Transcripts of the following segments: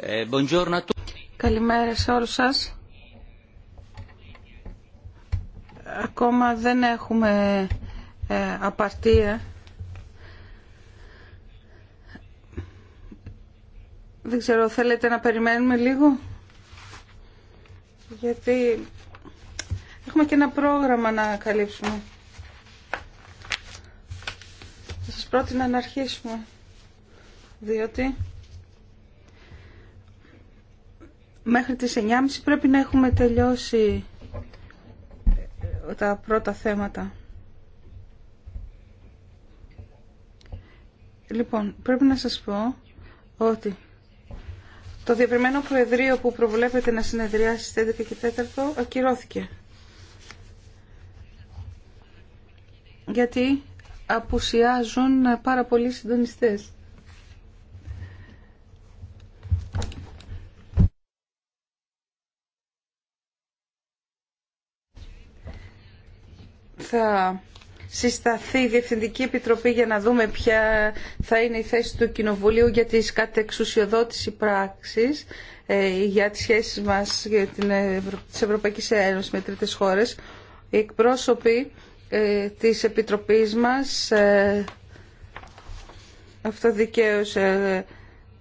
Ε, Καλημέρα σε όλους σας. Ακόμα δεν έχουμε ε, απαρτία. Δεν ξέρω, θέλετε να περιμένουμε λίγο. Γιατί έχουμε και ένα πρόγραμμα να καλύψουμε. Θα σας πρότεινα να αρχίσουμε. Διότι... μέχρι τις 9.30 πρέπει να έχουμε τελειώσει ε, τα πρώτα θέματα. Λοιπόν, πρέπει να σας πω ότι το διευρυμένο προεδρείο που προβλέπεται να συνεδριάσει στις 11 και 4 ακυρώθηκε. Γιατί απουσιάζουν πάρα πολλοί συντονιστές. θα συσταθεί η Διευθυντική Επιτροπή για να δούμε ποια θα είναι η θέση του Κοινοβουλίου για τις κατεξουσιοδότηση πράξης ε, για τις σχέσεις μας για την Ευρω... της Ευρωπαϊκής Ένωσης με τρίτες χώρες. Οι εκπρόσωποι ε, της Επιτροπής μας ε, αυτό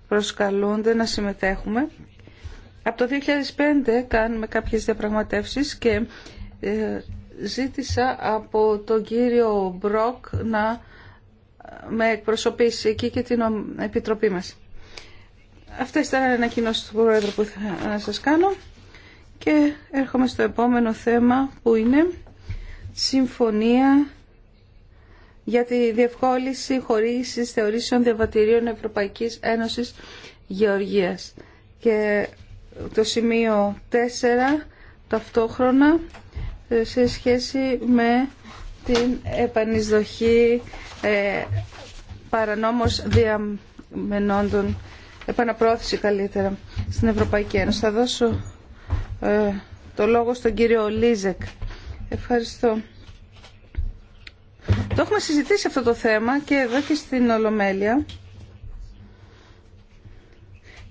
προσκαλούνται να συμμετέχουμε. Από το 2005 κάνουμε κάποιες διαπραγματεύσεις και ζήτησα από τον κύριο Μπροκ να με εκπροσωπήσει εκεί και την Επιτροπή μας. Αυτές ήταν οι ανακοινώσει του Πρόεδρου που θα σας κάνω και έρχομαι στο επόμενο θέμα που είναι συμφωνία για τη διευκόλυνση χορήγησης θεωρήσεων διαβατηρίων Ευρωπαϊκής Ένωσης Γεωργίας. Και το σημείο 4 ταυτόχρονα σε σχέση με την επανεισδοχή ε, παρανόμως διαμενόντων, επαναπρόθεση καλύτερα, στην Ευρωπαϊκή Ένωση. Θα δώσω ε, το λόγο στον κύριο Λίζεκ. Ευχαριστώ. Το έχουμε συζητήσει αυτό το θέμα και εδώ και στην Ολομέλεια.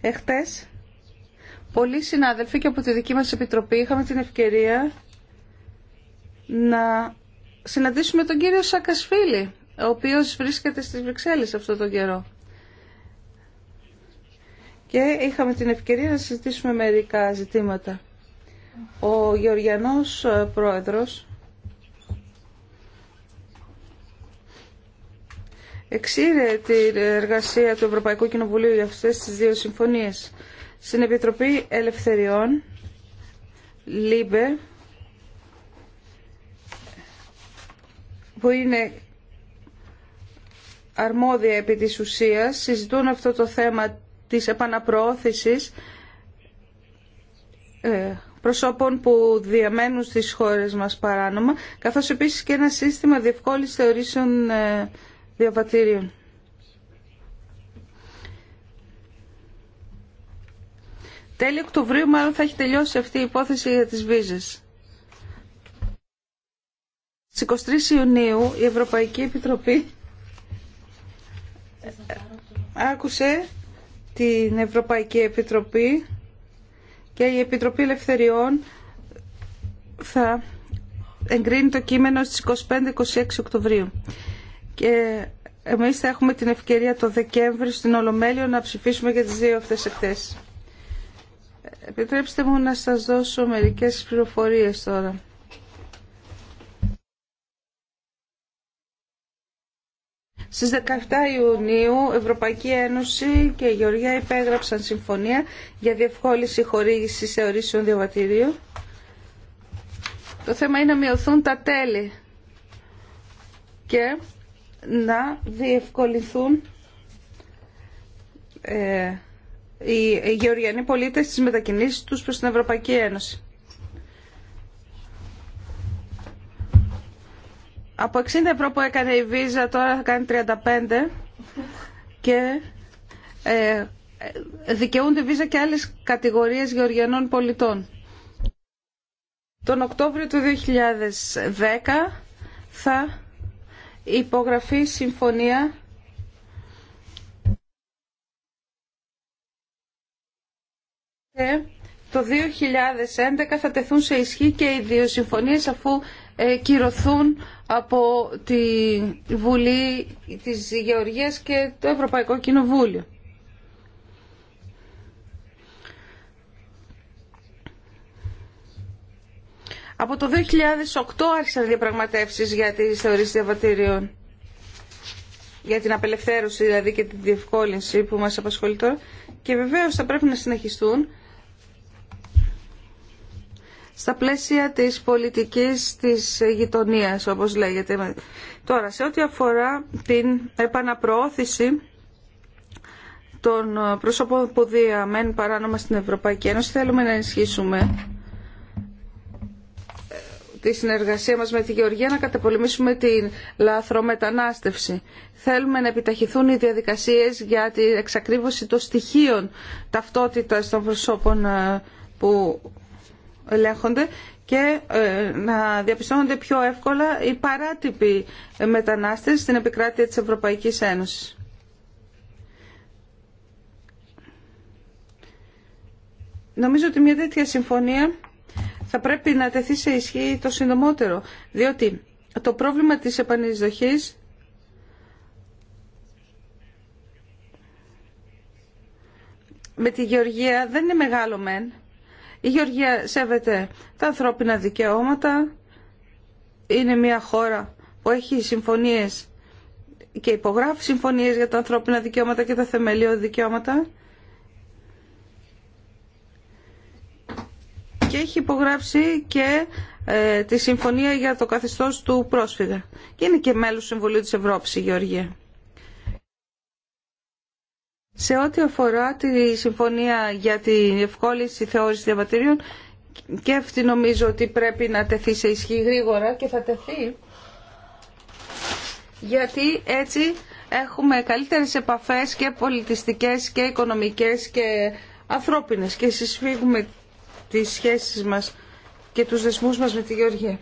Εχθές, πολλοί συνάδελφοι και από τη δική μας επιτροπή είχαμε την ευκαιρία να συναντήσουμε τον κύριο Σακασφίλη, ο οποίος βρίσκεται στις Βρυξέλλες αυτό τον καιρό. Και είχαμε την ευκαιρία να συζητήσουμε μερικά ζητήματα. Ο Γεωργιανός ε, Πρόεδρος εξήρε την εργασία του Ευρωπαϊκού Κοινοβουλίου για αυτές τις δύο συμφωνίες. Στην Επιτροπή Ελευθεριών, ΛΥΜΠΕ, που είναι αρμόδια επί της ουσίας συζητούν αυτό το θέμα της επαναπροώθησης ε, προσώπων που διαμένουν στις χώρες μας παράνομα, καθώς επίσης και ένα σύστημα διευκόλυνσης θεωρήσεων ε, διαβατήριων. Τέλειο Οκτωβρίου μάλλον θα έχει τελειώσει αυτή η υπόθεση για τις βίζες. Στις 23 Ιουνίου η Ευρωπαϊκή Επιτροπή ε, ε, άκουσε την Ευρωπαϊκή Επιτροπή και η Επιτροπή Ελευθεριών θα εγκρίνει το κείμενο στις 25-26 Οκτωβρίου. Και εμείς θα έχουμε την ευκαιρία το Δεκέμβρη στην Ολομέλεια να ψηφίσουμε για τις δύο αυτές εκθέσεις. Ε, επιτρέψτε μου να σας δώσω μερικές πληροφορίες τώρα. Στις 17 Ιουνίου Ευρωπαϊκή Ένωση και η Γεωργία υπέγραψαν συμφωνία για διευκόλυνση χορήγησης θεωρήσεων διαβατηρίου. Το θέμα είναι να μειωθούν τα τέλη και να διευκολυνθούν ε, οι γεωργιανοί πολίτες στις μετακινήσεις τους προς την Ευρωπαϊκή Ένωση. από 60 ευρώ που έκανε η Visa τώρα θα κάνει 35 και ε, δικαιούνται Visa και άλλες κατηγορίες γεωργιανών πολιτών. Τον Οκτώβριο του 2010 θα υπογραφεί συμφωνία και το 2011 θα τεθούν σε ισχύ και οι δύο συμφωνίες αφού ε, κυρωθούν από τη Βουλή της Γεωργίας και το Ευρωπαϊκό Κοινοβούλιο. Από το 2008 άρχισαν διαπραγματεύσεις για τη θεωρήση διαβατήριων. Για την απελευθέρωση δηλαδή και την διευκόλυνση που μας απασχολεί τώρα. Και βεβαίως θα πρέπει να συνεχιστούν στα πλαίσια της πολιτικής της γειτονίας, όπως λέγεται. Τώρα, σε ό,τι αφορά την επαναπροώθηση των προσώπων που διαμένουν παράνομα στην Ευρωπαϊκή Ένωση, θέλουμε να ενισχύσουμε ε, τη συνεργασία μας με τη Γεωργία να καταπολεμήσουμε την λαθρομετανάστευση. Θέλουμε να επιταχυθούν οι διαδικασίες για την εξακρίβωση των στοιχείων ταυτότητας των προσώπων ε, που ελέγχονται και ε, να διαπιστώνονται πιο εύκολα οι παράτυποι μετανάστες στην επικράτεια της Ευρωπαϊκής Ένωσης. Νομίζω ότι μια τέτοια συμφωνία θα πρέπει να τεθεί σε ισχύ το συντομότερο, διότι το πρόβλημα της επανεισδοχής με τη Γεωργία δεν είναι μεγάλο μεν, η Γεωργία σέβεται τα ανθρώπινα δικαιώματα. Είναι μια χώρα που έχει συμφωνίες και υπογράφει συμφωνίες για τα ανθρώπινα δικαιώματα και τα θεμελιώδη δικαιώματα. Και έχει υπογράψει και ε, τη συμφωνία για το καθεστώς του πρόσφυγα. Και είναι και μέλος του Συμβουλίου της Ευρώπης η Γεωργία. Σε ό,τι αφορά τη συμφωνία για την ευκόλυνση θεώρηση διαβατηρίων και αυτή νομίζω ότι πρέπει να τεθεί σε ισχύ γρήγορα και θα τεθεί γιατί έτσι έχουμε καλύτερες επαφές και πολιτιστικές και οικονομικές και ανθρώπινες και συσφίγουμε τις σχέσεις μας και τους δεσμούς μας με τη Γεωργία.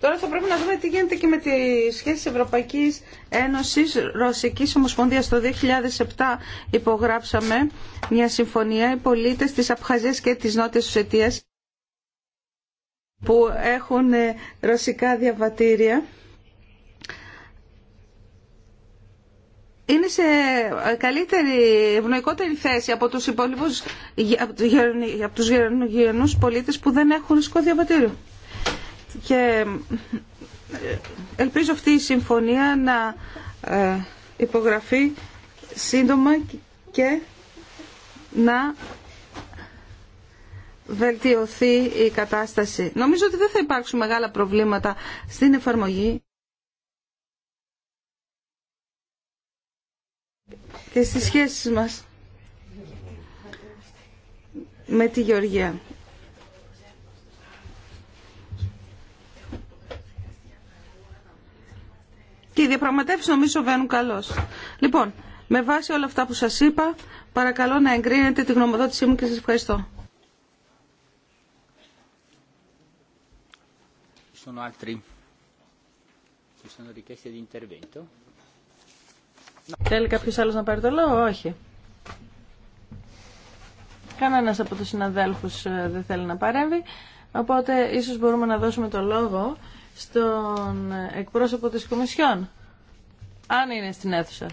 Τώρα θα πρέπει να δούμε τι γίνεται και με τη σχέση Ευρωπαϊκής Ένωσης Ρωσικής Ομοσπονδίας. Το 2007 υπογράψαμε μια συμφωνία οι πολίτες της Απχαζίας και της Νότιας Ουσιατίας που έχουν ε, ρωσικά διαβατήρια. είναι σε ε, καλύτερη, ευνοϊκότερη θέση από τους υπόλοιπους, από τους πολίτες που δεν έχουν ρωσικό διαβατήριο. Και ελπίζω αυτή η συμφωνία να ε, υπογραφεί σύντομα και να βελτιωθεί η κατάσταση. Νομίζω ότι δεν θα υπάρξουν μεγάλα προβλήματα στην εφαρμογή και στις σχέσεις μας με τη Γεωργία. Και οι διαπραγματεύσει νομίζω βαίνουν καλώ. Λοιπόν, με βάση όλα αυτά που σα είπα, παρακαλώ να εγκρίνετε τη γνωμοδότησή μου και σα ευχαριστώ. Θέλει κάποιο άλλο να πάρει το λόγο, όχι. Κανένα από του συναδέλφου ε, δεν θέλει να παρέμβει. Οπότε, ίσω μπορούμε να δώσουμε το λόγο στον εκπρόσωπο της Κομισιόν, αν είναι στην αίθουσα.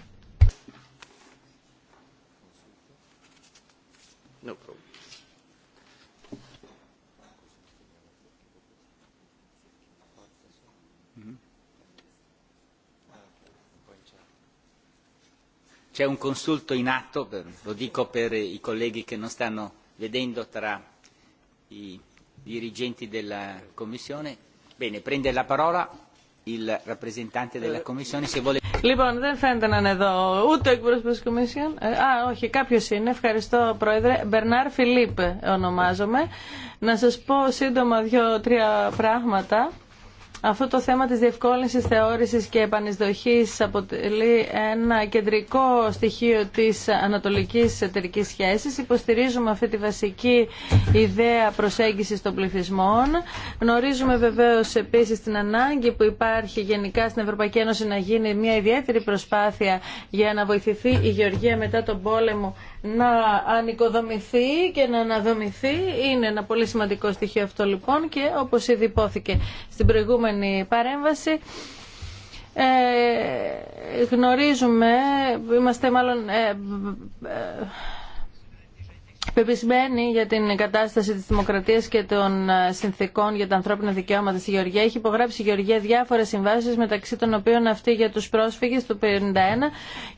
C'è un consulto in atto, lo dico per i colleghi che non stanno vedendo tra i dirigenti della Commissione, Λοιπόν, δεν φαίνεται να είναι εδώ ούτε ο εκπρόσωπο τη Κομισιόν. Ε, α, όχι, κάποιο είναι. Ευχαριστώ, Πρόεδρε. Μπερνάρ Φιλίπ ονομάζομαι. Να σα πω σύντομα δύο-τρία πράγματα. Αυτό το θέμα της διευκόλυνσης θεώρησης και επανεισδοχής αποτελεί ένα κεντρικό στοιχείο της ανατολικής εταιρικής σχέσης. Υποστηρίζουμε αυτή τη βασική ιδέα προσέγγισης των πληθυσμών. Γνωρίζουμε βεβαίως επίσης την ανάγκη που υπάρχει γενικά στην Ευρωπαϊκή Ένωση να γίνει μια ιδιαίτερη προσπάθεια για να βοηθηθεί η Γεωργία μετά τον πόλεμο να ανοικοδομηθεί και να αναδομηθεί. Είναι ένα πολύ σημαντικό στοιχείο αυτό λοιπόν και όπως ήδη υπόθηκε στην προηγούμενη παρέμβαση ε, γνωρίζουμε, είμαστε μάλλον ε, ε, πεπισμένη για την κατάσταση της δημοκρατίας και των ε, συνθήκων για τα ανθρώπινα δικαιώματα στη Γεωργία. Έχει υπογράψει η Γεωργία διάφορες συμβάσεις μεταξύ των οποίων αυτή για τους πρόσφυγες του 1951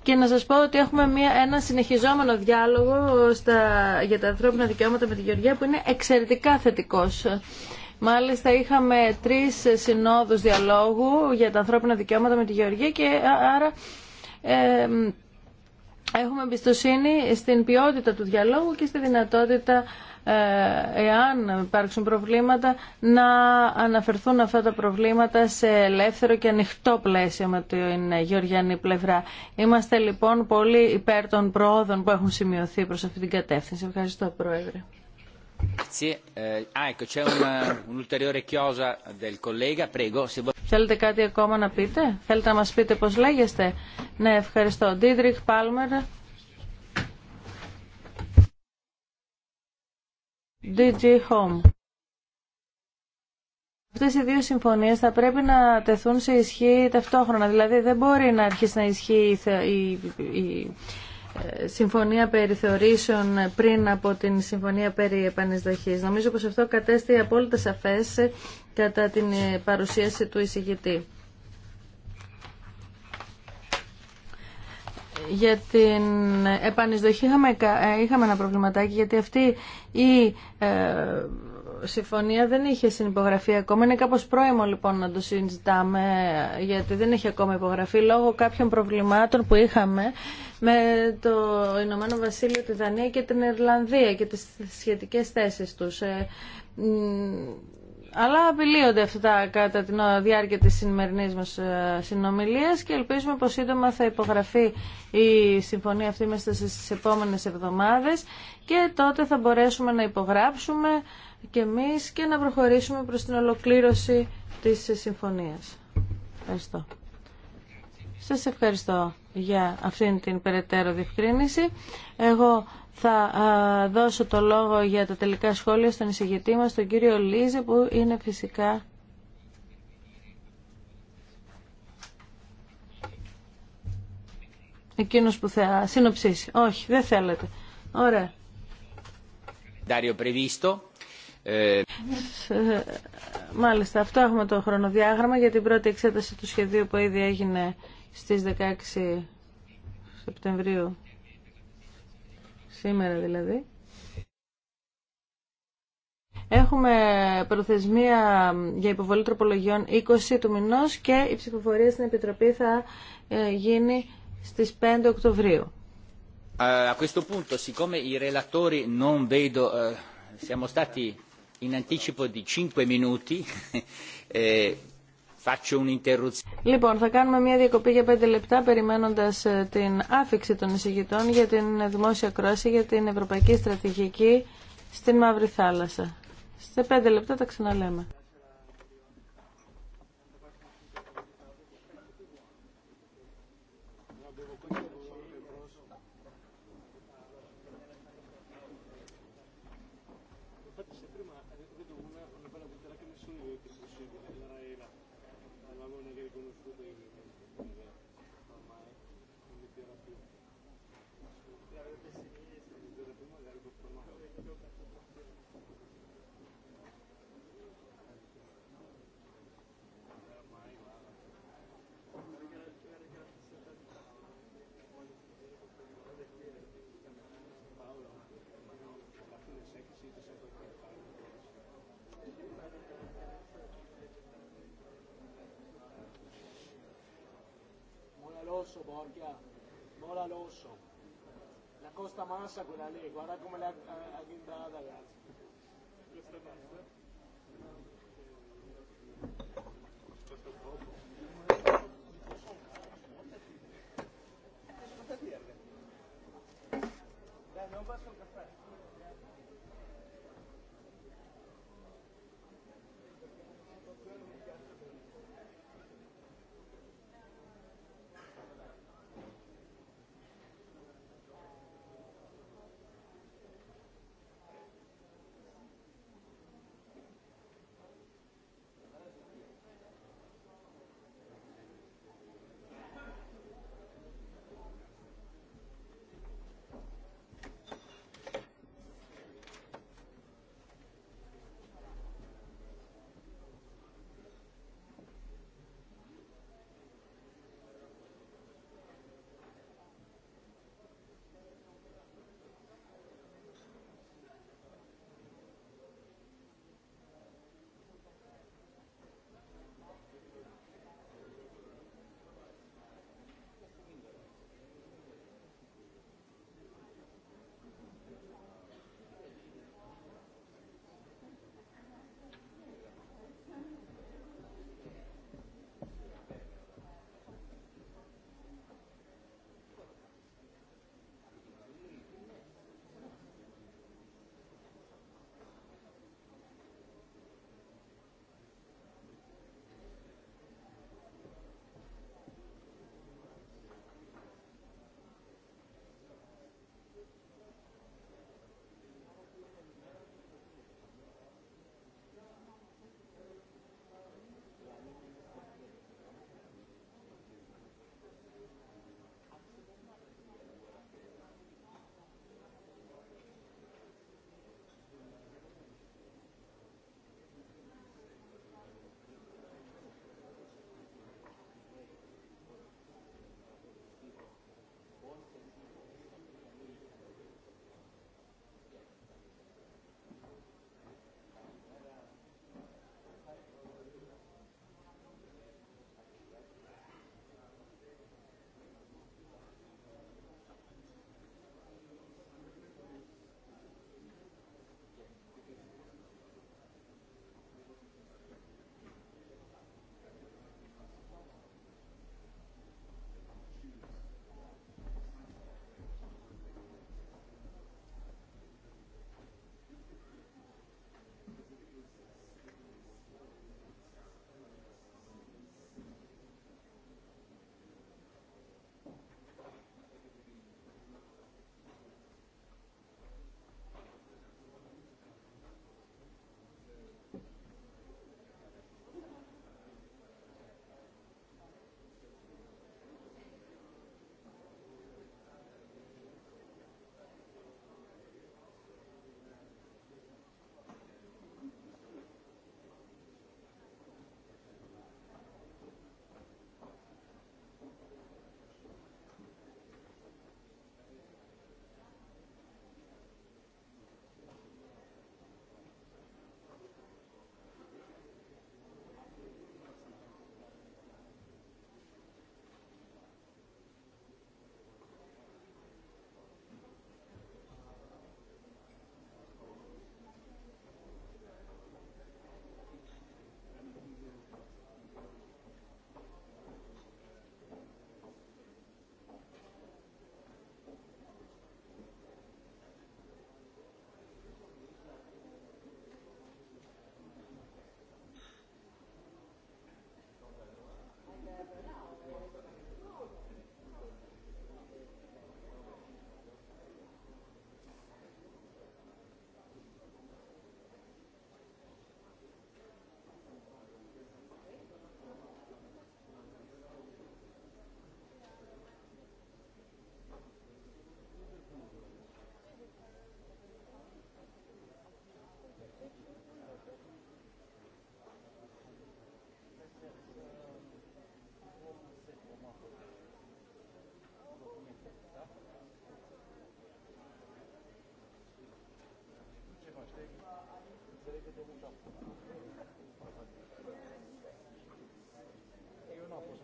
και να σας πω ότι έχουμε μια, ένα συνεχιζόμενο διάλογο στα, για τα ανθρώπινα δικαιώματα με τη Γεωργία που είναι εξαιρετικά θετικός. Μάλιστα είχαμε τρεις συνόδους διαλόγου για τα ανθρώπινα δικαιώματα με τη Γεωργία και άρα... Ε, έχουμε εμπιστοσύνη στην ποιότητα του διαλόγου και στη δυνατότητα ε, εάν υπάρξουν προβλήματα να αναφερθούν αυτά τα προβλήματα σε ελεύθερο και ανοιχτό πλαίσιο με την γεωργιανή πλευρά. Είμαστε λοιπόν πολύ υπέρ των προόδων που έχουν σημειωθεί προς αυτή την κατεύθυνση. Ευχαριστώ Πρόεδρε. Θέλετε κάτι ακόμα να πείτε? Θέλετε να μας πείτε πώς λέγεστε? Ναι, ευχαριστώ. Ντίτριχ Πάλμερ. DG Home. Αυτέ οι δύο συμφωνίε θα πρέπει να τεθούν σε ισχύ ταυτόχρονα. Δηλαδή δεν μπορεί να αρχίσει να ισχύει η συμφωνία περί θεωρήσεων πριν από την συμφωνία περί επανεισδοχής. Νομίζω πως αυτό κατέστη απόλυτα σαφές κατά την παρουσίαση του εισηγητή. για την επανεισδοχή είχαμε, ε, είχαμε ένα προβληματάκι γιατί αυτή η ε, συμφωνία δεν είχε συνυπογραφεί ακόμα. Είναι κάπω πρόημο λοιπόν να το συζητάμε γιατί δεν είχε ακόμα υπογραφεί λόγω κάποιων προβλημάτων που είχαμε με το Ηνωμένο Βασίλειο, τη Δανία και την Ιρλανδία και τις σχετικές θέσεις τους. Ε, αλλά απειλείονται αυτά κατά τη διάρκεια της σημερινή μας ε, συνομιλίας και ελπίζουμε πως σύντομα θα υπογραφεί η συμφωνία αυτή μέσα στις επόμενες εβδομάδες και τότε θα μπορέσουμε να υπογράψουμε και εμείς και να προχωρήσουμε προς την ολοκλήρωση της συμφωνίας. Ευχαριστώ. Σας ευχαριστώ για αυτήν την περαιτέρω διευκρίνηση. Εγώ θα δώσω το λόγο για τα τελικά σχόλια στον εισηγητή μας, τον κύριο Λίζε, που είναι φυσικά... Εκείνος που θα συνοψίσει. Όχι, δεν θέλετε. Ωραία. Dario ε, μάλιστα, αυτό έχουμε το χρονοδιάγραμμα για την πρώτη εξέταση του σχεδίου που ήδη έγινε στις 16 Σεπτεμβρίου. Σήμερα δηλαδή. Έχουμε προθεσμία για υποβολή τροπολογιών 20 του μηνός και η ψηφοφορία στην Επιτροπή θα ε, γίνει στις 5 Οκτωβρίου. A questo punto, siccome i relatori non vedo, eh, siamo stati Eh, λοιπόν, θα κάνουμε μια διακοπή για πέντε λεπτά περιμένοντας ε, την άφηξη των εισηγητών για την δημόσια κρόση για την ευρωπαϊκή στρατηγική στην Μαύρη Θάλασσα. Σε 5 λεπτά τα ξαναλέμε. rosso, porca. Mola rosso. La costa massa quella lì, guarda come l'ha agghindata, ragazzi. Questa massa. Non basta un caffè.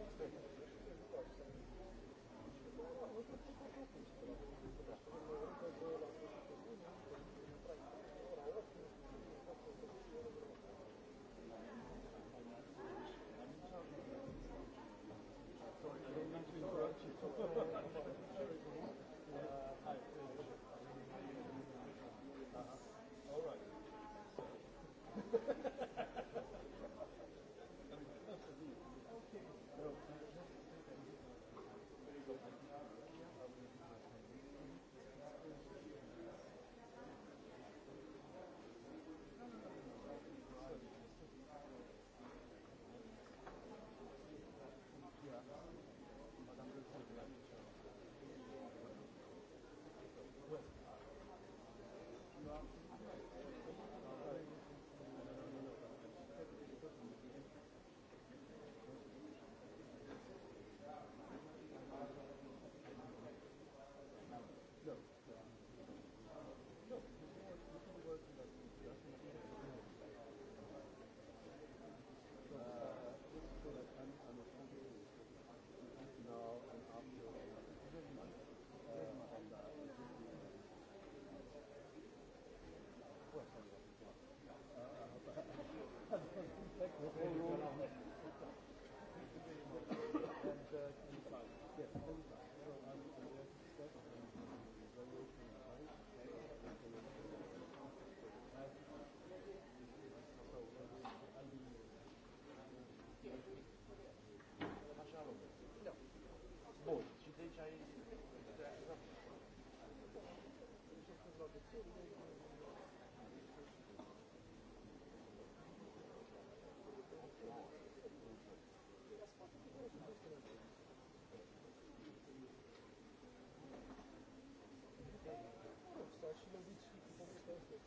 Thank you.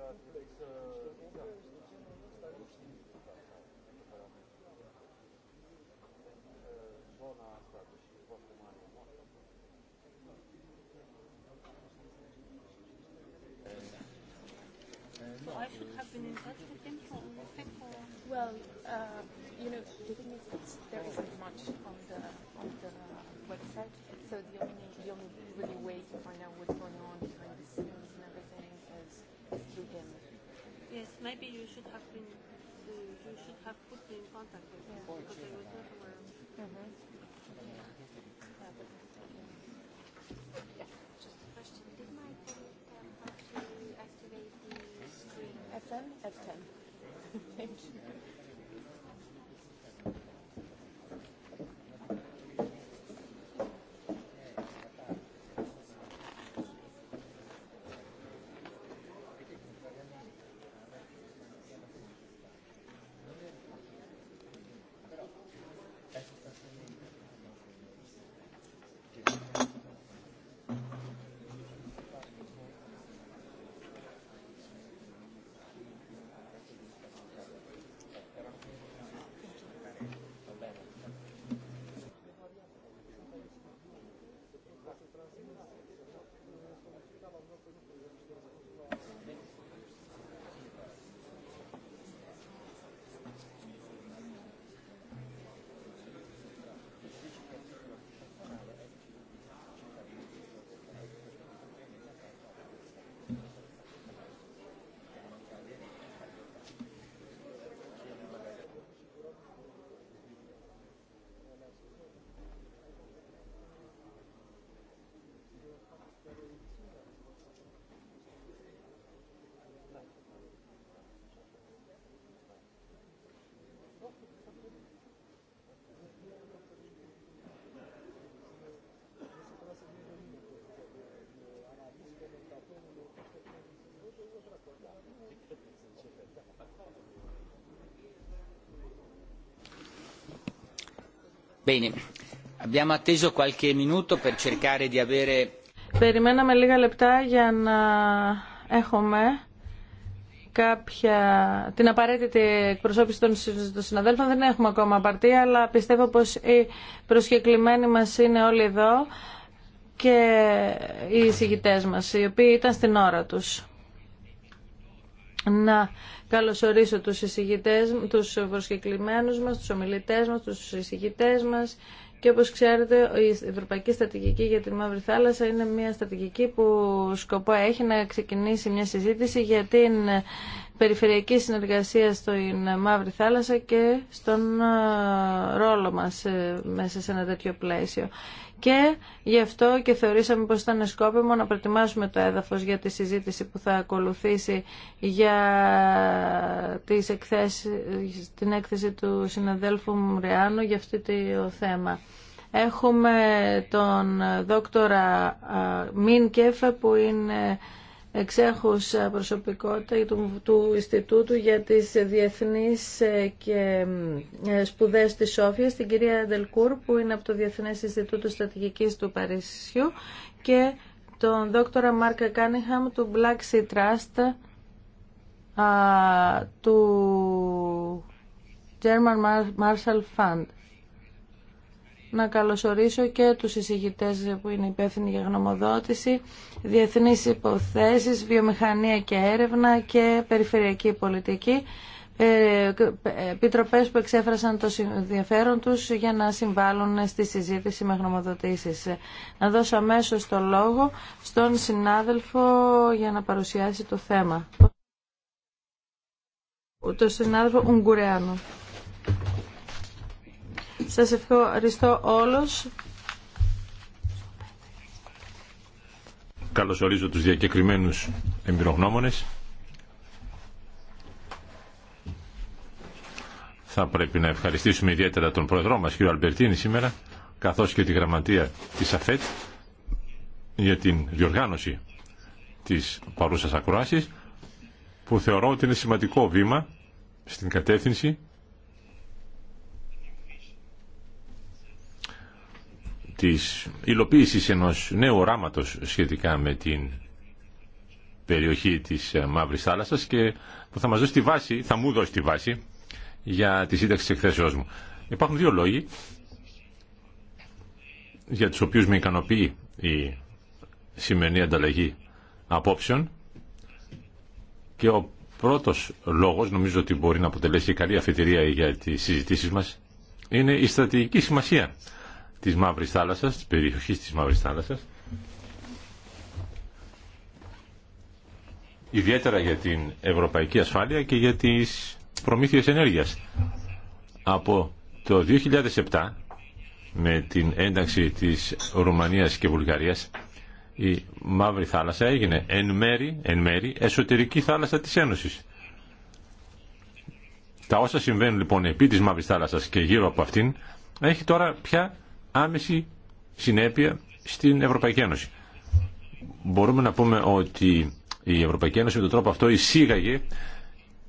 I should have been in touch with him for Well, uh, you know, the thing is, it's, there isn't much on the on the website, so the only the only really way to find out what's going on Maybe you should have been, you should have put me in contact with them because I was not aware. Just a question. Did my colleague have to activate the screen? F10? F10. Thank you. Περιμέναμε λίγα λεπτά για να έχουμε κάποια... την απαραίτητη εκπροσώπηση των συναδέλφων. Δεν έχουμε ακόμα απαρτία, αλλά πιστεύω πως οι προσκεκλημένοι μας είναι όλοι εδώ και οι εισηγητές μας, οι οποίοι ήταν στην ώρα τους να καλωσορίσω τους εισηγητές, τους προσκεκλημένους μας, τους ομιλητές μας, τους εισηγητές μας και όπως ξέρετε η Ευρωπαϊκή Στατικική για τη Μαύρη Θάλασσα είναι μια στατικική που σκοπό έχει να ξεκινήσει μια συζήτηση για την περιφερειακή συνεργασία στην Μαύρη Θάλασσα και στον ε, ρόλο μας ε, μέσα σε ένα τέτοιο πλαίσιο και γι' αυτό και θεωρήσαμε πως ήταν σκόπιμο να προετοιμάσουμε το έδαφος για τη συζήτηση που θα ακολουθήσει για τις εκθέσεις, την έκθεση του συναδέλφου Ρεάνου για αυτό το θέμα. Έχουμε τον δόκτορα Μίν Κέφε που είναι εξέχουσα προσωπικότητα του, του Ινστιτούτου για τις Διεθνείς ε, και ε, Σπουδές της Σόφιας, την κυρία Δελκούρ που είναι από το Διεθνές Ινστιτούτο Στρατηγικής του Παρισιού και τον δόκτορα Μάρκα Κάνιχαμ του Black Sea Trust του German Marshall Fund να καλωσορίσω και τους εισηγητές που είναι υπεύθυνοι για γνωμοδότηση, διεθνείς υποθέσεις, βιομηχανία και έρευνα και περιφερειακή πολιτική, ε, ε, επιτροπές που εξέφρασαν το ενδιαφέρον τους για να συμβάλλουν στη συζήτηση με γνωμοδοτήσεις. Να δώσω αμέσω το λόγο στον συνάδελφο για να παρουσιάσει το θέμα. Το συνάδελφο Ουγγουρεάνου. Σας ευχαριστώ όλους. Καλωσορίζω τους διακεκριμένους εμπειρογνώμονες. Θα πρέπει να ευχαριστήσουμε ιδιαίτερα τον πρόεδρό μας, κύριο Αλμπερτίνη, σήμερα, καθώς και τη γραμματεία της ΑΦΕΤ για την διοργάνωση της παρούσας ακρόασης, που θεωρώ ότι είναι σημαντικό βήμα στην κατεύθυνση της υλοποίησης ενός νέου οράματος σχετικά με την περιοχή της ε, Μαύρης Θάλασσας και που θα μας δώσει τη βάση, θα μου δώσει τη βάση για τη σύνταξη της εκθέσεώς μου. Υπάρχουν δύο λόγοι για τους οποίους με ικανοποιεί η σημερινή ανταλλαγή απόψεων και ο πρώτος λόγος, νομίζω ότι μπορεί να αποτελέσει καλή αφετηρία για τις συζητήσεις μας, είναι η στρατηγική σημασία της Μαύρης Θάλασσας, της περιοχής της Μαύρης Θάλασσας, ιδιαίτερα για την ευρωπαϊκή ασφάλεια και για τις προμήθειες ενέργειας. Από το 2007, με την ένταξη της Ρουμανίας και Βουλγαρίας, η Μαύρη Θάλασσα έγινε εν μέρη, εσωτερική θάλασσα της Ένωσης. Τα όσα συμβαίνουν λοιπόν επί της Μαύρης Θάλασσας και γύρω από αυτήν, έχει τώρα πια άμεση συνέπεια στην Ευρωπαϊκή Ένωση. Μπορούμε να πούμε ότι η Ευρωπαϊκή Ένωση με τον τρόπο αυτό εισήγαγε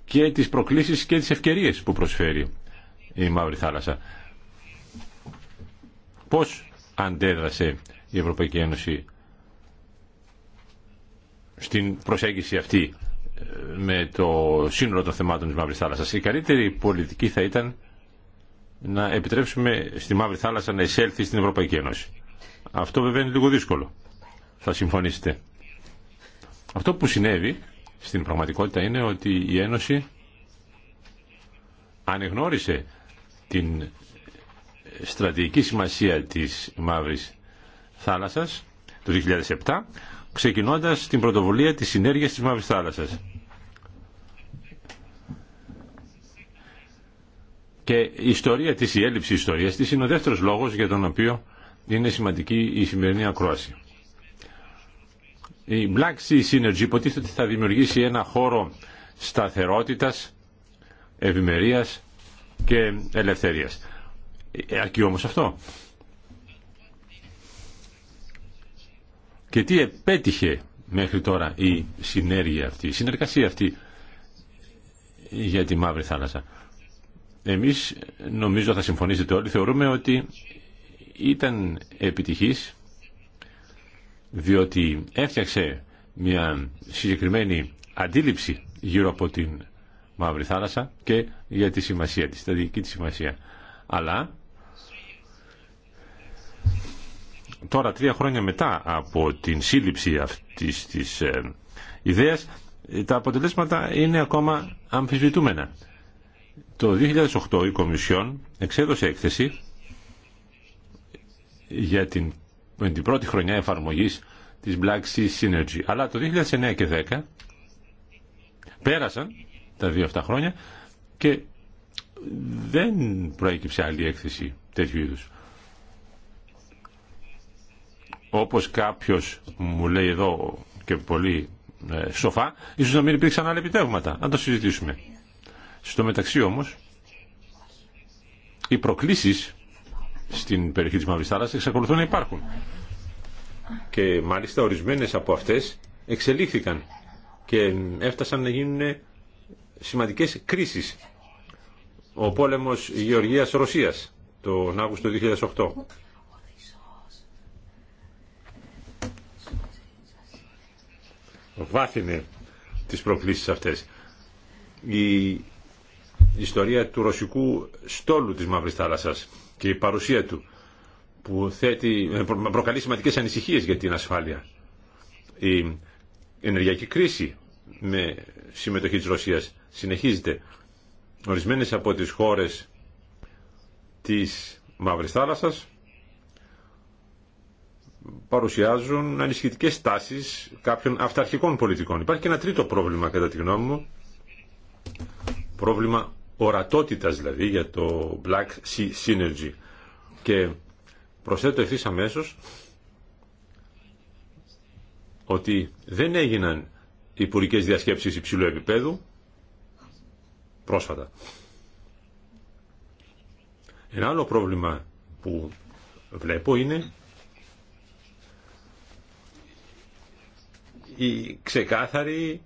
και τις προκλήσεις και τις ευκαιρίες που προσφέρει η Μαύρη Θάλασσα. Πώς αντέδρασε η Ευρωπαϊκή Ένωση στην προσέγγιση αυτή ε, με το σύνολο των θεμάτων της Μαύρης Θάλασσας. Η καλύτερη πολιτική θα ήταν να επιτρέψουμε στη Μαύρη Θάλασσα να εισέλθει στην Ευρωπαϊκή Ένωση. Αυτό βέβαια είναι λίγο δύσκολο. Θα συμφωνήσετε. Αυτό που συνέβη στην πραγματικότητα είναι ότι η Ένωση ανεγνώρισε την στρατηγική σημασία της Μαύρης Θάλασσας το 2007 ξεκινώντας την πρωτοβουλία της συνέργειας της Μαύρης Θάλασσας. Και η ιστορία της, η έλλειψη ιστορίας της είναι ο δεύτερος λόγος για τον οποίο είναι σημαντική η σημερινή ακρόαση. Η Black Sea Synergy υποτίθεται ότι θα δημιουργήσει ένα χώρο σταθερότητας, ευημερίας και ελευθερίας. Ακεί όμως αυτό. Και τι επέτυχε μέχρι τώρα η συνέργεια αυτή, η συνεργασία αυτή για τη Μαύρη Θάλασσα. Εμείς νομίζω θα συμφωνήσετε όλοι, θεωρούμε ότι ήταν επιτυχής διότι έφτιαξε μια συγκεκριμένη αντίληψη γύρω από την Μαύρη Θάλασσα και για τη σημασία της, τα δική της σημασία. Αλλά τώρα τρία χρόνια μετά από την σύλληψη αυτής της ε, ιδέας τα αποτελέσματα είναι ακόμα αμφισβητούμενα. Το 2008 η Κομισιόν εξέδωσε έκθεση για την, την πρώτη χρονιά εφαρμογής της Black Sea Synergy. Αλλά το 2009 και 2010 πέρασαν τα δύο αυτά χρόνια και δεν προέκυψε άλλη έκθεση τέτοιου είδους. Όπως κάποιος μου λέει εδώ και πολύ ε, σοφά, ίσως να μην υπήρξαν άλλα επιτεύγματα. Να το συζητήσουμε. Στο μεταξύ όμως, οι προκλήσεις στην περιοχή της Μαύρης Θάλασσας εξακολουθούν να υπάρχουν. Και μάλιστα ορισμένες από αυτές εξελίχθηκαν και έφτασαν να γίνουν σημαντικές κρίσεις. Ο πόλεμος Γεωργίας-Ρωσίας τον Αύγουστο 2008. Βάθινε τις προκλήσεις αυτές. Η η ιστορία του ρωσικού στόλου της Μαύρης Θάλασσας και η παρουσία του που θέτει, ε, προκαλεί σημαντικές ανησυχίες για την ασφάλεια. Η ενεργειακή κρίση με συμμετοχή της Ρωσίας συνεχίζεται. Ορισμένες από τις χώρες της Μαύρης Θάλασσας παρουσιάζουν ανησυχητικές τάσεις κάποιων αυταρχικών πολιτικών. Υπάρχει και ένα τρίτο πρόβλημα κατά τη γνώμη μου, πρόβλημα ορατότητας δηλαδή για το Black Sea Synergy. Και προσθέτω ευθύ αμέσω ότι δεν έγιναν υπουργικέ διασκέψεις υψηλού επίπεδου πρόσφατα. Ένα άλλο πρόβλημα που βλέπω είναι η ξεκάθαρη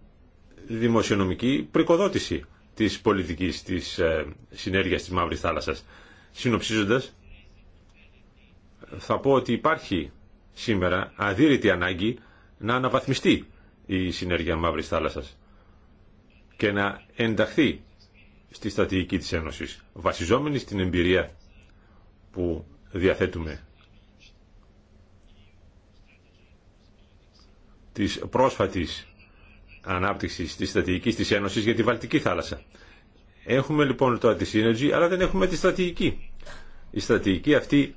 δημοσιονομική πρικοδότηση της πολιτικής της ε, συνέργεια τη Μαύρη Θάλασσας. Συνοψίζοντας, θα πω ότι υπάρχει σήμερα αδύρυτη ανάγκη να αναβαθμιστεί η συνέργεια Μαύρη θάλασσα και να ενταχθεί στη στρατηγική της Ένωσης, βασιζόμενη στην εμπειρία που διαθέτουμε της πρόσφατης Ανάπτυξη της στρατηγικής της Ένωση για τη Βαλτική θάλασσα. Έχουμε λοιπόν τώρα τη Synergy, αλλά δεν έχουμε τη στρατηγική. Η στρατηγική αυτή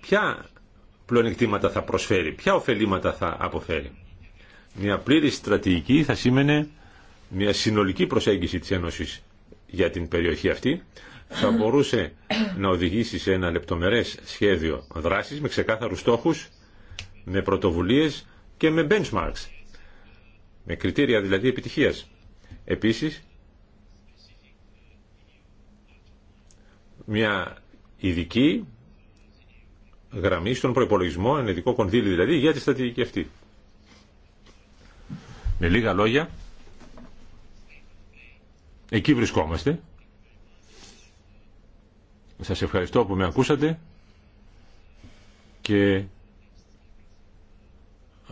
ποια πλονεκτήματα θα προσφέρει, ποια ωφελήματα θα αποφέρει. Μια πλήρη στρατηγική θα σήμαινε μια συνολική προσέγγιση της Ένωσης για την περιοχή αυτή, θα μπορούσε να οδηγήσει σε ένα λεπτομερές σχέδιο δράσης με ξεκάθαρους στόχους, με πρωτοβουλίες και με benchmarks, με κριτήρια δηλαδή επιτυχίας. Επίσης, μια ειδική γραμμή στον προπολογισμό, ένα ειδικό κονδύλι δηλαδή, για τη στρατηγική αυτή. Με λίγα λόγια, εκεί βρισκόμαστε. Σας ευχαριστώ που με ακούσατε και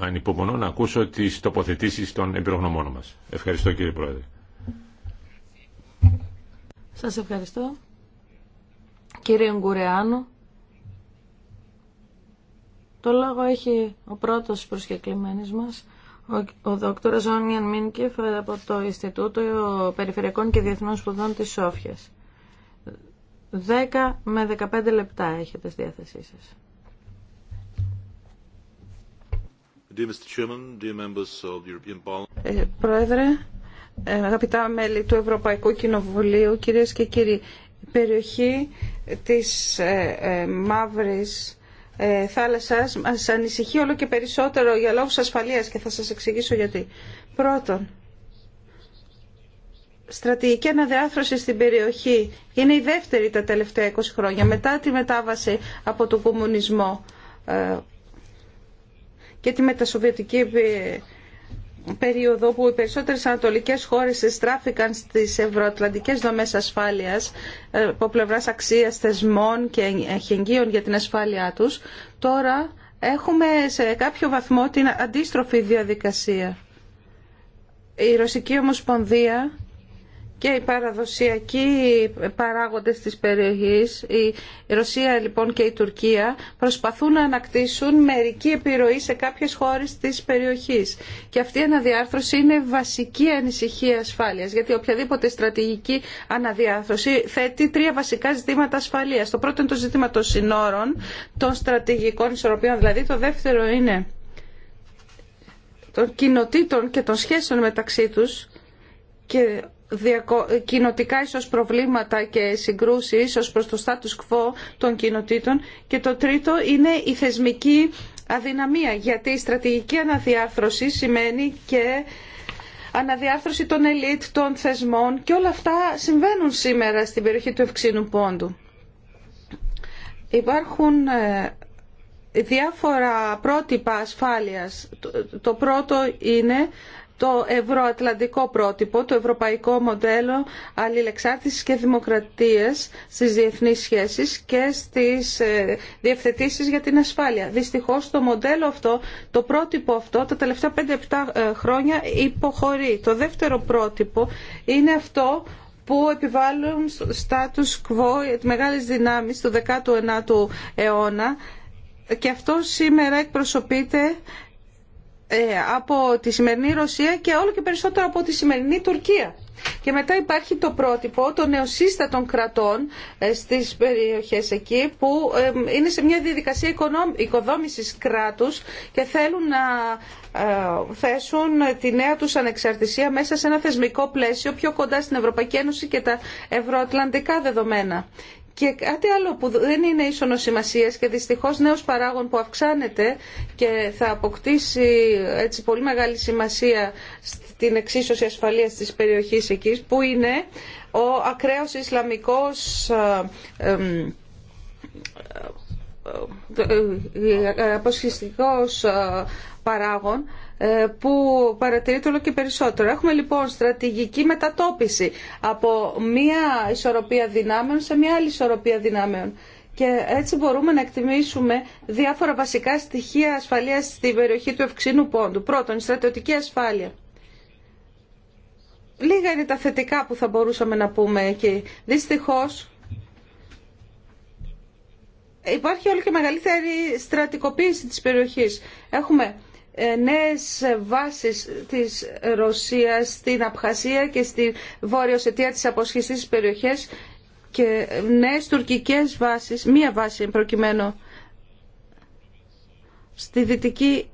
ανυπομονώ να ακούσω τις τοποθετήσεις των εμπειρογνωμών μας. Ευχαριστώ κύριε Πρόεδρε. Σας ευχαριστώ. Κύριε Γκουρεάνο, το λόγο έχει ο πρώτος προσκεκλημένης μας, ο, ο δόκτωρας Όνιαν Μίνκεφ από το Ινστιτούτο Περιφερειακών και Διεθνών Σπουδών της Σόφιας. 10 με 15 λεπτά έχετε στη διάθεσή σας. Ε, Πρόεδρε, ε, αγαπητά μέλη του Ευρωπαϊκού Κοινοβουλίου, κυρίες και κύριοι, η περιοχή της ε, μαύρης θάλασσας μας ανησυχεί όλο και περισσότερο για λόγους ασφαλείας και θα σας εξηγήσω γιατί. Πρώτον, στρατηγική αναδιάθρωση στην περιοχή είναι η δεύτερη τα τελευταία 20 χρόνια μετά τη μετάβαση από τον κομμουνισμό και τη μετασοβιετική ε, περίοδο που οι περισσότερες ανατολικές χώρες στράφηκαν στις ευρωατλαντικές δομές ασφάλειας ε, από πλευρά αξίας θεσμών και χεγγύων για την ασφάλειά τους, τώρα έχουμε σε κάποιο βαθμό την αντίστροφη διαδικασία. Η Ρωσική Ομοσπονδία και οι παραδοσιακοί παράγοντες της περιοχής, η Ρωσία λοιπόν και η Τουρκία, προσπαθούν να ανακτήσουν μερική επιρροή σε κάποιες χώρες της περιοχής. Και αυτή η αναδιάρθρωση είναι βασική ανησυχία ασφάλειας, γιατί οποιαδήποτε στρατηγική αναδιάρθρωση θέτει τρία βασικά ζητήματα ασφαλείας. Το πρώτο είναι το ζήτημα των συνόρων, των στρατηγικών ισορροπίων, δηλαδή το δεύτερο είναι των κοινοτήτων και των σχέσεων μεταξύ τους και κοινοτικά ίσως προβλήματα και συγκρούσεις ίσως προς το status quo των κοινοτήτων και το τρίτο είναι η θεσμική αδυναμία γιατί η στρατηγική αναδιάρθρωση σημαίνει και αναδιάρθρωση των ελίτ, των θεσμών και όλα αυτά συμβαίνουν σήμερα στην περιοχή του Ευξήνου Πόντου. Υπάρχουν ε, διάφορα πρότυπα ασφάλειας. Το πρώτο είναι το ευρωατλαντικό πρότυπο, το ευρωπαϊκό μοντέλο αλληλεξάρτησης και δημοκρατίας στις διεθνείς σχέσεις και στις ε, διευθετήσεις για την ασφάλεια. Δυστυχώς το μοντέλο αυτό, το πρότυπο αυτό, τα τελευταία 5-7 ε, χρόνια υποχωρεί. Το δεύτερο πρότυπο είναι αυτό που επιβάλλουν status quo μεγάλες δυνάμεις του 19ου αιώνα και αυτό σήμερα εκπροσωπείται ε, από τη σημερινή Ρωσία και όλο και περισσότερο από τη σημερινή Τουρκία. Και μετά υπάρχει το πρότυπο των νεοσύστατων κρατών ε, στις περιοχές εκεί που ε, είναι σε μια διαδικασία οικοδόμησης κράτους και θέλουν να θέσουν τη νέα τους ανεξαρτησία μέσα σε ένα θεσμικό πλαίσιο πιο κοντά στην Ευρωπαϊκή Ένωση και τα ευρωατλαντικά δεδομένα. Και κάτι άλλο που δεν είναι ίσονο σημασία και δυστυχώ νέο παράγων που αυξάνεται και θα αποκτήσει έτσι πολύ μεγάλη σημασία στην εξίσωση ασφαλεία τη περιοχή εκεί, που είναι ο ακραίο Ισλαμικό αποσχιστικός παράγων ε, που παρατηρείται όλο και περισσότερο. Έχουμε λοιπόν στρατηγική μετατόπιση από μία ισορροπία δυνάμεων σε μία άλλη ισορροπία δυνάμεων. Και έτσι μπορούμε να εκτιμήσουμε διάφορα βασικά στοιχεία ασφαλείας στην περιοχή του Ευξήνου Πόντου. Πρώτον, η στρατιωτική ασφάλεια. Λίγα είναι τα θετικά που θα μπορούσαμε να πούμε εκεί. Δυστυχώς, υπάρχει όλο και μεγαλύτερη στρατικοποίηση της περιοχής. Έχουμε ε, νέες βάσεις της Ρωσίας στην Απχασία και στη βόρειο αιτία της αποσχιστής περιοχές και νέες τουρκικές βάσεις, μία βάση προκειμένου στη δυτική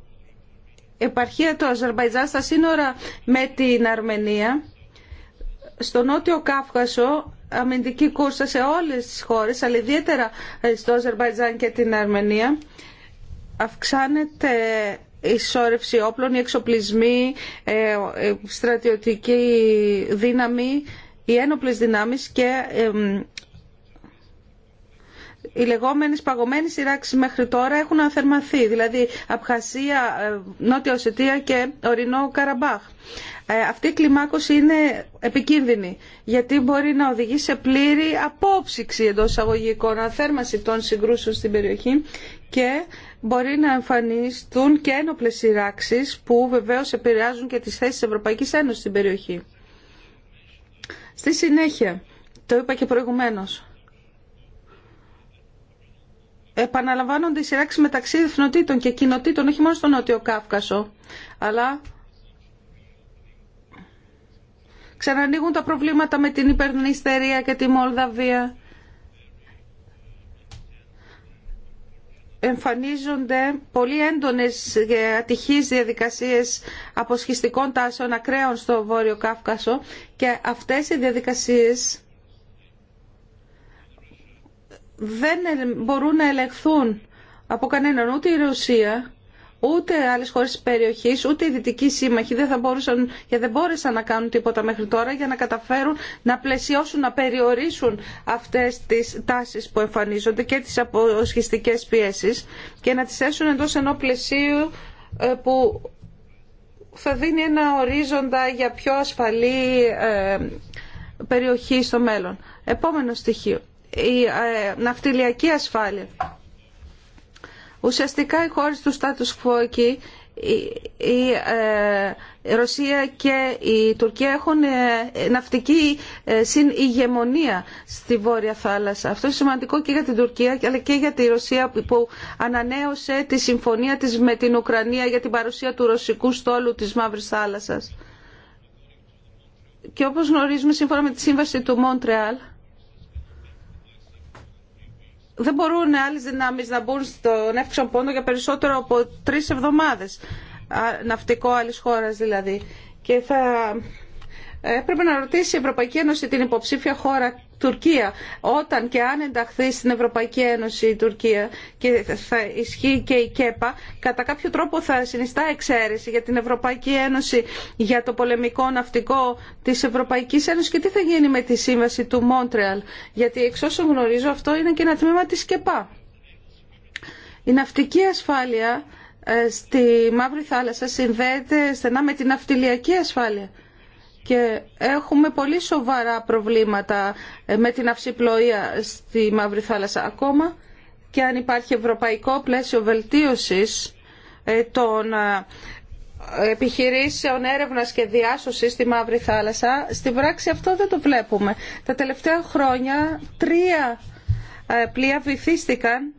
επαρχία του Αζερβαϊτζάν στα σύνορα με την Αρμενία στο νότιο Κάφκασο αμυντική κούρσα σε όλες τις χώρες αλλά ιδιαίτερα στο Αζερβαϊτζάν και την Αρμενία αυξάνεται η ισόρευση όπλων, οι εξοπλισμοί, ε, ε, στρατιωτική δύναμη, οι ένοπλες δυνάμεις και οι λεγόμενες παγωμένες σειράξει μέχρι τώρα έχουν αθερμαθεί. δηλαδή Απχασία, ε, Νότια Οσετία και Ορεινό Καραμπάχ. Αυτή η κλιμάκωση είναι επικίνδυνη, γιατί μπορεί να οδηγεί σε πλήρη απόψυξη εντό αγωγικών, αθέρμαση των συγκρούσεων στην περιοχή και μπορεί να εμφανιστούν και ένοπλες σειράξει που βεβαίως επηρεάζουν και τις θέσει τη Ευρωπαϊκής Ένωσης στην περιοχή. Στη συνέχεια, το είπα και προηγουμένω. επαναλαμβάνονται οι σειράξει μεταξύ εθνοτήτων και κοινοτήτων, όχι μόνο στο Νότιο Κάφκασο, αλλά ξανανοίγουν τα προβλήματα με την υπερνηστερία και τη Μολδαβία εμφανίζονται πολύ έντονες και ατυχείς διαδικασίες αποσχιστικών τάσεων ακραίων στο Βόρειο Κάφκασο και αυτές οι διαδικασίες δεν μπορούν να ελεγχθούν από κανέναν ούτε η Ρωσία ούτε άλλες χώρες της περιοχής, ούτε οι δυτικοί σύμμαχοι δεν θα μπορούσαν και δεν μπόρεσαν να κάνουν τίποτα μέχρι τώρα για να καταφέρουν να πλαισιώσουν, να περιορίσουν αυτές τις τάσεις που εμφανίζονται και τις αποσχιστικές πιέσεις και να τις έσουν εντός ενό πλαισίου ε, που θα δίνει ένα ορίζοντα για πιο ασφαλή ε, περιοχή στο μέλλον. Επόμενο στοιχείο, η ε, ναυτιλιακή ασφάλεια. Ουσιαστικά οι χώρες του status quo εκεί, η ε, Ρωσία και η Τουρκία έχουν ε, ναυτική ε, συνηγεμονία στη Βόρεια Θάλασσα. Αυτό είναι σημαντικό και για την Τουρκία αλλά και για τη Ρωσία που ανανέωσε τη συμφωνία της με την Ουκρανία για την παρουσία του ρωσικού στόλου της Μαύρης Θάλασσας. Και όπως γνωρίζουμε σύμφωνα με τη σύμβαση του Μόντρεαλ δεν μπορούν άλλες δυνάμεις να μπουν στον εύξον πόντο για περισσότερο από τρεις εβδομάδες ναυτικό άλλης χώρας δηλαδή και θα Έπρεπε να ρωτήσει η Ευρωπαϊκή Ένωση την υποψήφια χώρα Τουρκία όταν και αν ενταχθεί στην Ευρωπαϊκή Ένωση η Τουρκία και θα ισχύει και η ΚΕΠΑ κατά κάποιο τρόπο θα συνιστά εξαίρεση για την Ευρωπαϊκή Ένωση για το πολεμικό ναυτικό της Ευρωπαϊκής Ένωσης και τι θα γίνει με τη σύμβαση του Μόντρεαλ γιατί εξ όσων γνωρίζω αυτό είναι και ένα τμήμα της ΚΕΠΑ. Η ναυτική ασφάλεια ε, στη Μαύρη Θάλασσα συνδέεται στενά με την ναυτιλιακή ασφάλεια και έχουμε πολύ σοβαρά προβλήματα ε, με την αυσιπλοεία στη Μαύρη Θάλασσα ακόμα και αν υπάρχει ευρωπαϊκό πλαίσιο βελτίωσης ε, των ε, επιχειρήσεων έρευνας και διάσωσης στη Μαύρη Θάλασσα, στην πράξη αυτό δεν το βλέπουμε. Τα τελευταία χρόνια τρία πλοία βυθίστηκαν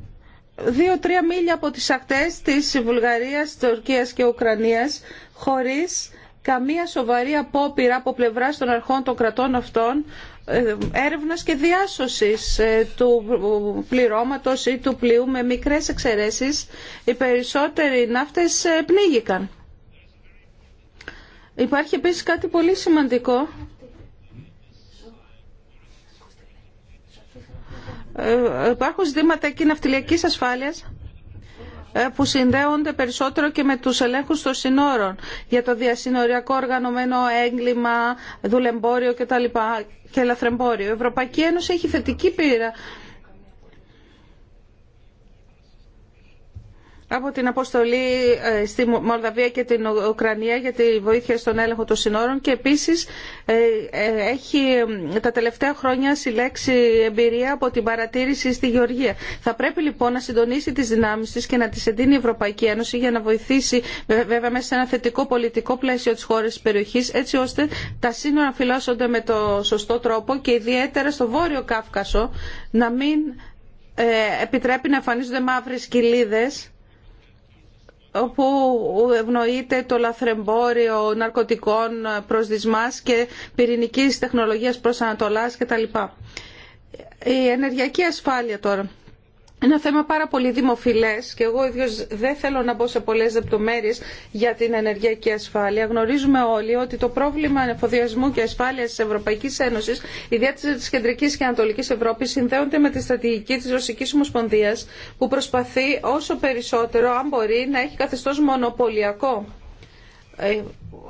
δύο-τρία μίλια από τις ακτές της Βουλγαρίας, Τουρκίας και Ουκρανίας χωρίς καμία σοβαρή απόπειρα από πλευράς των αρχών των κρατών αυτών ε, έρευνας και διάσωσης ε, του πληρώματος ή του πλοίου με μικρές εξαιρέσεις. Οι περισσότεροι ναύτες ε, πνίγηκαν. Υπάρχει επίσης κάτι πολύ σημαντικό υπάρχουν ζητήματα εκεί ναυτιλιακής ασφάλειας ε, που συνδέονται περισσότερο και με τους ελέγχους των συνόρων για το διασυνοριακό οργανωμένο έγκλημα, δουλεμπόριο κτλ. και λαθρεμπόριο. Η Ευρωπαϊκή Ένωση έχει θετική πείρα από την αποστολή ε, στη Μολδαβία και την Ουκρανία για τη βοήθεια στον έλεγχο των συνόρων και επίσης ε, ε, έχει τα τελευταία χρόνια συλλέξει εμπειρία από την παρατήρηση στη Γεωργία. Θα πρέπει λοιπόν να συντονίσει τις δυνάμεις της και να τις εντείνει η Ευρωπαϊκή Ένωση για να βοηθήσει βέβαια μέσα σε ένα θετικό πολιτικό πλαίσιο της χώρας της περιοχής έτσι ώστε τα σύνορα φυλάσσονται με το σωστό τρόπο και ιδιαίτερα στο Βόρειο Κάυκασο να μην επιτρέπει να εμφανίζονται μαύρες κοιλίδες όπου ευνοείται το λαθρεμπόριο ναρκωτικών προς δυσμάς και πυρηνικής τεχνολογίας προς Ανατολάς κτλ. Η ενεργειακή ασφάλεια τώρα ένα θέμα πάρα πολύ δημοφιλές και εγώ ίδιο δεν θέλω να μπω σε πολλέ λεπτομέρειε για την ενεργειακή ασφάλεια. Γνωρίζουμε όλοι ότι το πρόβλημα εφοδιασμού και ασφάλειας τη ευρωπαϊκή Ένωση, ιδιαίτερα της Κεντρικής και Ανατολική Ευρώπης, συνδέονται με τη στρατηγική τη Ρωσική Ομοσπονδία, που προσπαθεί όσο περισσότερο, αν μπορεί, να έχει καθεστώ μονοπωλιακό ε,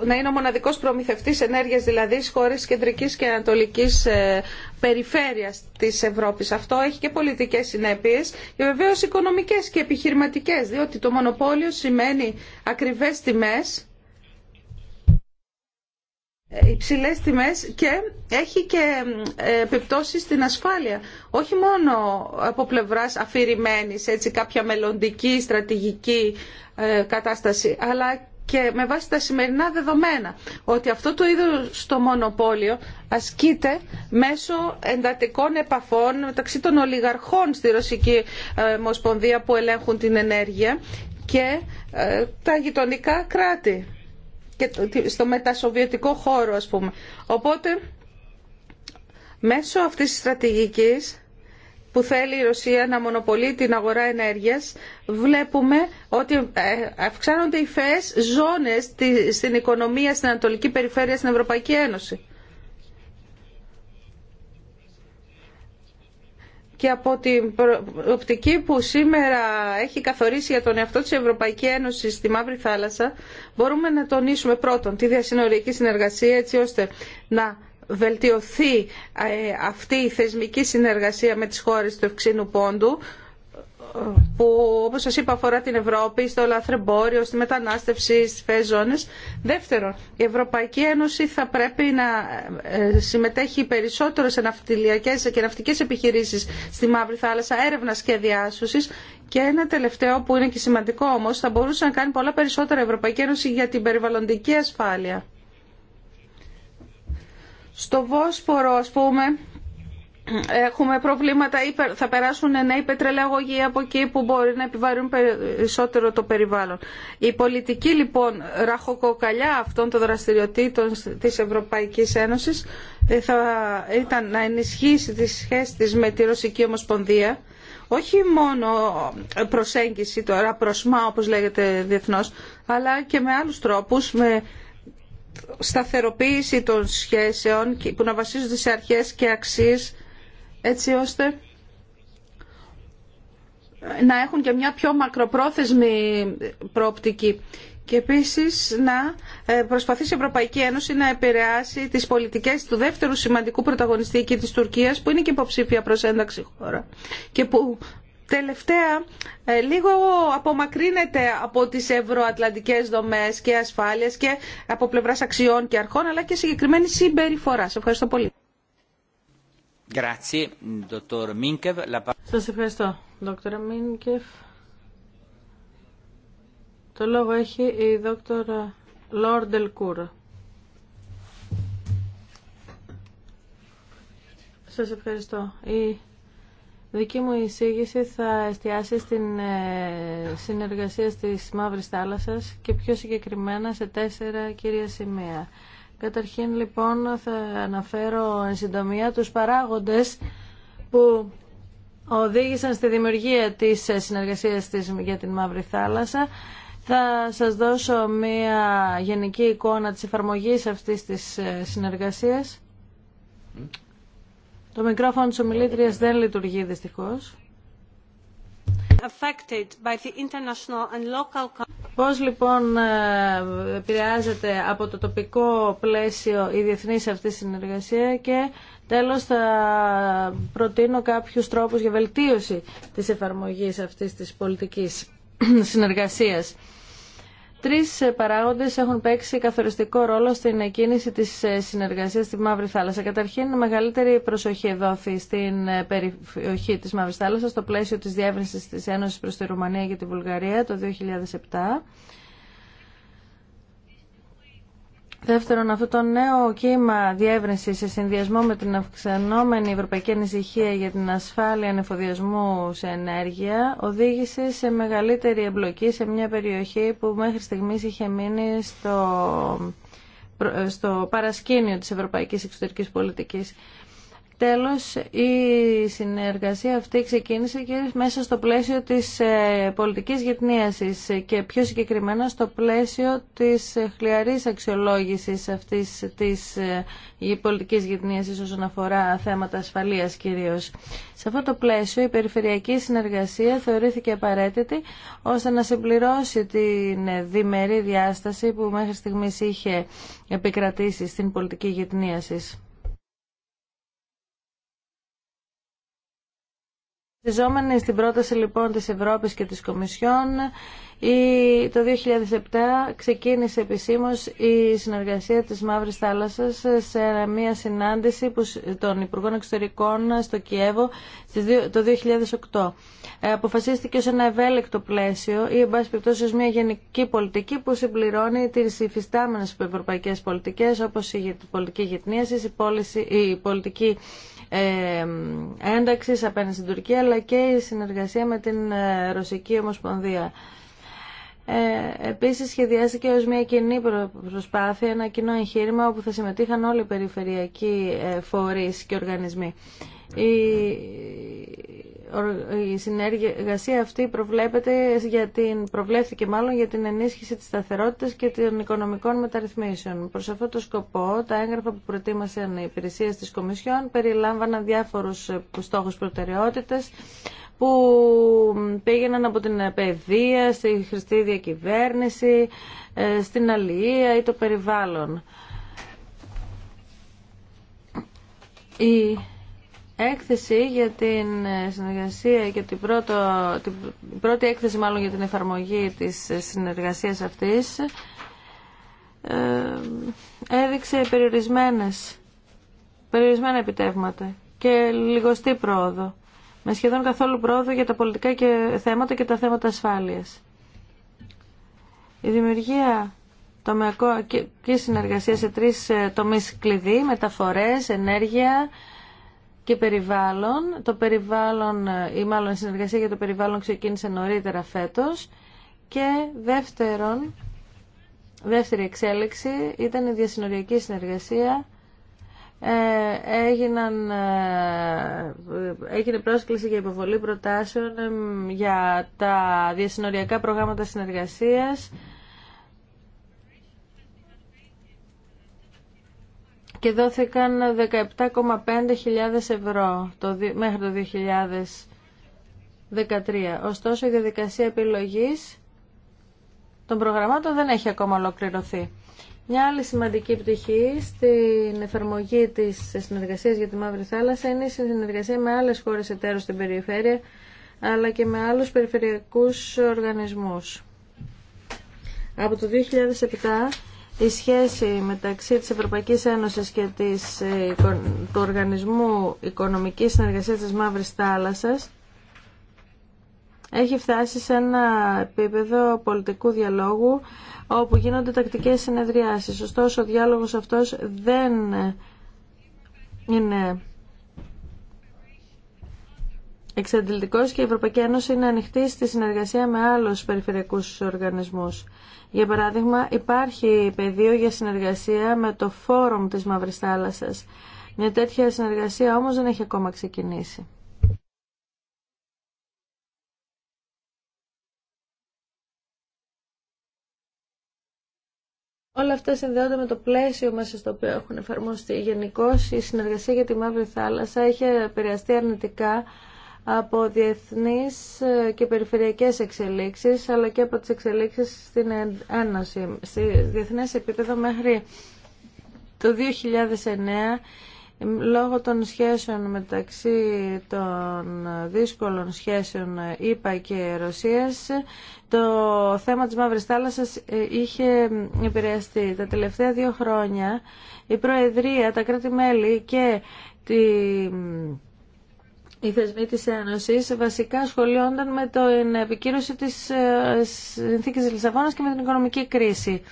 να είναι ο μοναδικός προμηθευτής ενέργειας δηλαδή στις χώρες κεντρικής και ανατολικής ε, περιφέρειας της Ευρώπης. Αυτό έχει και πολιτικές συνέπειες και βεβαίως οικονομικές και επιχειρηματικές διότι το μονοπόλιο σημαίνει ακριβές τιμές ε, υψηλές τιμές και έχει και επιπτώσεις στην ασφάλεια. Όχι μόνο από πλευράς αφηρημένης, κάποια μελλοντική στρατηγική κατάσταση, αλλά και με βάση τα σημερινά δεδομένα ότι αυτό το είδος στο μονοπόλιο ασκείται μέσω εντατικών επαφών μεταξύ των ολιγαρχών στη Ρωσική ε, Ομοσπονδία που ελέγχουν την ενέργεια και ε, τα γειτονικά κράτη και στο μετασοβιετικό χώρο ας πούμε. Οπότε μέσω αυτής της στρατηγικής που θέλει η Ρωσία να μονοπολεί την αγορά ενέργειας, βλέπουμε ότι ε, αυξάνονται οι φαιές ζώνες στην οικονομία, στην Ανατολική Περιφέρεια, στην Ευρωπαϊκή Ένωση. και από την οπτική που σήμερα έχει καθορίσει για τον εαυτό της Ευρωπαϊκή Ένωση στη Μαύρη Θάλασσα, μπορούμε να τονίσουμε πρώτον τη διασυνοριακή συνεργασία έτσι ώστε να βελτιωθεί ε, αυτή η θεσμική συνεργασία με τις χώρες του ευξήνου πόντου που όπως σας είπα αφορά την Ευρώπη, στο λαθρεμπόριο, στη μετανάστευση, στις φαίες Δεύτερον, η Ευρωπαϊκή Ένωση θα πρέπει να ε, συμμετέχει περισσότερο σε ναυτιλιακές και ναυτικές επιχειρήσεις στη Μαύρη Θάλασσα, έρευνα και διάσωσης. Και ένα τελευταίο που είναι και σημαντικό όμως, θα μπορούσε να κάνει πολλά περισσότερα η Ευρωπαϊκή Ένωση για την περιβαλλοντική ασφάλεια. Στο Βόσφορο, ας πούμε, έχουμε προβλήματα, θα περάσουν νέοι πετρελαγωγοί από εκεί που μπορεί να επιβαρύνουν περισσότερο το περιβάλλον. Η πολιτική λοιπόν ραχοκοκαλιά αυτών των δραστηριοτήτων της Ευρωπαϊκής Ένωσης ε, θα ήταν να ενισχύσει τις σχέσεις της με τη Ρωσική Ομοσπονδία όχι μόνο προσέγγιση τώρα προσμά όπως λέγεται διεθνώς αλλά και με άλλους τρόπους με σταθεροποίηση των σχέσεων που να βασίζονται σε αρχές και αξίες έτσι ώστε να έχουν και μια πιο μακροπρόθεσμη πρόπτικη Και επίσης να ε, προσπαθήσει η Ευρωπαϊκή Ένωση να επηρεάσει τις πολιτικές του δεύτερου σημαντικού πρωταγωνιστή και της Τουρκίας που είναι και υποψήφια προς ένταξη χώρα και που τελευταία ε, λίγο απομακρύνεται από τις ευρωατλαντικές δομές και ασφάλειες και από πλευράς αξιών και αρχών αλλά και συγκεκριμένη συμπεριφορά. Σε ευχαριστώ πολύ. Σας ευχαριστώ, δόκτωρα Μίνκεφ. Το λόγο έχει η δόκτωρα Λόρντελ Κούρα. Σας ευχαριστώ. Η δική μου εισήγηση θα εστιάσει στην ε, συνεργασία της Μαύρης Θάλασσας και πιο συγκεκριμένα σε τέσσερα κύρια σημεία. Καταρχήν λοιπόν θα αναφέρω εν συντομία τους παράγοντες που οδήγησαν στη δημιουργία της ε, συνεργασίας της για την Μαύρη Θάλασσα. Θα σας δώσω μια γενική εικόνα της εφαρμογής αυτής της ε, συνεργασίας το μικρόφωνο της ομιλήτριας δεν λειτουργεί δυστυχώς. By Πώς λοιπόν ε, επηρεάζεται από το τοπικό πλαίσιο η διεθνής αυτή συνεργασία και τέλος θα προτείνω κάποιους τρόπους για βελτίωση της εφαρμογής αυτής της πολιτικής συνεργασίας τρεις παράγοντες έχουν παίξει καθοριστικό ρόλο στην κίνηση της ε, συνεργασίας στη Μαύρη Θάλασσα. Καταρχήν, μεγαλύτερη προσοχή δόθη στην ε, περιοχή της Μαύρης Θάλασσας στο πλαίσιο της διεύρυνσης της Ένωσης προς τη Ρουμανία και τη Βουλγαρία το 2007 Δεύτερον, αυτό το νέο κύμα διεύρυνση σε συνδυασμό με την αυξανόμενη ευρωπαϊκή ανησυχία για την ασφάλεια ανεφοδιασμού σε ενέργεια οδήγησε σε μεγαλύτερη εμπλοκή σε μια περιοχή που μέχρι στιγμής είχε μείνει στο, στο παρασκήνιο της ευρωπαϊκής εξωτερικής πολιτικής. Τέλος, η συνεργασία αυτή ξεκίνησε και μέσα στο πλαίσιο της ε, πολιτικής γετνίασης και πιο συγκεκριμένα στο πλαίσιο της ε, χλιαρής αξιολόγησης αυτής της ε, πολιτικής γυπνίασης όσον αφορά θέματα ασφαλείας κυρίως. Σε αυτό το πλαίσιο η περιφερειακή συνεργασία θεωρήθηκε απαραίτητη ώστε να συμπληρώσει την διμερή διάσταση που μέχρι στιγμής είχε επικρατήσει στην πολιτική γυπνίασης. στην πρόταση λοιπόν της Ευρώπης και της Κομισιόν, η, το 2007 ξεκίνησε επισήμως η συνεργασία της Μαύρης Θάλασσας σε μια συνάντηση που, των Υπουργών Εξωτερικών στο Κιέβο το 2008. Ε, αποφασίστηκε ως ένα ευέλικτο πλαίσιο ή εν πάση περιπτώσει μια γενική πολιτική που συμπληρώνει τις υφιστάμενες ευρωπαϊκές πολιτικές όπως η πολιτική γυτνίασης, η πολιτική Ένταξη απέναντι στην Τουρκία αλλά και η συνεργασία με την ε, Ρωσική Ομοσπονδία. Ε, επίσης σχεδιάστηκε ως μια κοινή προσπάθεια, ένα κοινό εγχείρημα όπου θα συμμετείχαν όλοι οι περιφερειακοί ε, φορείς και οργανισμοί η συνεργασία αυτή προβλέπεται για την, προβλέφθηκε μάλλον για την ενίσχυση της σταθερότητας και των οικονομικών μεταρρυθμίσεων. Προς αυτό το σκοπό, τα έγγραφα που προτίμασαν οι υπηρεσίες της Κομισιόν περιλάμβαναν διάφορους ε, στόχους προτεραιότητες που πήγαιναν από την παιδεία, στη χρηστή διακυβέρνηση, ε, στην αλληλεία ή το περιβάλλον. Η έκθεση για την συνεργασία και την, πρώτο, πρώτη έκθεση μάλλον για την εφαρμογή της συνεργασίας αυτής ε, έδειξε περιορισμένες, περιορισμένα επιτεύγματα και λιγοστή πρόοδο με σχεδόν καθόλου πρόοδο για τα πολιτικά και θέματα και τα θέματα ασφάλειας. Η δημιουργία τομεακό και συνεργασία σε τρεις ε, τομείς κλειδί, μεταφορές, ενέργεια, και περιβάλλον. Το περιβάλλον, ή μάλλον η συνεργασία για το περιβάλλον ξεκίνησε νωρίτερα φέτος. Και δεύτερον, δεύτερη εξέλιξη ήταν η διασυνοριακή συνεργασία. Ε, έγιναν, ε, έγινε πρόσκληση για υποβολή προτάσεων για τα διασυνοριακά προγράμματα συνεργασίας και δόθηκαν 17,5 ευρώ το, μέχρι το 2013. Ωστόσο η διαδικασία επιλογής των προγραμμάτων δεν έχει ακόμα ολοκληρωθεί. Μια άλλη σημαντική πτυχή στην εφαρμογή της συνεργασίας για τη Μαύρη Θάλασσα είναι η συνεργασία με άλλες χώρες εταίρους στην περιφέρεια αλλά και με άλλους περιφερειακούς οργανισμούς. Από το 2007 η σχέση μεταξύ της Ευρωπαϊκής Ένωσης και της, ε, του Οργανισμού Οικονομικής Συνεργασίας της Μαύρης Θάλασσας έχει φτάσει σε ένα επίπεδο πολιτικού διαλόγου όπου γίνονται τακτικές συνεδριάσεις. Ωστόσο, ο διάλογος αυτός δεν είναι εξαντλητικός και η Ευρωπαϊκή Ένωση είναι ανοιχτή στη συνεργασία με άλλους περιφερειακούς οργανισμούς. Για παράδειγμα, υπάρχει πεδίο για συνεργασία με το Φόρουμ της Μαύρης Θάλασσας. Μια τέτοια συνεργασία όμως δεν έχει ακόμα ξεκινήσει. Όλα αυτά συνδέονται με το πλαίσιο μέσα στο οποίο έχουν εφαρμοστεί. Γενικώ η συνεργασία για τη Μαύρη Θάλασσα έχει επηρεαστεί αρνητικά από διεθνείς ε, και περιφερειακές εξελίξεις αλλά και από τις εξελίξεις στην Ένωση. Σε διεθνές επίπεδο μέχρι το 2009 Λόγω των σχέσεων μεταξύ των δύσκολων σχέσεων ΙΠΑ ε, και Ρωσίας, το θέμα της Μαύρης Θάλασσας ε, είχε επηρεαστεί. Τα τελευταία δύο χρόνια η Προεδρία, τα κράτη-μέλη και τη οι θεσμοί της Ένωσης βασικά σχολιόνταν με την επικύρωση της ε, συνθήκης Λισαβόνας και με την οικονομική κρίση.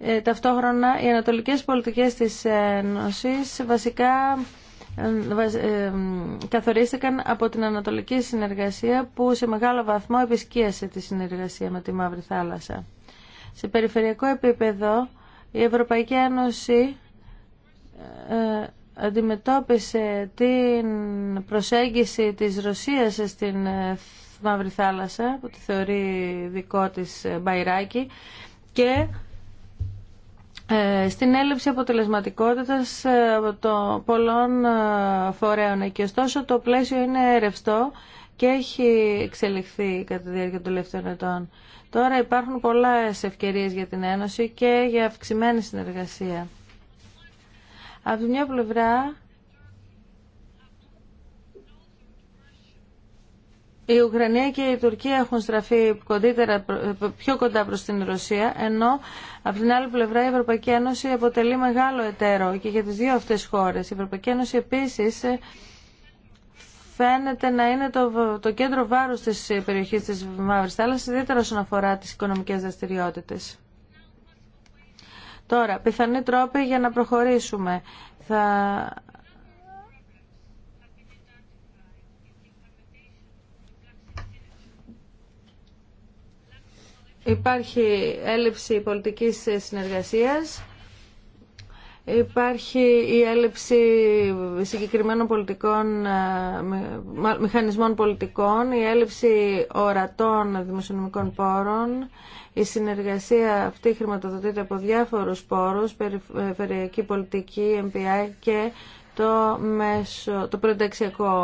Ε, ταυτόχρονα οι ανατολικές πολιτικές της Ένωσης βασικά ε, καθορίστηκαν από την ανατολική συνεργασία που σε μεγάλο βαθμό επισκίασε τη συνεργασία με τη Μαύρη Θάλασσα. Σε περιφερειακό επίπεδο η Ευρωπαϊκή Ένωση αντιμετώπισε την προσέγγιση της Ρωσίας στην ε, Μαύρη Θάλασσα που τη θεωρεί δικό της ε, μπαϊράκι και ε, στην έλλειψη αποτελεσματικότητας των πολλών φορέων. Και ωστόσο το πλαίσιο είναι ρευστό και έχει εξελιχθεί κατά τη διάρκεια των τελευταίων ετών. Τώρα υπάρχουν πολλές ευκαιρίες για την Ένωση και για αυξημένη συνεργασία. Από τη μια πλευρά Η Ουκρανία και η Τουρκία έχουν στραφεί πιο κοντά προς την Ρωσία, ενώ από την άλλη πλευρά η Ευρωπαϊκή Ένωση αποτελεί μεγάλο εταίρο και για τις δύο αυτές χώρες. Η Ευρωπαϊκή Ένωση επίσης φαίνεται να είναι το, το κέντρο βάρους της περιοχής της Μαύρης Θάλασσας, ιδιαίτερα όσον αφορά τις οικονομικές δραστηριότητες. Τώρα, πιθανή τρόποι για να προχωρήσουμε. Θα... Υπάρχει έλλειψη πολιτικής συνεργασίας, υπάρχει η έλλειψη συγκεκριμένων πολιτικών, ε, μηχανισμών πολιτικών, η έλλειψη ορατών δημοσιονομικών πόρων, η συνεργασία αυτή χρηματοδοτείται από διάφορους πόρους, ε, περιφερειακή πολιτική, MPI και το, μέσο, το προενταξιακό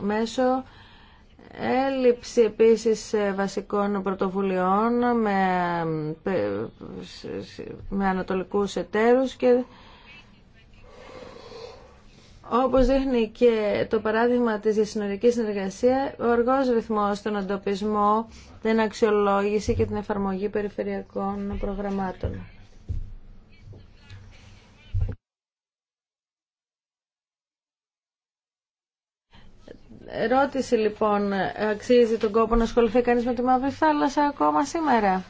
μέσο, έλλειψη επίσης ε, βασικών πρωτοβουλειών με, με ανατολικούς εταίρους και όπως δείχνει και το παράδειγμα της διασυνορικής συνεργασίας, ο αργός ρυθμός στον αντοπισμό την αξιολόγηση και την εφαρμογή περιφερειακών προγραμμάτων. Ερώτηση λοιπόν, αξίζει τον κόπο να ασχοληθεί κανείς με τη Μαύρη Θάλασσα ακόμα σήμερα.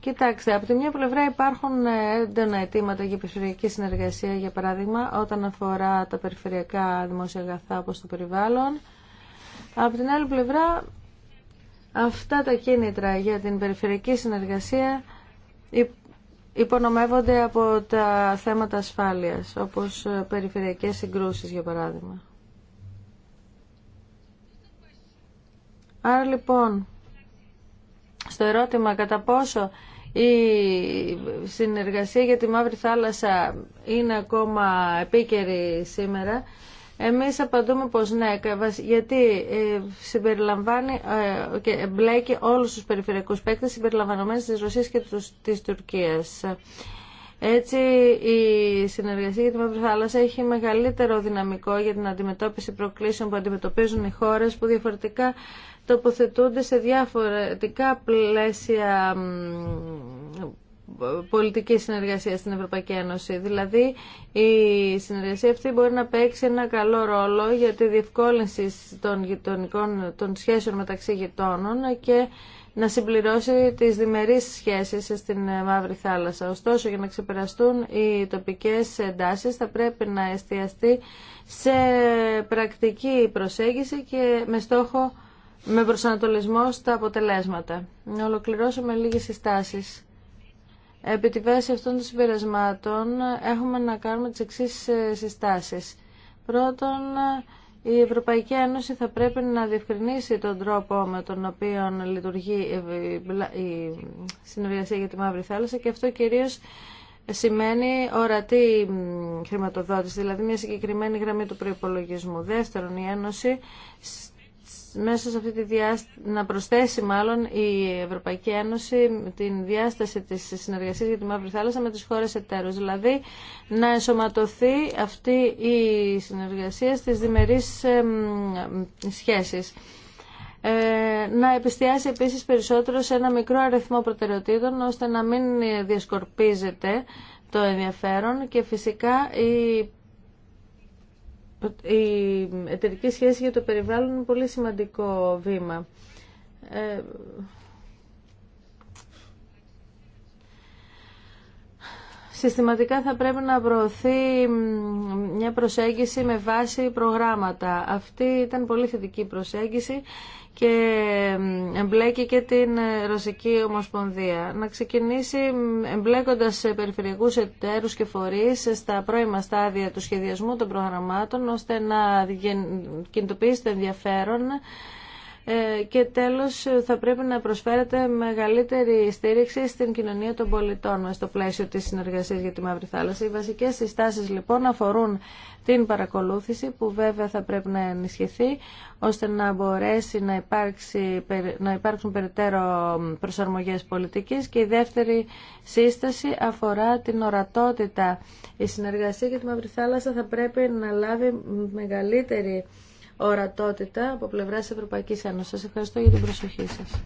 Κοιτάξτε, από τη μια πλευρά υπάρχουν έντονα αιτήματα για περιφερειακή συνεργασία, για παράδειγμα, όταν αφορά τα περιφερειακά δημόσια αγαθά όπως το περιβάλλον. Από την άλλη πλευρά αυτά τα κίνητρα για την περιφερειακή συνεργασία υπονομεύονται από τα θέματα ασφάλειας, όπως ε, περιφερειακές συγκρούσεις για παράδειγμα. Άρα λοιπόν, στο ερώτημα κατά πόσο η συνεργασία για τη Μαύρη Θάλασσα είναι ακόμα επίκαιρη σήμερα, εμείς απαντούμε πως ναι, γιατί ε, συμπεριλαμβάνει ε, και εμπλέκει όλους τους περιφερειακούς παίκτες συμπεριλαμβανομένες της Ρωσίας και της Τουρκίας. Έτσι, η συνεργασία για τη Μαύρη Θάλασσα έχει μεγαλύτερο δυναμικό για την αντιμετώπιση προκλήσεων που αντιμετωπίζουν οι χώρες που διαφορετικά τοποθετούνται σε διαφορετικά πλαίσια πολιτική συνεργασία στην Ευρωπαϊκή Ένωση. Δηλαδή, η συνεργασία αυτή μπορεί να παίξει ένα καλό ρόλο για τη διευκόλυνση των, γειτονικών, των σχέσεων μεταξύ γειτόνων και να συμπληρώσει τις διμερείς σχέσεις στην Μαύρη Θάλασσα. Ωστόσο, για να ξεπεραστούν οι τοπικές εντάσεις θα πρέπει να εστιαστεί σε πρακτική προσέγγιση και με στόχο με προσανατολισμό στα αποτελέσματα. Να ολοκληρώσω με λίγες συστάσεις. Επί τη βάση αυτών των συμπερασμάτων έχουμε να κάνουμε τις εξής ε, συστάσεις. Πρώτον, η Ευρωπαϊκή Ένωση θα πρέπει να διευκρινίσει τον τρόπο με τον οποίο λειτουργεί η συνεργασία για τη Μαύρη Θάλασσα και αυτό κυρίως σημαίνει ορατή χρηματοδότηση, δηλαδή μια συγκεκριμένη γραμμή του προϋπολογισμού. Δεύτερον, η Ένωση μέσα σε αυτή τη διάσταση, να προσθέσει μάλλον η Ευρωπαϊκή Ένωση την διάσταση της συνεργασίας για τη Μαύρη Θάλασσα με τις χώρες εταίρους. Δηλαδή να ενσωματωθεί αυτή η συνεργασία στις διμερείς σχέσεις ε, να επιστιάσει επίσης περισσότερο σε ένα μικρό αριθμό προτεραιοτήτων ώστε να μην διασκορπίζεται το ενδιαφέρον και φυσικά η η εταιρική σχέση για το περιβάλλον είναι πολύ σημαντικό βήμα. Ε, συστηματικά θα πρέπει να προωθεί μια προσέγγιση με βάση προγράμματα. Αυτή ήταν πολύ θετική προσέγγιση και εμπλέκει και την ε, Ρωσική Ομοσπονδία. Να ξεκινήσει εμπλέκοντας ε, περιφερειακούς εταίρους και φορείς ε, στα πρώιμα στάδια του σχεδιασμού των προγραμμάτων ώστε να κινητοποιήσει το ενδιαφέρον ε, και τέλος ε, θα πρέπει να προσφέρεται μεγαλύτερη στήριξη στην κοινωνία των πολιτών μας στο πλαίσιο της συνεργασίας για τη Μαύρη Θάλασσα. Οι βασικές συστάσεις λοιπόν αφορούν την παρακολούθηση που βέβαια θα πρέπει να ενισχυθεί ώστε να μπορέσει να, υπάρξει, να υπάρξουν περαιτέρω προσαρμογές πολιτικής και η δεύτερη σύσταση αφορά την ορατότητα. Η συνεργασία για τη Μαύρη Θάλασσα θα πρέπει να λάβει μεγαλύτερη ορατότητα από πλευρά τη Ευρωπαϊκή Ένωση. Σα ευχαριστώ για την προσοχή σα.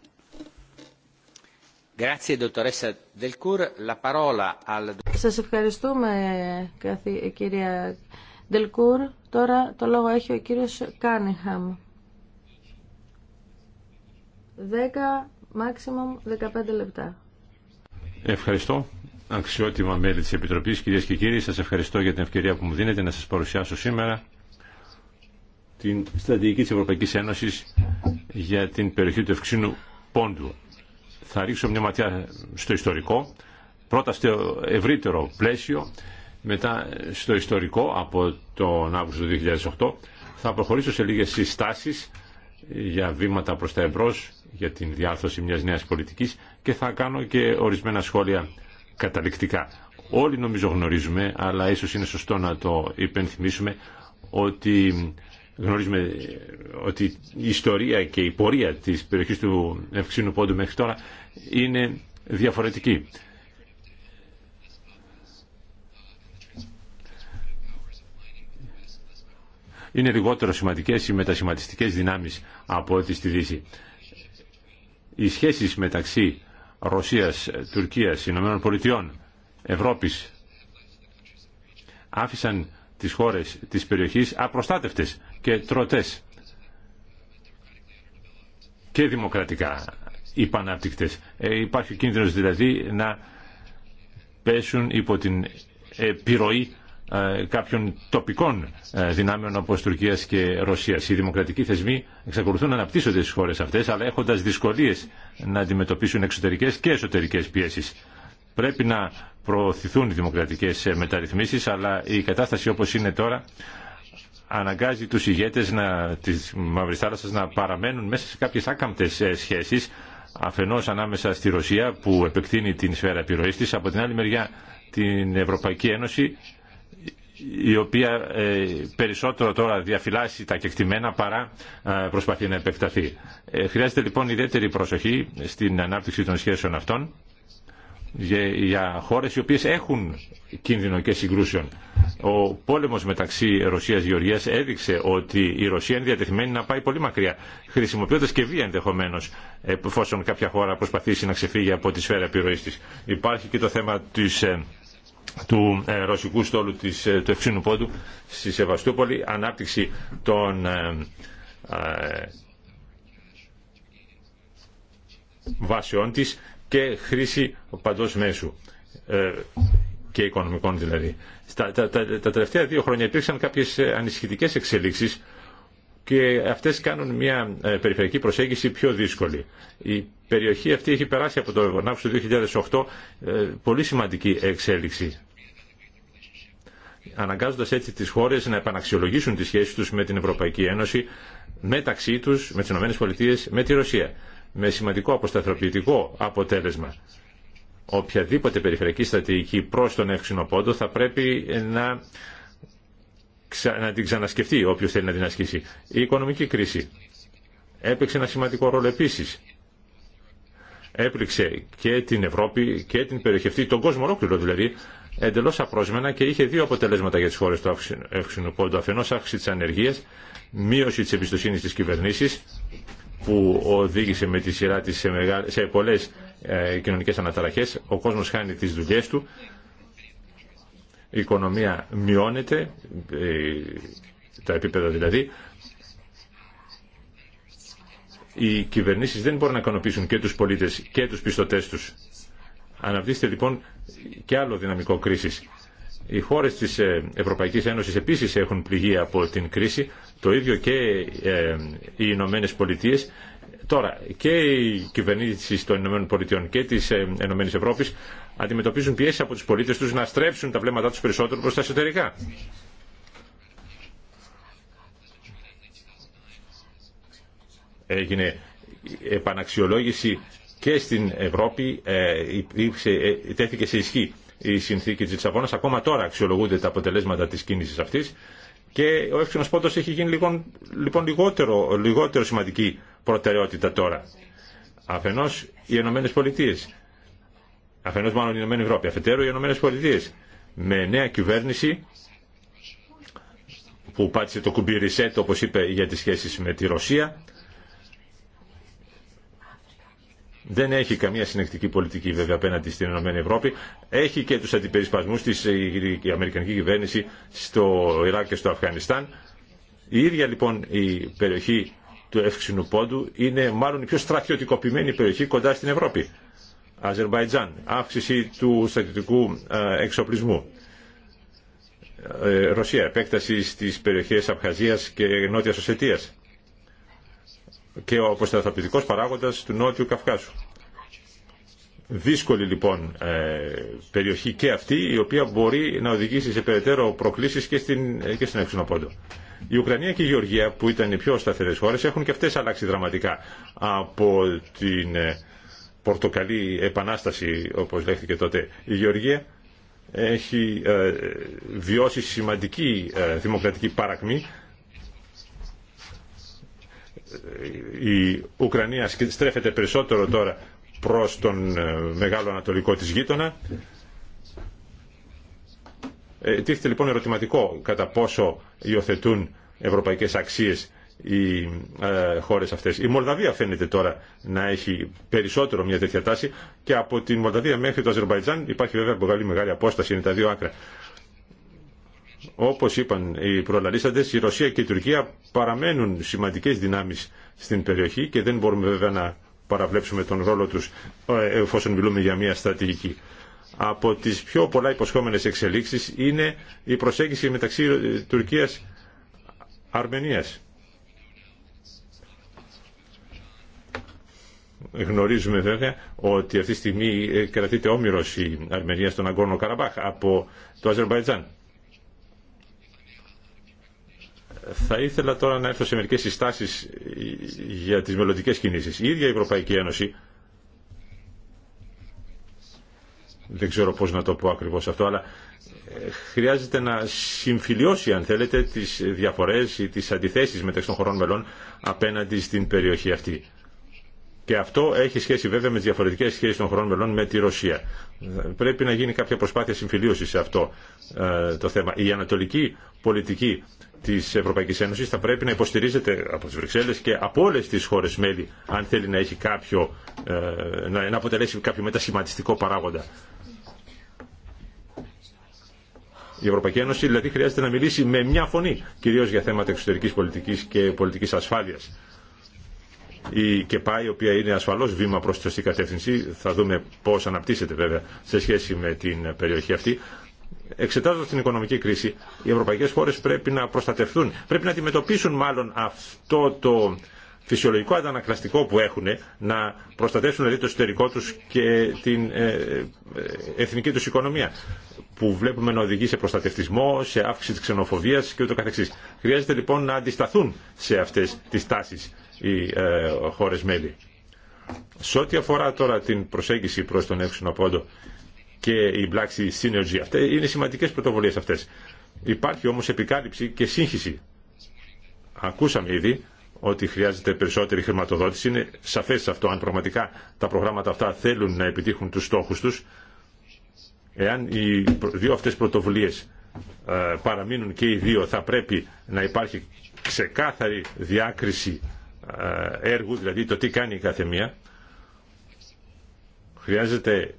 Σα ευχαριστούμε κυρία Δελκούρ. Τώρα το λόγο έχει ο κύριο Κάνιχαμ. 10, maximum 15 λεπτά. Ευχαριστώ. Αξιότιμα μέλη τη Επιτροπή, κύριε και κύριοι, Σα ευχαριστώ για την ευκαιρία που μου δίνετε να σα παρουσιάσω σήμερα την στρατηγική της Ευρωπαϊκής Ένωσης για την περιοχή του Ευξήνου Πόντου. Θα ρίξω μια ματιά στο ιστορικό, πρώτα στο ευρύτερο πλαίσιο, μετά στο ιστορικό από τον Αύγουστο 2008. Θα προχωρήσω σε λίγες συστάσεις για βήματα προς τα εμπρός, για την διάρθρωση μιας νέας πολιτικής και θα κάνω και ορισμένα σχόλια καταληκτικά. Όλοι νομίζω γνωρίζουμε, αλλά ίσως είναι σωστό να το υπενθυμίσουμε, ότι Γνωρίζουμε ότι η ιστορία και η πορεία της περιοχής του Ευξήνου Πόντου μέχρι τώρα είναι διαφορετική. Είναι λιγότερο σημαντικές οι μετασχηματιστικές δυνάμεις από ό,τι στη Δύση. Οι σχέσεις μεταξύ Ρωσίας, Τουρκίας, Ηνωμένων Πολιτειών, Ευρώπης άφησαν τις χώρες της περιοχής απροστάτευτες και τρωτές και δημοκρατικά υπανάπτυκτες. Ε, υπάρχει κίνδυνος δηλαδή να πέσουν υπό την επιρροή ε, κάποιων τοπικών ε, δυνάμεων όπως Τουρκίας και Ρωσίας. Οι δημοκρατικοί θεσμοί εξακολουθούν να αναπτύσσονται στις χώρες αυτές, αλλά έχοντας δυσκολίες να αντιμετωπίσουν εξωτερικές και εσωτερικές πιέσεις. Πρέπει να προωθηθούν οι δημοκρατικές μεταρρυθμίσεις, αλλά η κατάσταση όπως είναι τώρα αναγκάζει τους ηγέτες να, της Μαύρης Θάλασσας να παραμένουν μέσα σε κάποιες άκαμπτες ε, σχέσεις αφενός ανάμεσα στη Ρωσία που επεκτείνει την σφαίρα επιρροής της, από την άλλη μεριά την Ευρωπαϊκή Ένωση η οποία ε, περισσότερο τώρα διαφυλάσσει τα κεκτημένα παρά ε, προσπαθεί να επεκταθεί. χρειάζεται λοιπόν ιδιαίτερη προσοχή στην ανάπτυξη των σχέσεων αυτών για χώρες οι οποίες έχουν κίνδυνο και συγκρούσεων. Ο πόλεμος μεταξύ Ρωσίας και Γεωργίας έδειξε ότι η Ρωσία είναι διατεθειμένη να πάει πολύ μακριά, χρησιμοποιώντας και βία ενδεχομένως, εφόσον κάποια χώρα προσπαθήσει να ξεφύγει από τη σφαίρα επιρροής της. Υπάρχει και το θέμα της, ε, του ε, ρωσικού στόλου της, ε, του Ευξήνου Πόντου στη Σεβαστούπολη, ανάπτυξη των βάσεών της και χρήση παντό μέσου ε, και οικονομικών δηλαδή. τα, τα, τα τελευταία δύο χρόνια υπήρξαν κάποιε ε, ανησυχητικές εξέλιξει και αυτέ κάνουν μια ε, περιφερειακή προσέγγιση πιο δύσκολη. Η περιοχή αυτή έχει περάσει από το Αύγουστο του 2008 πολύ σημαντική εξέλιξη αναγκάζοντας έτσι τις χώρες να επαναξιολογήσουν τις σχέσεις τους με την Ευρωπαϊκή Ένωση μεταξύ τους, με τις ΗΠΑ, με τη Ρωσία με σημαντικό αποσταθροποιητικό αποτέλεσμα. Οποιαδήποτε περιφερειακή στρατηγική προς τον εύξηνο πόντο θα πρέπει να, να την ξανασκεφτεί όποιος θέλει να την ασκήσει. Η οικονομική κρίση έπαιξε ένα σημαντικό ρόλο επίσης. Έπληξε και την Ευρώπη και την περιοχή τον κόσμο ολόκληρο δηλαδή, εντελώς απρόσμενα και είχε δύο αποτελέσματα για τις χώρες του εύξηνο πόντου. Αφενός αύξηση της ανεργίας, μείωση της εμπιστοσύνης της κυβερνήσης που οδήγησε με τη σειρά της σε, μεγάλες, σε πολλές ε, κοινωνικές αναταραχές. Ο κόσμος χάνει τις δουλειές του, η οικονομία μειώνεται, ε, τα επίπεδα δηλαδή. Οι κυβερνήσεις δεν μπορούν να ικανοποιήσουν και τους πολίτες και τους πιστωτές τους. Αναπτύσσεται λοιπόν και άλλο δυναμικό κρίσης. Οι χώρες της ε, Ευρωπαϊκής Ένωσης επίσης έχουν πληγεί από την κρίση, το ίδιο και ε, οι Ηνωμένε Πολιτείε. Τώρα και οι κυβερνήσει των Ηνωμένων Πολιτειών και τη ε, Ενωμένη Ευρώπη αντιμετωπίζουν πιέσει από του πολίτε του να στρέψουν τα βλέμματά του περισσότερο προ τα εσωτερικά. Έγινε επαναξιολόγηση και στην Ευρώπη ε, τέθηκε σε ισχύ η συνθήκη της Λισαβόνας. Ακόμα τώρα αξιολογούνται τα αποτελέσματα της κίνησης αυτής και ο έξινος πόντο έχει γίνει λοιπόν, λοιπόν λιγότερο, λιγότερο σημαντική προτεραιότητα τώρα. Αφενό οι Ηνωμένε Πολιτείε. Αφενός μάλλον η Ηνωμένη Ευρώπη. Αφετέρου οι Ηνωμένε Πολιτείε. Με νέα κυβέρνηση που πάτησε το κουμπί reset όπως είπε για τις σχέσεις με τη Ρωσία Δεν έχει καμία συνεκτική πολιτική βέβαια απέναντι στην Ενωμένη Ευρώπη. Έχει και τους αντιπερισπασμούς της ε, η Αμερικανική κυβέρνηση στο Ιράκ και στο Αφγανιστάν. Η ίδια λοιπόν η περιοχή του Εύξηνου Πόντου είναι μάλλον η πιο στρατιωτικοποιημένη περιοχή κοντά στην Ευρώπη. Αζερβαϊτζάν, αύξηση του στρατιωτικού ε, εξοπλισμού. Ε, Ρωσία, επέκταση στις περιοχές Αφχαζίας και Νότιας Οσετίας και ο αποσταθαπητικός παράγοντας του Νότιου Καυκάσου. Δύσκολη λοιπόν ε, περιοχή και αυτή η οποία μπορεί να οδηγήσει σε περαιτέρω προκλήσεις και, στην, ε, και στην έξινο πόντο. Η Ουκρανία και η Γεωργία που ήταν οι πιο σταθερές χώρες έχουν και αυτές αλλάξει δραματικά από την ε, πορτοκαλή επανάσταση όπως λέχθηκε τότε η Γεωργία έχει βιώσει σημαντική δημοκρατική παρακμή η Ουκρανία στρέφεται περισσότερο τώρα προς τον ε, μεγάλο ανατολικό της γείτονα. Ε, τίθεται λοιπόν ερωτηματικό κατά πόσο υιοθετούν ευρωπαϊκές αξίες οι ε, χώρες αυτές. Η Μολδαβία φαίνεται τώρα να έχει περισσότερο μια τέτοια τάση και από τη Μολδαβία μέχρι το Αζερβαϊτζάν υπάρχει βέβαια μεγάλη, μεγάλη απόσταση, είναι τα δύο άκρα. Όπως είπαν οι προλαλήσαντες, η Ρωσία και η Τουρκία παραμένουν σημαντικές δυνάμεις στην περιοχή και δεν μπορούμε βέβαια να παραβλέψουμε τον ρόλο τους ε, εφόσον μιλούμε για μια στρατηγική. Από τις πιο πολλά υποσχόμενες εξελίξεις είναι η προσέγγιση μεταξύ Τουρκίας Αρμενίας. Γνωρίζουμε βέβαια ότι αυτή τη στιγμή ε, κρατείται όμοιρος η Αρμενία στον Αγκόρνο Καραμπάχ από το Αζερβαϊτζάν. Θα ήθελα τώρα να έρθω σε μερικέ συστάσεις για τις μελλοντικέ κινήσεις. Η ίδια η Ευρωπαϊκή Ένωση, δεν ξέρω πώς να το πω ακριβώς αυτό, αλλά ε, χρειάζεται να συμφιλιώσει, αν θέλετε, τις διαφορές ή τις αντιθέσεις μεταξύ των χωρών μελών απέναντι στην περιοχή αυτή. Και αυτό έχει σχέση βέβαια με τι διαφορετικέ σχέσει των χωρών μελών με τη Ρωσία. Πρέπει να γίνει κάποια προσπάθεια συμφιλίωση σε αυτό ε, το θέμα. Η ανατολική πολιτική τη Ευρωπαϊκή Ένωση θα πρέπει να υποστηρίζεται από τι Βρυξέλλε και από όλε τι χώρε μέλη, αν θέλει να, έχει κάποιο, ε, να αποτελέσει κάποιο μετασχηματιστικό παράγοντα. Η Ευρωπαϊκή Ένωση δηλαδή χρειάζεται να μιλήσει με μια φωνή, κυρίω για θέματα εξωτερική πολιτική και πολιτική ασφάλεια. Η ΚΕΠΑ, η οποία είναι ασφαλώ βήμα προ τη σωστή κατεύθυνση, θα δούμε πώ αναπτύσσεται βέβαια σε σχέση με την περιοχή αυτή, εξετάζοντα την οικονομική κρίση, οι ευρωπαϊκέ χώρε πρέπει να προστατευτούν. Πρέπει να αντιμετωπίσουν μάλλον αυτό το φυσιολογικό αντανακλαστικό που έχουν να προστατεύσουν δηλαδή το εσωτερικό του και την ε, ε, εθνική του οικονομία. Που βλέπουμε να οδηγεί σε προστατευτισμό, σε αύξηση τη ξενοφοβία κ.ο.κ. Χρειάζεται λοιπόν να αντισταθούν σε αυτέ τι τάσει οι ε, χώρε μέλη. Σε ό,τι αφορά τώρα την προσέγγιση προς τον έξινο πόντο, και η Black Sea Synergy. Αυτές είναι σημαντικές πρωτοβουλίες αυτές. Υπάρχει όμως επικάλυψη και σύγχυση. Ακούσαμε ήδη ότι χρειάζεται περισσότερη χρηματοδότηση. Είναι σαφές αυτό αν πραγματικά τα προγράμματα αυτά θέλουν να επιτύχουν τους στόχους τους. Εάν οι δύο αυτές πρωτοβουλίες ε, παραμείνουν και οι δύο θα πρέπει να υπάρχει ξεκάθαρη διάκριση ε, έργου, δηλαδή το τι κάνει η καθεμία. Χρειάζεται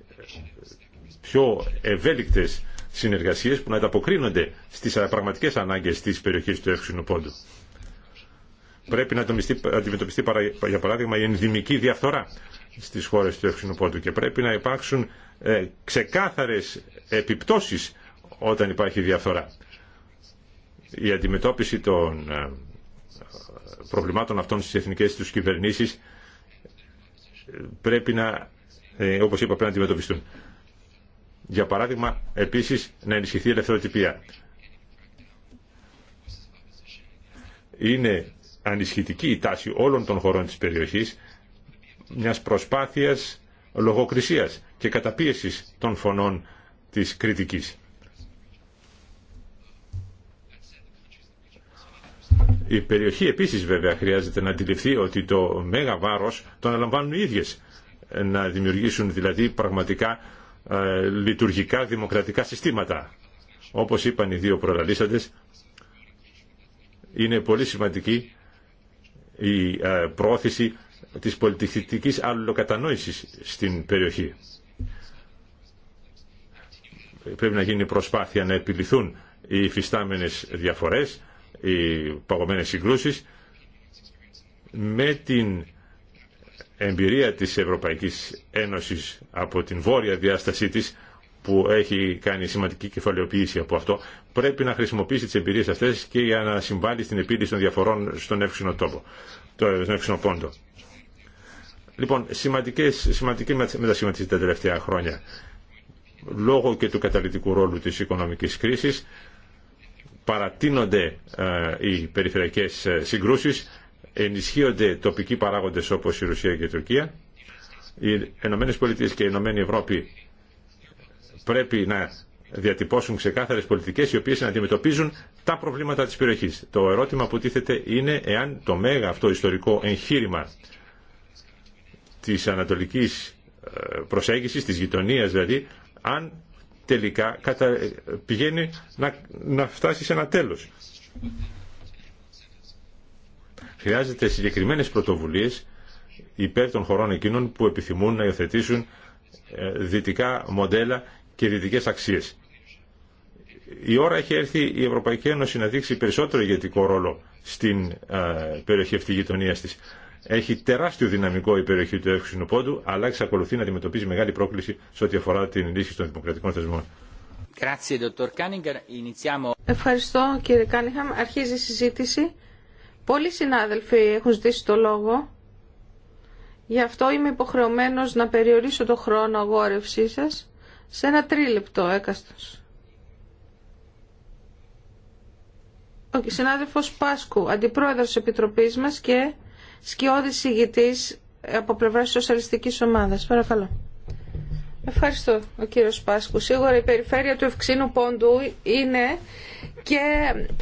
πιο ευέλικτες συνεργασίες που να ανταποκρίνονται στις πραγματικές ανάγκες της περιοχής του εύξηνου πόντου. Πρέπει να αντιμετωπιστεί, για παράδειγμα, η ενδυμική διαφθορά στις χώρες του εύξηνου πόντου και πρέπει να υπάρξουν ε, ξεκάθαρες επιπτώσεις όταν υπάρχει διαφθορά. Η αντιμετώπιση των ε, προβλημάτων αυτών στις εθνικές τους κυβερνήσεις ε, πρέπει να, όπως είπα, πρέπει να αντιμετωπιστούν. Για παράδειγμα, επίσης να ενισχυθεί η ελευθεροτυπία. Είναι ανισχυτική η τάση όλων των χωρών της περιοχής μιας προσπάθειας λογοκρισίας και καταπίεσης των φωνών της κριτικής. Η περιοχή επίσης βέβαια χρειάζεται να αντιληφθεί ότι το μέγα βάρος τον αναλαμβάνουν οι ίδιες να δημιουργήσουν δηλαδή πραγματικά ε, λειτουργικά δημοκρατικά συστήματα. Όπως είπαν οι δύο προλαλήσαντες, είναι πολύ σημαντική η ε, πρόθεση της πολιτιστικής αλληλοκατανόησης στην περιοχή. Πρέπει να γίνει προσπάθεια να επιληθούν οι φυστάμενες διαφορές, οι παγωμένες συγκρούσεις με την εμπειρία της Ευρωπαϊκής Ένωσης από την βόρεια διάστασή της που έχει κάνει σημαντική κεφαλαιοποίηση από αυτό, πρέπει να χρησιμοποιήσει τις εμπειρίες αυτές και για να συμβάλλει στην επίλυση των διαφορών στον εύξηνο τόπο, στον πόντο. Λοιπόν, σημαντικές, σημαντική μετασχηματίση τα τελευταία χρόνια. Λόγω και του καταλητικού ρόλου της οικονομικής κρίσης παρατείνονται ε, οι περιφερειακές ε, συγκρούσεις ενισχύονται τοπικοί παράγοντες όπως η Ρωσία και η Τουρκία. Οι Ενωμένες Πολιτείες και η Ενωμένη Ευρώπη πρέπει να διατυπώσουν ξεκάθαρες πολιτικές οι οποίες να αντιμετωπίζουν τα προβλήματα της περιοχής. Το ερώτημα που τίθεται είναι εάν το μέγα αυτό ιστορικό εγχείρημα της ανατολικής ε, προσέγγισης, της γειτονίας δηλαδή, αν τελικά πηγαίνει να, να φτάσει σε ένα τέλος. Χρειάζεται συγκεκριμένε πρωτοβουλίε υπέρ των χωρών εκείνων που επιθυμούν να υιοθετήσουν ε, δυτικά μοντέλα και δυτικέ αξίε. Η ώρα έχει έρθει η Ευρωπαϊκή Ένωση να δείξει περισσότερο ηγετικό ρόλο στην ε, περιοχή αυτή γειτονία τη. Έχει τεράστιο δυναμικό η περιοχή του Εύξηνου Πόντου, αλλά εξακολουθεί να αντιμετωπίζει μεγάλη πρόκληση σε ό,τι αφορά την ενίσχυση των δημοκρατικών θεσμών. Ευχαριστώ κύριε Κάνιχαμ. Αρχίζει η συζήτηση. Πολλοί συνάδελφοι έχουν ζητήσει το λόγο. Γι' αυτό είμαι υποχρεωμένος να περιορίσω το χρόνο αγόρευσή σας σε ένα τρίλεπτο έκαστος. Ο συνάδελφος Πάσκου, αντιπρόεδρος της Επιτροπής μας και σκιώδης ηγητής από πλευράς της Σοσιαλιστικής Ομάδας. Παρακαλώ. Ευχαριστώ, ο κύριος Πάσκου. Σίγουρα η περιφέρεια του Ευξήνου Πόντου είναι και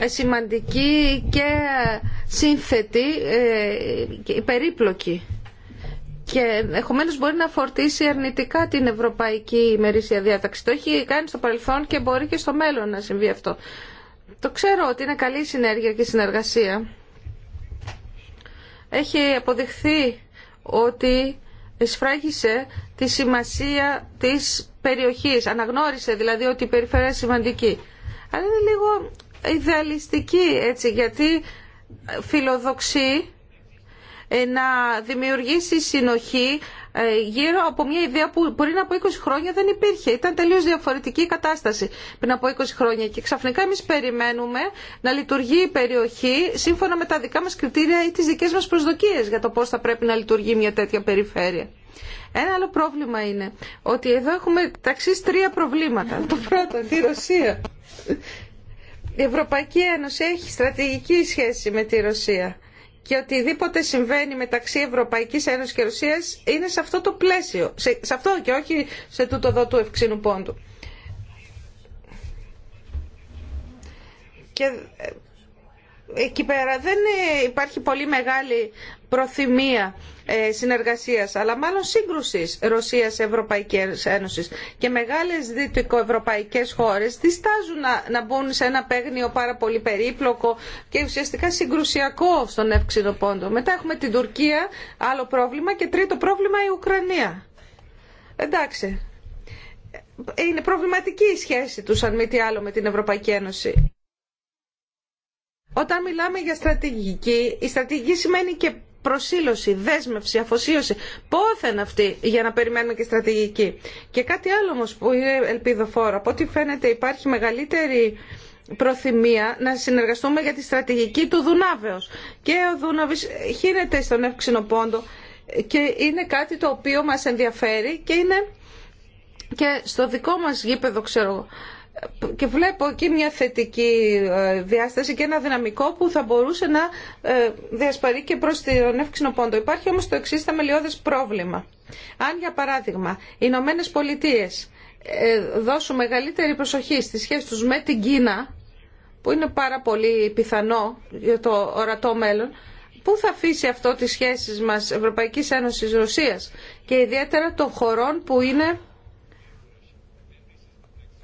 σημαντική και σύνθετη, ε, και περίπλοκη. Και ενδεχομένω μπορεί να φορτίσει αρνητικά την ευρωπαϊκή ημερήσια διάταξη. Το έχει κάνει στο παρελθόν και μπορεί και στο μέλλον να συμβεί αυτό. Το ξέρω ότι είναι καλή συνέργεια και συνεργασία. Έχει αποδειχθεί ότι εσφράγισε τη σημασία της περιοχής. Αναγνώρισε δηλαδή ότι η περιφέρεια είναι σημαντική. Αλλά είναι λίγο ιδεαλιστική έτσι γιατί φιλοδοξεί ε, να δημιουργήσει συνοχή ε, γύρω από μια ιδέα που πριν από 20 χρόνια δεν υπήρχε. Ήταν τελείως διαφορετική η κατάσταση πριν από 20 χρόνια και ξαφνικά εμείς περιμένουμε να λειτουργεί η περιοχή σύμφωνα με τα δικά μας κριτήρια ή τις δικές μας προσδοκίες για το πώς θα πρέπει να λειτουργεί μια τέτοια περιφέρεια. Ένα άλλο πρόβλημα είναι ότι εδώ έχουμε ταξί τρία προβλήματα. Το πρώτο, τη Ρωσία. Η Ευρωπαϊκή Ένωση έχει στρατηγική σχέση με τη Ρωσία και οτιδήποτε συμβαίνει μεταξύ Ευρωπαϊκής Ένωσης και Ρωσίας είναι σε αυτό το πλαίσιο, σε, σε αυτό και όχι σε τούτο εδώ του ευξήνου πόντου. Και ε, εκεί πέρα δεν ε, υπάρχει πολύ μεγάλη προθυμία ε, συνεργασίας, αλλά μάλλον σύγκρουσης Ρωσίας-Ευρωπαϊκής Ένωσης. Και μεγάλες δυτικοευρωπαϊκές χώρες διστάζουν να, μπουν σε ένα παίγνιο πάρα πολύ περίπλοκο και ουσιαστικά συγκρουσιακό στον εύξηνο πόντο. Μετά έχουμε την Τουρκία, άλλο πρόβλημα και τρίτο πρόβλημα η Ουκρανία. Εντάξει. Είναι προβληματική η σχέση τους, αν μη τι άλλο, με την Ευρωπαϊκή Ένωση. Όταν μιλάμε για στρατηγική, η στρατηγική σημαίνει και προσήλωση, δέσμευση, αφοσίωση. Πόθεν αυτή για να περιμένουμε και στρατηγική. Και κάτι άλλο όμω που είναι ελπιδοφόρο. Από ό,τι φαίνεται υπάρχει μεγαλύτερη προθυμία να συνεργαστούμε για τη στρατηγική του Δουνάβεως. Και ο Δούναβης χύνεται στον εύξηνο πόντο και είναι κάτι το οποίο μας ενδιαφέρει και είναι και στο δικό μας γήπεδο ξέρω και βλέπω εκεί μια θετική ε, διάσταση και ένα δυναμικό που θα μπορούσε να ε, διασπαρεί και προς τον εύξηνο πόντο. Υπάρχει όμως το εξής θεμελιώδες πρόβλημα. Αν για παράδειγμα οι Ηνωμένε Πολιτείε ε, δώσουν μεγαλύτερη προσοχή στις σχέσεις τους με την Κίνα, που είναι πάρα πολύ πιθανό για το ορατό μέλλον, πού θα αφήσει αυτό τις σχέσεις μας Ευρωπαϊκής Ένωσης Ρωσίας και ιδιαίτερα των χωρών που είναι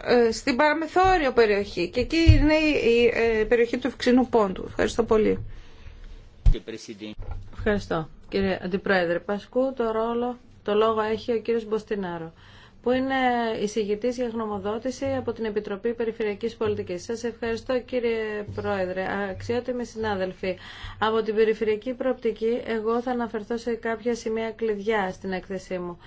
ε, στην παραμεθόριο περιοχή και εκεί είναι η ε, περιοχή του Ευξηνού Πόντου. Ευχαριστώ πολύ. Ευχαριστώ. Κύριε Αντιπρόεδρε Πασκού, το, ρόλο, το λόγο έχει ο κύριος Μποστινάρο που είναι εισηγητή για γνωμοδότηση από την Επιτροπή Περιφερειακή Πολιτικής. Σας ευχαριστώ, κύριε Πρόεδρε. Αξιότιμοι συνάδελφοι, από την περιφερειακή προοπτική, εγώ θα αναφερθώ σε κάποια σημεία κλειδιά στην έκθεσή μου.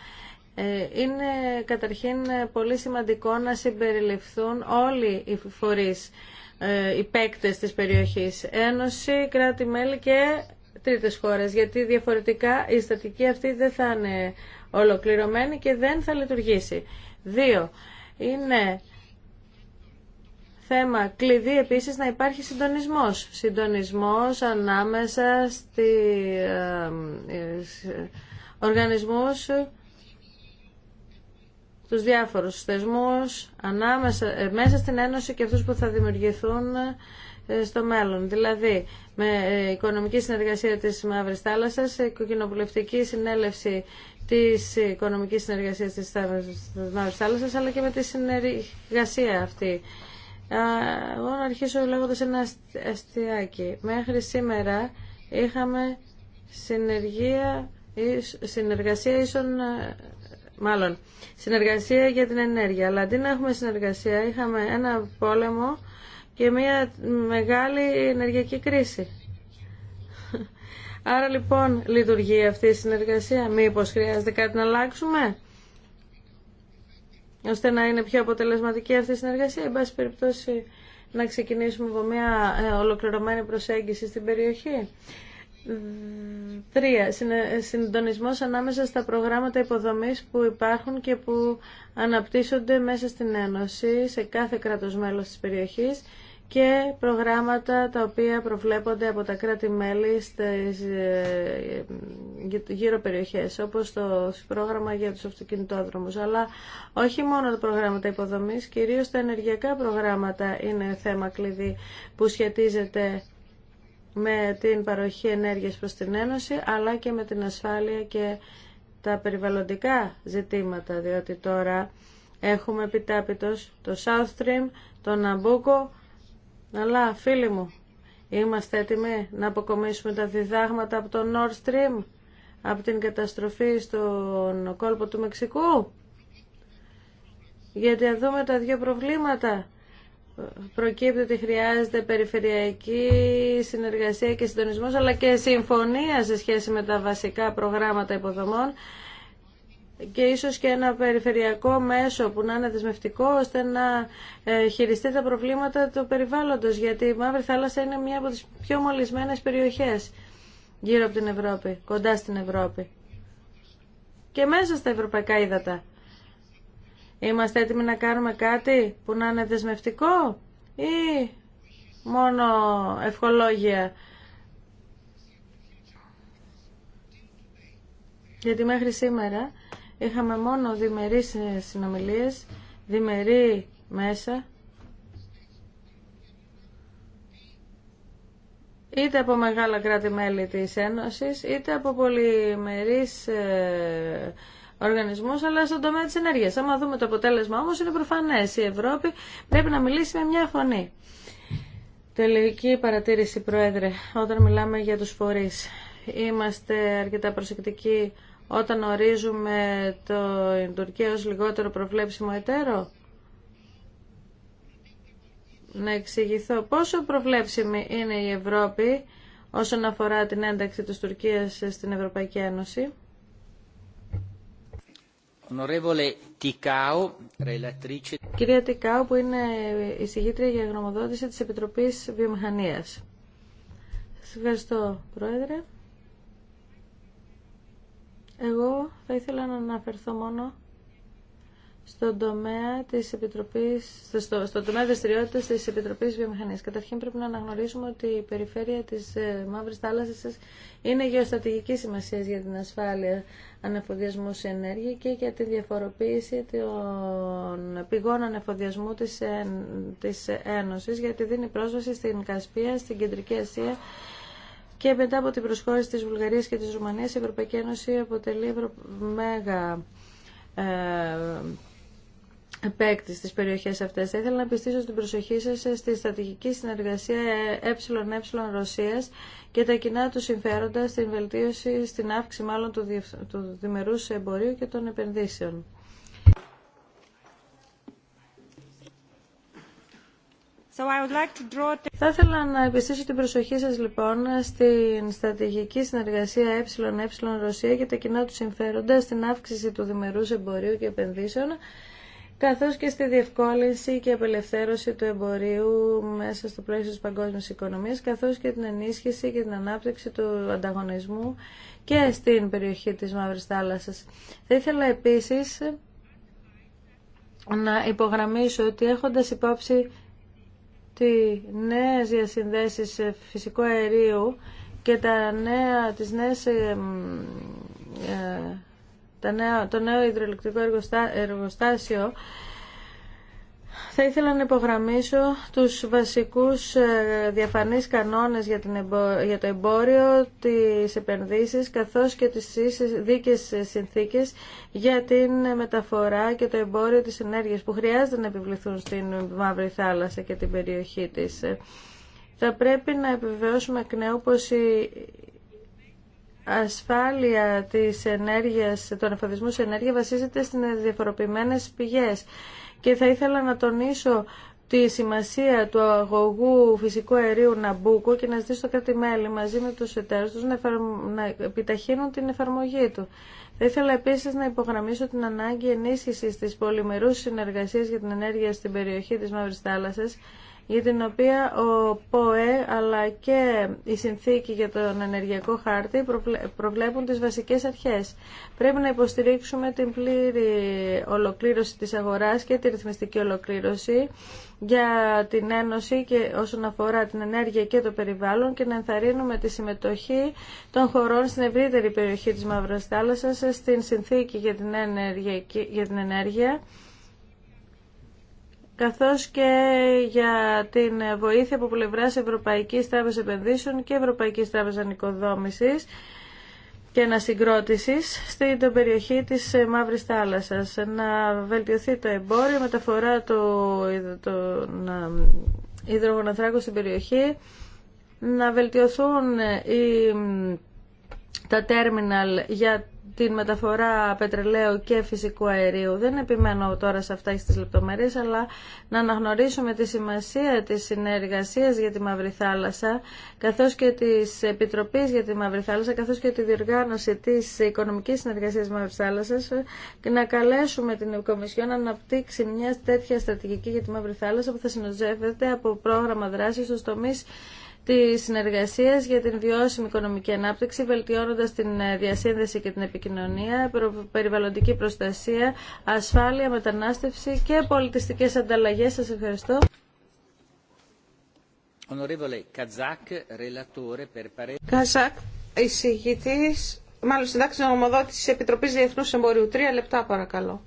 Ε, είναι καταρχήν πολύ σημαντικό να συμπεριληφθούν όλοι οι φορείς, ε, οι παίκτες της περιοχής, Ένωση, κράτη-μέλη και τρίτες χώρες, γιατί διαφορετικά η στατική αυτή δεν θα είναι ολοκληρωμένη και δεν θα λειτουργήσει. Δύο, είναι θέμα κλειδί επίσης να υπάρχει συντονισμός. Συντονισμός ανάμεσα στις ε, οργανισμούς τους διάφορους θεσμούς ανάμεσα, ε, μέσα στην Ένωση και αυτούς που θα δημιουργηθούν ε, στο μέλλον. Δηλαδή, με ε, οικονομική συνεργασία της Μαύρης Θάλασσας, κοινοβουλευτική συνέλευση της οικονομικής συνεργασίας της Μαύρης Θάλασσας, αλλά και με τη συνεργασία αυτή. Εγώ να αρχίσω λέγοντας ένα αστιάκι. Μέχρι σήμερα είχαμε συνεργία, συνεργασία Ε, μάλλον συνεργασία για την ενέργεια. Αλλά αντί να έχουμε συνεργασία είχαμε ένα πόλεμο και μια μεγάλη ενεργειακή κρίση. Άρα λοιπόν λειτουργεί αυτή η συνεργασία. Μήπως χρειάζεται κάτι να αλλάξουμε ώστε να είναι πιο αποτελεσματική αυτή η συνεργασία. Εν πάση περιπτώσει να ξεκινήσουμε από μια ε, ολοκληρωμένη προσέγγιση στην περιοχή. Τρία, συντονισμός ανάμεσα στα προγράμματα υποδομής που υπάρχουν και που αναπτύσσονται μέσα στην Ένωση σε κάθε κράτος μέλος της περιοχής και προγράμματα τα οποία προβλέπονται από τα κράτη-μέλη στις ε, γύρω περιοχές, όπως το πρόγραμμα για τους αυτοκινητόδρομους. Αλλά όχι μόνο τα προγράμματα υποδομής, κυρίως τα ενεργειακά προγράμματα είναι θέμα κλειδί που σχετίζεται με την παροχή ενέργειας προς την Ένωση, αλλά και με την ασφάλεια και τα περιβαλλοντικά ζητήματα, διότι τώρα έχουμε επιτάπητος το South Stream, το Ναμπούκο, αλλά φίλοι μου, είμαστε έτοιμοι να αποκομίσουμε τα διδάγματα από το Nord Stream, από την καταστροφή στον κόλπο του Μεξικού. Γιατί αν δούμε τα δύο προβλήματα προκύπτει ότι χρειάζεται περιφερειακή συνεργασία και συντονισμός αλλά και συμφωνία σε σχέση με τα βασικά προγράμματα υποδομών και ίσως και ένα περιφερειακό μέσο που να είναι δεσμευτικό ώστε να ε, χειριστεί τα προβλήματα του περιβάλλοντος γιατί η Μαύρη Θάλασσα είναι μια από τις πιο μολυσμένες περιοχές γύρω από την Ευρώπη, κοντά στην Ευρώπη και μέσα στα ευρωπαϊκά ύδατα. Είμαστε έτοιμοι να κάνουμε κάτι που να είναι δεσμευτικό ή μόνο ευχολόγια. Γιατί μέχρι σήμερα είχαμε μόνο διμερείς συνομιλίες, διμερεί μέσα, είτε από μεγάλα κράτη-μέλη της Ένωσης, είτε από πολυμερείς ε, οργανισμούς αλλά στον τομέα τη ενέργεια. Άμα δούμε το αποτέλεσμα όμω είναι προφανέ. Η Ευρώπη πρέπει να μιλήσει με μια φωνή. Τελική παρατήρηση, Πρόεδρε, όταν μιλάμε για του φορεί. Είμαστε αρκετά προσεκτικοί όταν ορίζουμε το Τουρκία ως λιγότερο προβλέψιμο εταίρο. Να εξηγηθώ πόσο προβλέψιμη είναι η Ευρώπη όσον αφορά την ένταξη της Τουρκίας στην Ευρωπαϊκή Ένωση. Κυρία Τικάου, που είναι η συγγήτρια για γνωμοδότηση της Επιτροπής Βιομηχανίας. Σας ευχαριστώ, Πρόεδρε. Εγώ θα ήθελα να αναφερθώ μόνο στον τομέα της Επιτροπής, στο, τομέα δραστηριότητα τη Επιτροπής Βιομηχανία. Καταρχήν πρέπει να αναγνωρίσουμε ότι η περιφέρεια της ε, Μαύρη Θάλασσα είναι γεωστατηγική σημασία για την ασφάλεια ανεφοδιασμού σε ενέργεια και για τη διαφοροποίηση των πηγών ανεφοδιασμού της, ε, της Ένωσης, γιατί δίνει πρόσβαση στην Κασπία, στην Κεντρική Ασία και μετά από την προσχώρηση της Βουλγαρίας και της Ρουμανίας, η Ευρωπαϊκή Ένωση αποτελεί ευρω... μέγα ε, παίκτη στι περιοχέ αυτέ. Θα ήθελα να πιστήσω την προσοχή σας στη στρατηγική συνεργασία ΕΕ Ρωσίας και τα κοινά του συμφέροντα στην βελτίωση, στην αύξηση μάλλον του, διευ... του εμπορίου και των επενδύσεων. So I would like to draw... Θα ήθελα να επιστήσω την προσοχή σας λοιπόν στην στρατηγική συνεργασία ΕΕ Ρωσία και τα κοινά του συμφέροντα στην αύξηση του διμερούς εμπορίου και επενδύσεων καθώς και στη διευκόλυνση και απελευθέρωση του εμπορίου μέσα στο πλαίσιο της παγκόσμιας οικονομίας, καθώς και την ενίσχυση και την ανάπτυξη του ανταγωνισμού και στην περιοχή της Μαύρης Θάλασσας. Θα ήθελα επίσης να υπογραμμίσω ότι έχοντας υπόψη τι νέες διασυνδέσεις φυσικού αερίου και τα νέα, τις νέες ε, το νέο υδροελεκτρικό εργοστάσιο θα ήθελα να υπογραμμίσω τους βασικούς ε, διαφανείς κανόνες για το εμπόριο, τις επενδύσεις καθώς και τις δίκες συνθήκες για την μεταφορά και το εμπόριο της ενέργειας που χρειάζεται να επιβληθούν στην Μαύρη Θάλασσα και την περιοχή της. Θα πρέπει να επιβεβαιώσουμε εκ νέου πως η ασφάλεια της ενέργειας, των εφοδισμού σε ενέργεια βασίζεται στις διαφοροποιημένες πηγές. Και θα ήθελα να τονίσω τη σημασία του αγωγού φυσικού αερίου Ναμπούκου και να ζητήσω κάτι μελη μαζί με τους εταίρους τους να, επιταχύνουν την εφαρμογή του. Θα ήθελα επίσης να υπογραμμίσω την ανάγκη ενίσχυσης της πολυμερούς συνεργασίας για την ενέργεια στην περιοχή της Μαύρης Θάλασσας για την οποία ο ΠΟΕ αλλά και η συνθήκη για τον ενεργειακό χάρτη προβλέπουν τις βασικές αρχές. Πρέπει να υποστηρίξουμε την πλήρη ολοκλήρωση της αγοράς και τη ρυθμιστική ολοκλήρωση για την Ένωση και όσον αφορά την ενέργεια και το περιβάλλον και να ενθαρρύνουμε τη συμμετοχή των χωρών στην ευρύτερη περιοχή της Μαύρας Θάλασσας στην συνθήκη την, ενέργεια, για την ενέργεια καθώς και για την βοήθεια από πλευράς Ευρωπαϊκής Τράπεζας Επενδύσεων και Ευρωπαϊκής Τράπεζας Ανοικοδόμησης και ανασυγκρότησης στην περιοχή της Μαύρης Θάλασσας. Να βελτιωθεί το εμπόριο, μεταφορά του ε, υδρογοναθράκου στην περιοχή, να βελτιωθούν ε, οι, τα τέρμιναλ για την μεταφορά πετρελαίου και φυσικού αερίου. Δεν επιμένω τώρα σε αυτά και στις λεπτομέρειες, αλλά να αναγνωρίσουμε τη σημασία της συνεργασίας για τη Μαύρη Θάλασσα, καθώς και της Επιτροπής για τη Μαύρη Θάλασσα, καθώς και τη διοργάνωση της Οικονομικής Συνεργασίας Μαύρη Θάλασσα, και να καλέσουμε την Κομισιό να αναπτύξει μια τέτοια στρατηγική για τη Μαύρη Θάλασσα που θα συνοζεύεται από πρόγραμμα δράσης στους τομείς τη συνεργασία για την βιώσιμη οικονομική ανάπτυξη, βελτιώνοντα την ε, διασύνδεση και την επικοινωνία, περιβαλλοντική προστασία, ασφάλεια, μετανάστευση και πολιτιστικέ ανταλλαγέ. Σα ευχαριστώ. Καζάκ, εισηγητή, μάλλον συντάξει νομοδότη τη Επιτροπή Διεθνού Εμπορίου. Τρία λεπτά, παρακαλώ.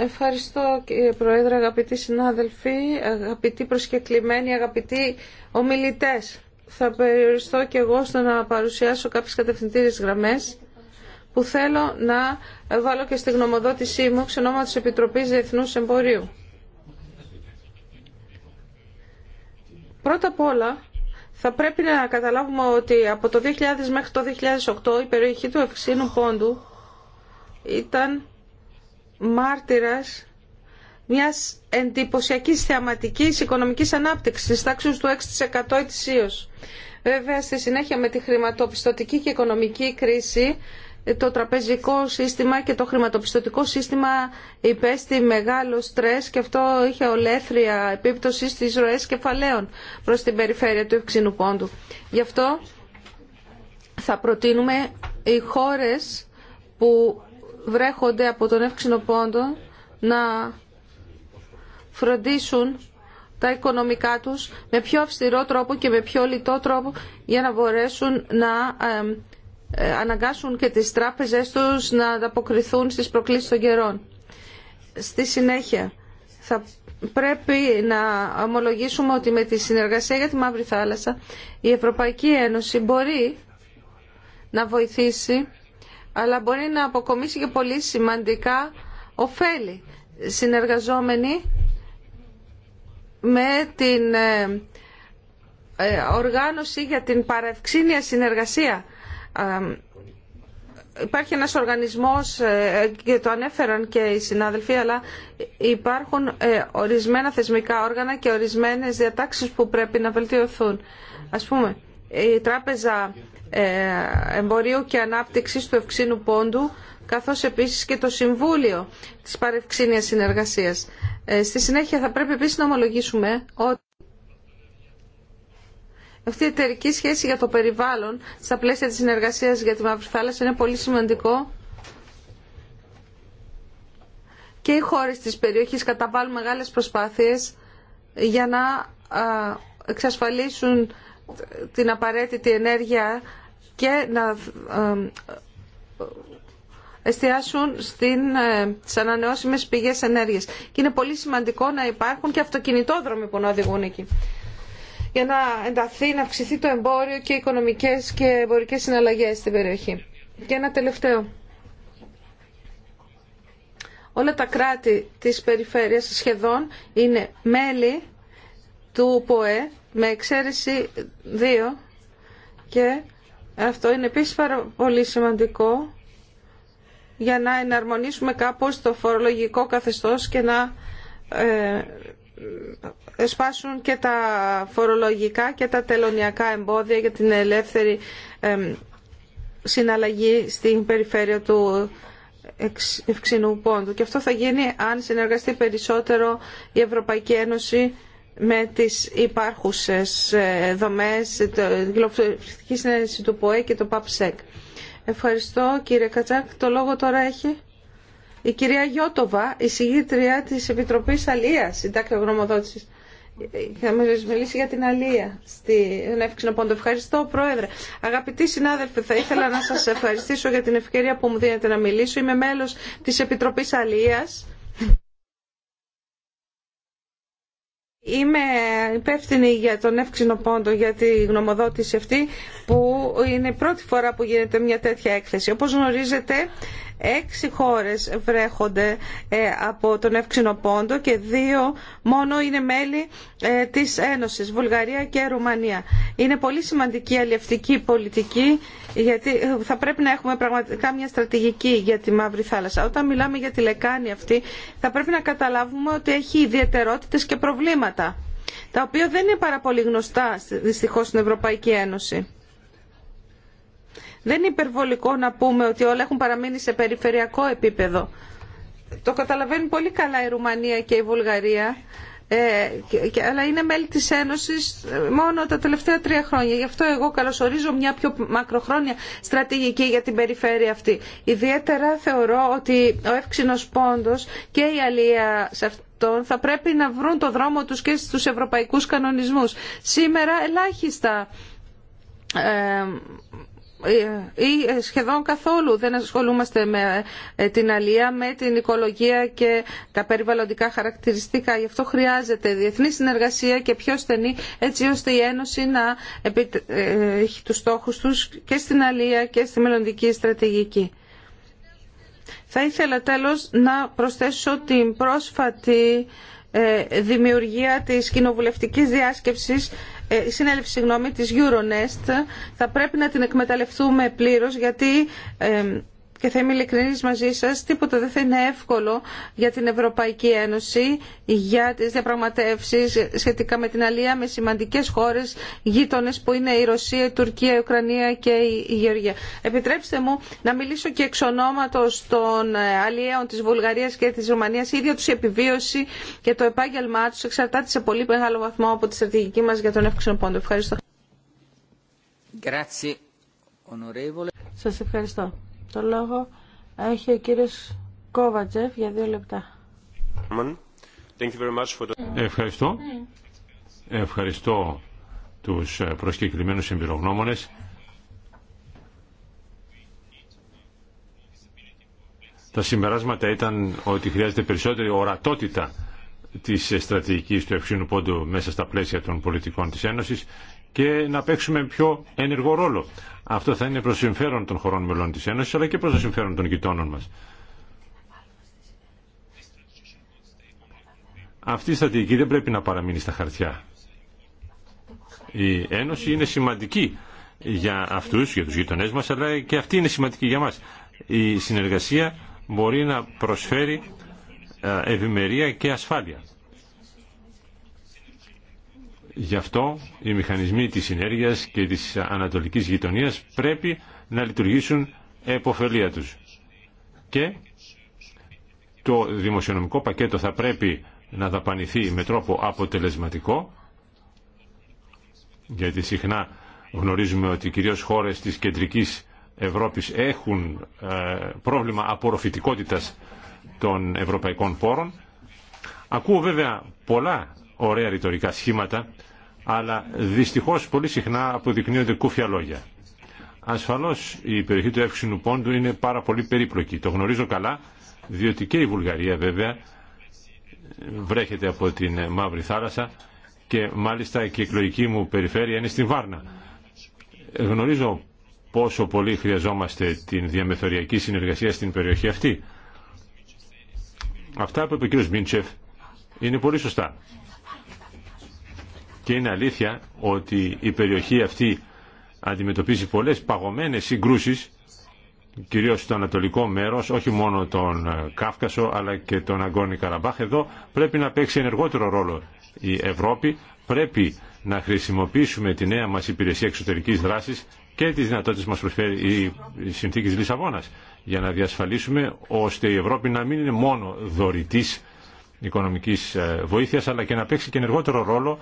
Ευχαριστώ κύριε Πρόεδρε, αγαπητοί συνάδελφοι, αγαπητοί προσκεκλημένοι, αγαπητοί ομιλητές. Θα περιοριστώ και εγώ στο να παρουσιάσω κάποιες κατευθυντήριες γραμμές που θέλω να βάλω και στη γνωμοδότησή μου ξενόμα της Επιτροπής Διεθνούς Εμπορίου. Πρώτα απ' όλα, θα πρέπει να καταλάβουμε ότι από το 2000 μέχρι το 2008 η περιοχή του Ευξήνου Πόντου ήταν μάρτυρας μιας εντυπωσιακής θεαματικής οικονομικής ανάπτυξης τάξης του 6% ετησίως. Βέβαια, στη συνέχεια με τη χρηματοπιστωτική και οικονομική κρίση, το τραπεζικό σύστημα και το χρηματοπιστωτικό σύστημα υπέστη μεγάλο στρες και αυτό είχε ολέθρια επίπτωση στις ροές κεφαλαίων προς την περιφέρεια του ευξήνου πόντου. Γι' αυτό θα προτείνουμε οι χώρες που βρέχονται από τον εύξηνο πόντο να φροντίσουν τα οικονομικά τους με πιο αυστηρό τρόπο και με πιο λιτό τρόπο για να μπορέσουν να ε, αναγκάσουν και τις τράπεζές τους να ανταποκριθούν στις προκλήσεις των καιρών. Στη συνέχεια θα πρέπει να ομολογήσουμε ότι με τη συνεργασία για τη Μαύρη Θάλασσα η Ευρωπαϊκή Ένωση μπορεί να βοηθήσει αλλά μπορεί να αποκομίσει και πολύ σημαντικά ωφέλη συνεργαζόμενοι με την ε, ε, οργάνωση για την παρευξήνια συνεργασία. Ε, υπάρχει ένας οργανισμός, και το ανέφεραν και οι συνάδελφοι, αλλά υπάρχουν ορισμένα θεσμικά όργανα και ορισμένες διατάξεις που πρέπει να βελτιωθούν. Ας πούμε, η Τράπεζα ε, εμπορίου και Ανάπτυξης του Ευξήνου Πόντου, καθώς επίσης και το Συμβούλιο της Παρευξήνιας Συνεργασίας. Ε, στη συνέχεια θα πρέπει επίσης να ομολογήσουμε ότι αυτή η εταιρική σχέση για το περιβάλλον στα πλαίσια της συνεργασίας για τη Μαύρη Θάλασσα είναι πολύ σημαντικό και οι χώρες της περιοχής καταβάλουν μεγάλες προσπάθειες για να εξασφαλίσουν την απαραίτητη ενέργεια και να εστιάσουν στις ε, ανανεώσιμες πηγές ενέργειας. Και είναι πολύ σημαντικό να υπάρχουν και αυτοκινητόδρομοι που να οδηγούν εκεί για να ενταθεί, να αυξηθεί το εμπόριο και οι οικονομικές και εμπορικές συναλλαγές στην περιοχή. Και ένα τελευταίο. Όλα τα κράτη της περιφέρειας σχεδόν είναι μέλη του ΠΟΕ με εξαίρεση δύο και αυτό είναι επίσης πάρα πολύ σημαντικό για να εναρμονίσουμε κάπως το φορολογικό καθεστώς και να ε, σπάσουν και τα φορολογικά και τα τελωνιακά εμπόδια για την ελεύθερη ε, συναλλαγή στην περιφέρεια του ευξηνού πόντου. Και αυτό θα γίνει αν συνεργαστεί περισσότερο η Ευρωπαϊκή Ένωση με τις υπάρχουσες ε, δομές τη κυκλοφορική συνέντευξη του ΠΟΕ και του ΠΑΠΣΕΚ. Ευχαριστώ κύριε Κατσάκ. Το λόγο τώρα έχει η κυρία Γιώτοβα, η συγγήτρια της Επιτροπής Αλίας, συντάκτρια γνωμοδότησης. Θα μιλήσει για την αλία στην Εύξηνο Πόντο. Ευχαριστώ, Πρόεδρε. Αγαπητοί συνάδελφοι, θα ήθελα να σας ευχαριστήσω για την ευκαιρία που μου δίνετε να μιλήσω. Είμαι μέλος της Επιτροπής Αλίας Είμαι υπεύθυνη για τον εύξηνο πόντο για τη γνωμοδότηση αυτή που είναι η πρώτη φορά που γίνεται μια τέτοια έκθεση. Όπως γνωρίζετε Έξι χώρες βρέχονται ε, από τον εύξηνο πόντο και δύο μόνο είναι μέλη ε, της Ένωσης, Βουλγαρία και Ρουμανία. Είναι πολύ σημαντική η αλληλευτική πολιτική γιατί ε, θα πρέπει να έχουμε πραγματικά μια στρατηγική για τη Μαύρη Θάλασσα. Όταν μιλάμε για τη λεκάνη αυτή θα πρέπει να καταλάβουμε ότι έχει ιδιαιτερότητες και προβλήματα τα οποία δεν είναι πάρα πολύ γνωστά δυστυχώς στην Ευρωπαϊκή Ένωση. Δεν είναι υπερβολικό να πούμε ότι όλα έχουν παραμείνει σε περιφερειακό επίπεδο. Το καταλαβαίνουν πολύ καλά η Ρουμανία και η Βουλγαρία, ε, αλλά είναι μέλη της Ένωσης ε, μόνο τα τελευταία τρία χρόνια. Γι' αυτό εγώ καλωσορίζω μια πιο μακροχρόνια στρατηγική για την περιφέρεια αυτή. Ιδιαίτερα θεωρώ ότι ο εύξηνος πόντος και η αλία σε αυτή θα πρέπει να βρουν το δρόμο τους και στους ευρωπαϊκούς κανονισμούς. Σήμερα ελάχιστα ε, ε, ή ε, σχεδόν καθόλου δεν ασχολούμαστε με ε, την αλία, με την οικολογία και τα περιβαλλοντικά χαρακτηριστικά. Γι' αυτό χρειάζεται διεθνή συνεργασία και πιο στενή έτσι ώστε η Ένωση να έχει τους στόχους τους και στην αλία και στη μελλοντική στρατηγική. Θα ήθελα τέλος να προσθέσω την πρόσφατη δημιουργία της κοινοβουλευτικής διάσκεψης ε, η συνέλευση συγγνώμη, της Euronest θα πρέπει να την εκμεταλλευτούμε πλήρως γιατί ε, και θα είμαι ειλικρινής μαζί σας, τίποτα δεν θα είναι εύκολο για την Ευρωπαϊκή Ένωση, για τις διαπραγματεύσεις σχετικά με την Αλία, με σημαντικές χώρες γείτονες που είναι η Ρωσία, η Τουρκία, η Ουκρανία και η Γεωργία. Επιτρέψτε μου να μιλήσω και εξ ονόματος των Αλιαίων της Βουλγαρίας και της Ρουμανίας. Η ίδια τους επιβίωση και το επάγγελμά τους εξαρτάται σε πολύ μεγάλο βαθμό από τη στρατηγική μας για τον εύξηνο πόντο. Ευχαριστώ. Σας ευχαριστώ. Το λόγο έχει ο κύριος Κόβατζεφ για δύο λεπτά. Ευχαριστώ. Ευχαριστώ τους ε, προσκεκλημένους εμπειρογνώμονες. Τα συμπεράσματα ήταν ότι χρειάζεται περισσότερη ορατότητα της στρατηγικής του Ευξήνου Πόντου μέσα στα πλαίσια των πολιτικών της Ένωσης και να παίξουμε πιο ενεργό ρόλο. Αυτό θα είναι προ συμφέρον των χωρών μελών τη Ένωση αλλά και προ το συμφέρον των γειτόνων μα. Αυτή η στρατηγική δεν πρέπει να παραμείνει στα χαρτιά. Η Ένωση είναι σημαντική για αυτού, για του γειτονές μας, αλλά και αυτή είναι σημαντική για μας. Η συνεργασία μπορεί να προσφέρει ε, ευημερία και ασφάλεια. Γι' αυτό οι μηχανισμοί της συνέργειας και της ανατολικής γειτονίας πρέπει να λειτουργήσουν εποφελία τους. Και το δημοσιονομικό πακέτο θα πρέπει να δαπανηθεί με τρόπο αποτελεσματικό, γιατί συχνά γνωρίζουμε ότι κυρίως χώρες της κεντρικής Ευρώπης έχουν ε, πρόβλημα απορροφητικότητας των ευρωπαϊκών πόρων. Ακούω βέβαια πολλά ωραία ρητορικά σχήματα αλλά δυστυχώς πολύ συχνά αποδεικνύονται κούφια λόγια. Ασφαλώς η περιοχή του Εύξηνου Πόντου είναι πάρα πολύ περίπλοκη. Το γνωρίζω καλά, διότι και η Βουλγαρία βέβαια βρέχεται από την Μαύρη Θάλασσα και μάλιστα και η εκλογική μου περιφέρεια είναι στην Βάρνα. Γνωρίζω πόσο πολύ χρειαζόμαστε την διαμεθοριακή συνεργασία στην περιοχή αυτή. Αυτά που είπε ο κ. Μίντσεφ είναι πολύ σωστά. Και είναι αλήθεια ότι η περιοχή αυτή αντιμετωπίζει πολλές παγωμένες συγκρούσεις, κυρίως στο ανατολικό μέρος, όχι μόνο τον Κάφκασο αλλά και τον Αγκόνη Καραμπάχ. Εδώ πρέπει να παίξει ενεργότερο ρόλο η Ευρώπη. Πρέπει να χρησιμοποιήσουμε τη νέα μας υπηρεσία εξωτερικής δράσης και τις δυνατότητες που μας προσφέρει η συνθήκη της Λισαβόνας για να διασφαλίσουμε ώστε η Ευρώπη να μην είναι μόνο δωρητής οικονομικής ε, βοήθειας αλλά και να παίξει και ενεργότερο ρόλο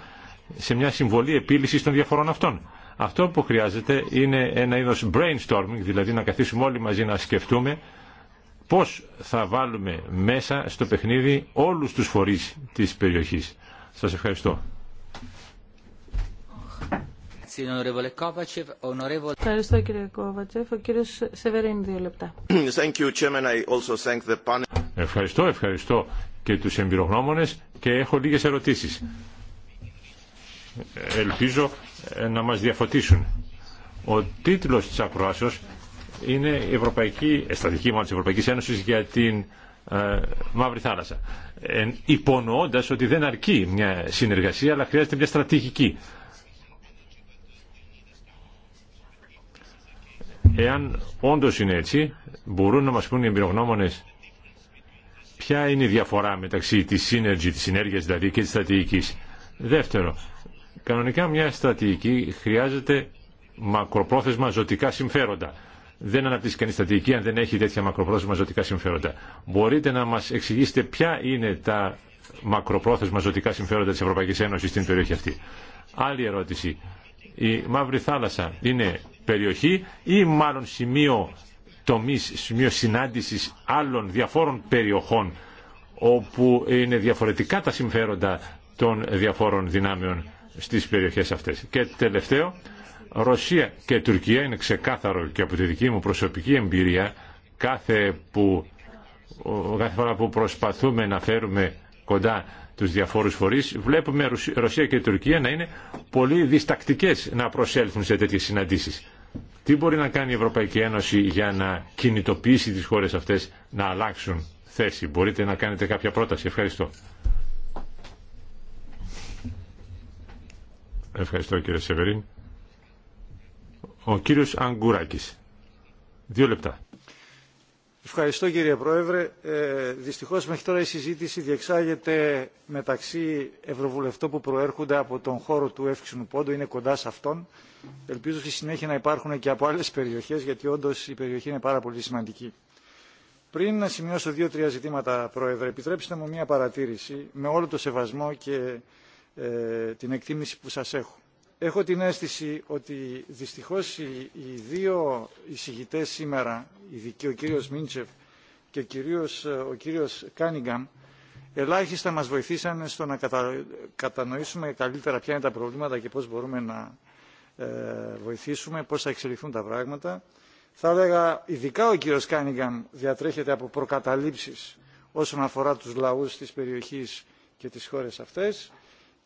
σε μια συμβολή επίλυσης των διαφορών αυτών. Αυτό που χρειάζεται είναι ένα είδος brainstorming, δηλαδή να καθίσουμε όλοι μαζί να σκεφτούμε πώς θα βάλουμε μέσα στο παιχνίδι όλους τους φορείς της περιοχής. Σας ευχαριστώ. Ευχαριστώ κύριε Κόβατσεφ. Ο κύριος Σεβερίν δύο λεπτά. Ευχαριστώ, ευχαριστώ και τους εμπειρογνώμονες και έχω λίγες ερωτήσεις ελπίζω ε, να μας διαφωτίσουν. Ο τίτλος της ακροάσεως είναι η Ευρωπαϊκή, ε, στρατηγική της Ευρωπαϊκής Ένωσης για την ε, Μαύρη Θάλασσα. Ε, υπονοώντας ότι δεν αρκεί μια συνεργασία αλλά χρειάζεται μια στρατηγική. Εάν όντως είναι έτσι, μπορούν να μας πούν οι εμπειρογνώμονες ποια είναι η διαφορά μεταξύ της synergy, της συνέργειας δηλαδή και της στρατηγικής. Δεύτερο, Κανονικά μια στρατηγική χρειάζεται μακροπρόθεσμα ζωτικά συμφέροντα. Δεν αναπτύσσει κανεί στρατηγική αν δεν έχει τέτοια μακροπρόθεσμα ζωτικά συμφέροντα. Μπορείτε να μα εξηγήσετε ποια είναι τα μακροπρόθεσμα ζωτικά συμφέροντα τη Ευρωπαϊκή Ένωση στην περιοχή αυτή. Άλλη ερώτηση. Η Μαύρη Θάλασσα είναι περιοχή ή μάλλον σημείο τομή, σημείο συνάντηση άλλων διαφόρων περιοχών όπου είναι διαφορετικά τα συμφέροντα των διαφόρων δυνάμεων στις περιοχές αυτές. Και τελευταίο, Ρωσία και Τουρκία είναι ξεκάθαρο και από τη δική μου προσωπική εμπειρία κάθε, που, κάθε φορά που προσπαθούμε να φέρουμε κοντά τους διαφόρους φορείς βλέπουμε Ρωσία και Τουρκία να είναι πολύ διστακτικές να προσέλθουν σε τέτοιες συναντήσεις. Τι μπορεί να κάνει η Ευρωπαϊκή Ένωση για να κινητοποιήσει τις χώρες αυτές να αλλάξουν θέση. Μπορείτε να κάνετε κάποια πρόταση. Ευχαριστώ. Ευχαριστώ κύριε Σεβερίν. Ο κύριος Αγκουράκης. Δύο λεπτά. Ευχαριστώ κύριε Πρόεδρε. Ε, δυστυχώς μέχρι τώρα η συζήτηση διεξάγεται μεταξύ ευρωβουλευτών που προέρχονται από τον χώρο του Εύξηνου Πόντου, είναι κοντά σε αυτόν. Ελπίζω στη συνέχεια να υπάρχουν και από άλλες περιοχές, γιατί όντως η περιοχή είναι πάρα πολύ σημαντική. Πριν να σημειώσω δύο-τρία ζητήματα, Πρόεδρε, επιτρέψτε μου μία παρατήρηση, με όλο το σεβασμό και ε, την εκτίμηση που σας έχω. Έχω την αίσθηση ότι δυστυχώς οι, οι δύο εισηγητές σήμερα, ειδικοί ο κύριος Μίντσεφ και ε, ο κύριος, ο κύριος Κάνιγκαμ, ελάχιστα μας βοηθήσαν στο να κατανοήσουμε καλύτερα ποια είναι τα προβλήματα και πώς μπορούμε να ε, βοηθήσουμε, πώς θα εξελιχθούν τα πράγματα. Θα έλεγα, ειδικά ο κύριος Κάνιγκαν διατρέχεται από προκαταλήψεις όσον αφορά τους λαούς της περιοχής και τις χώρες αυτές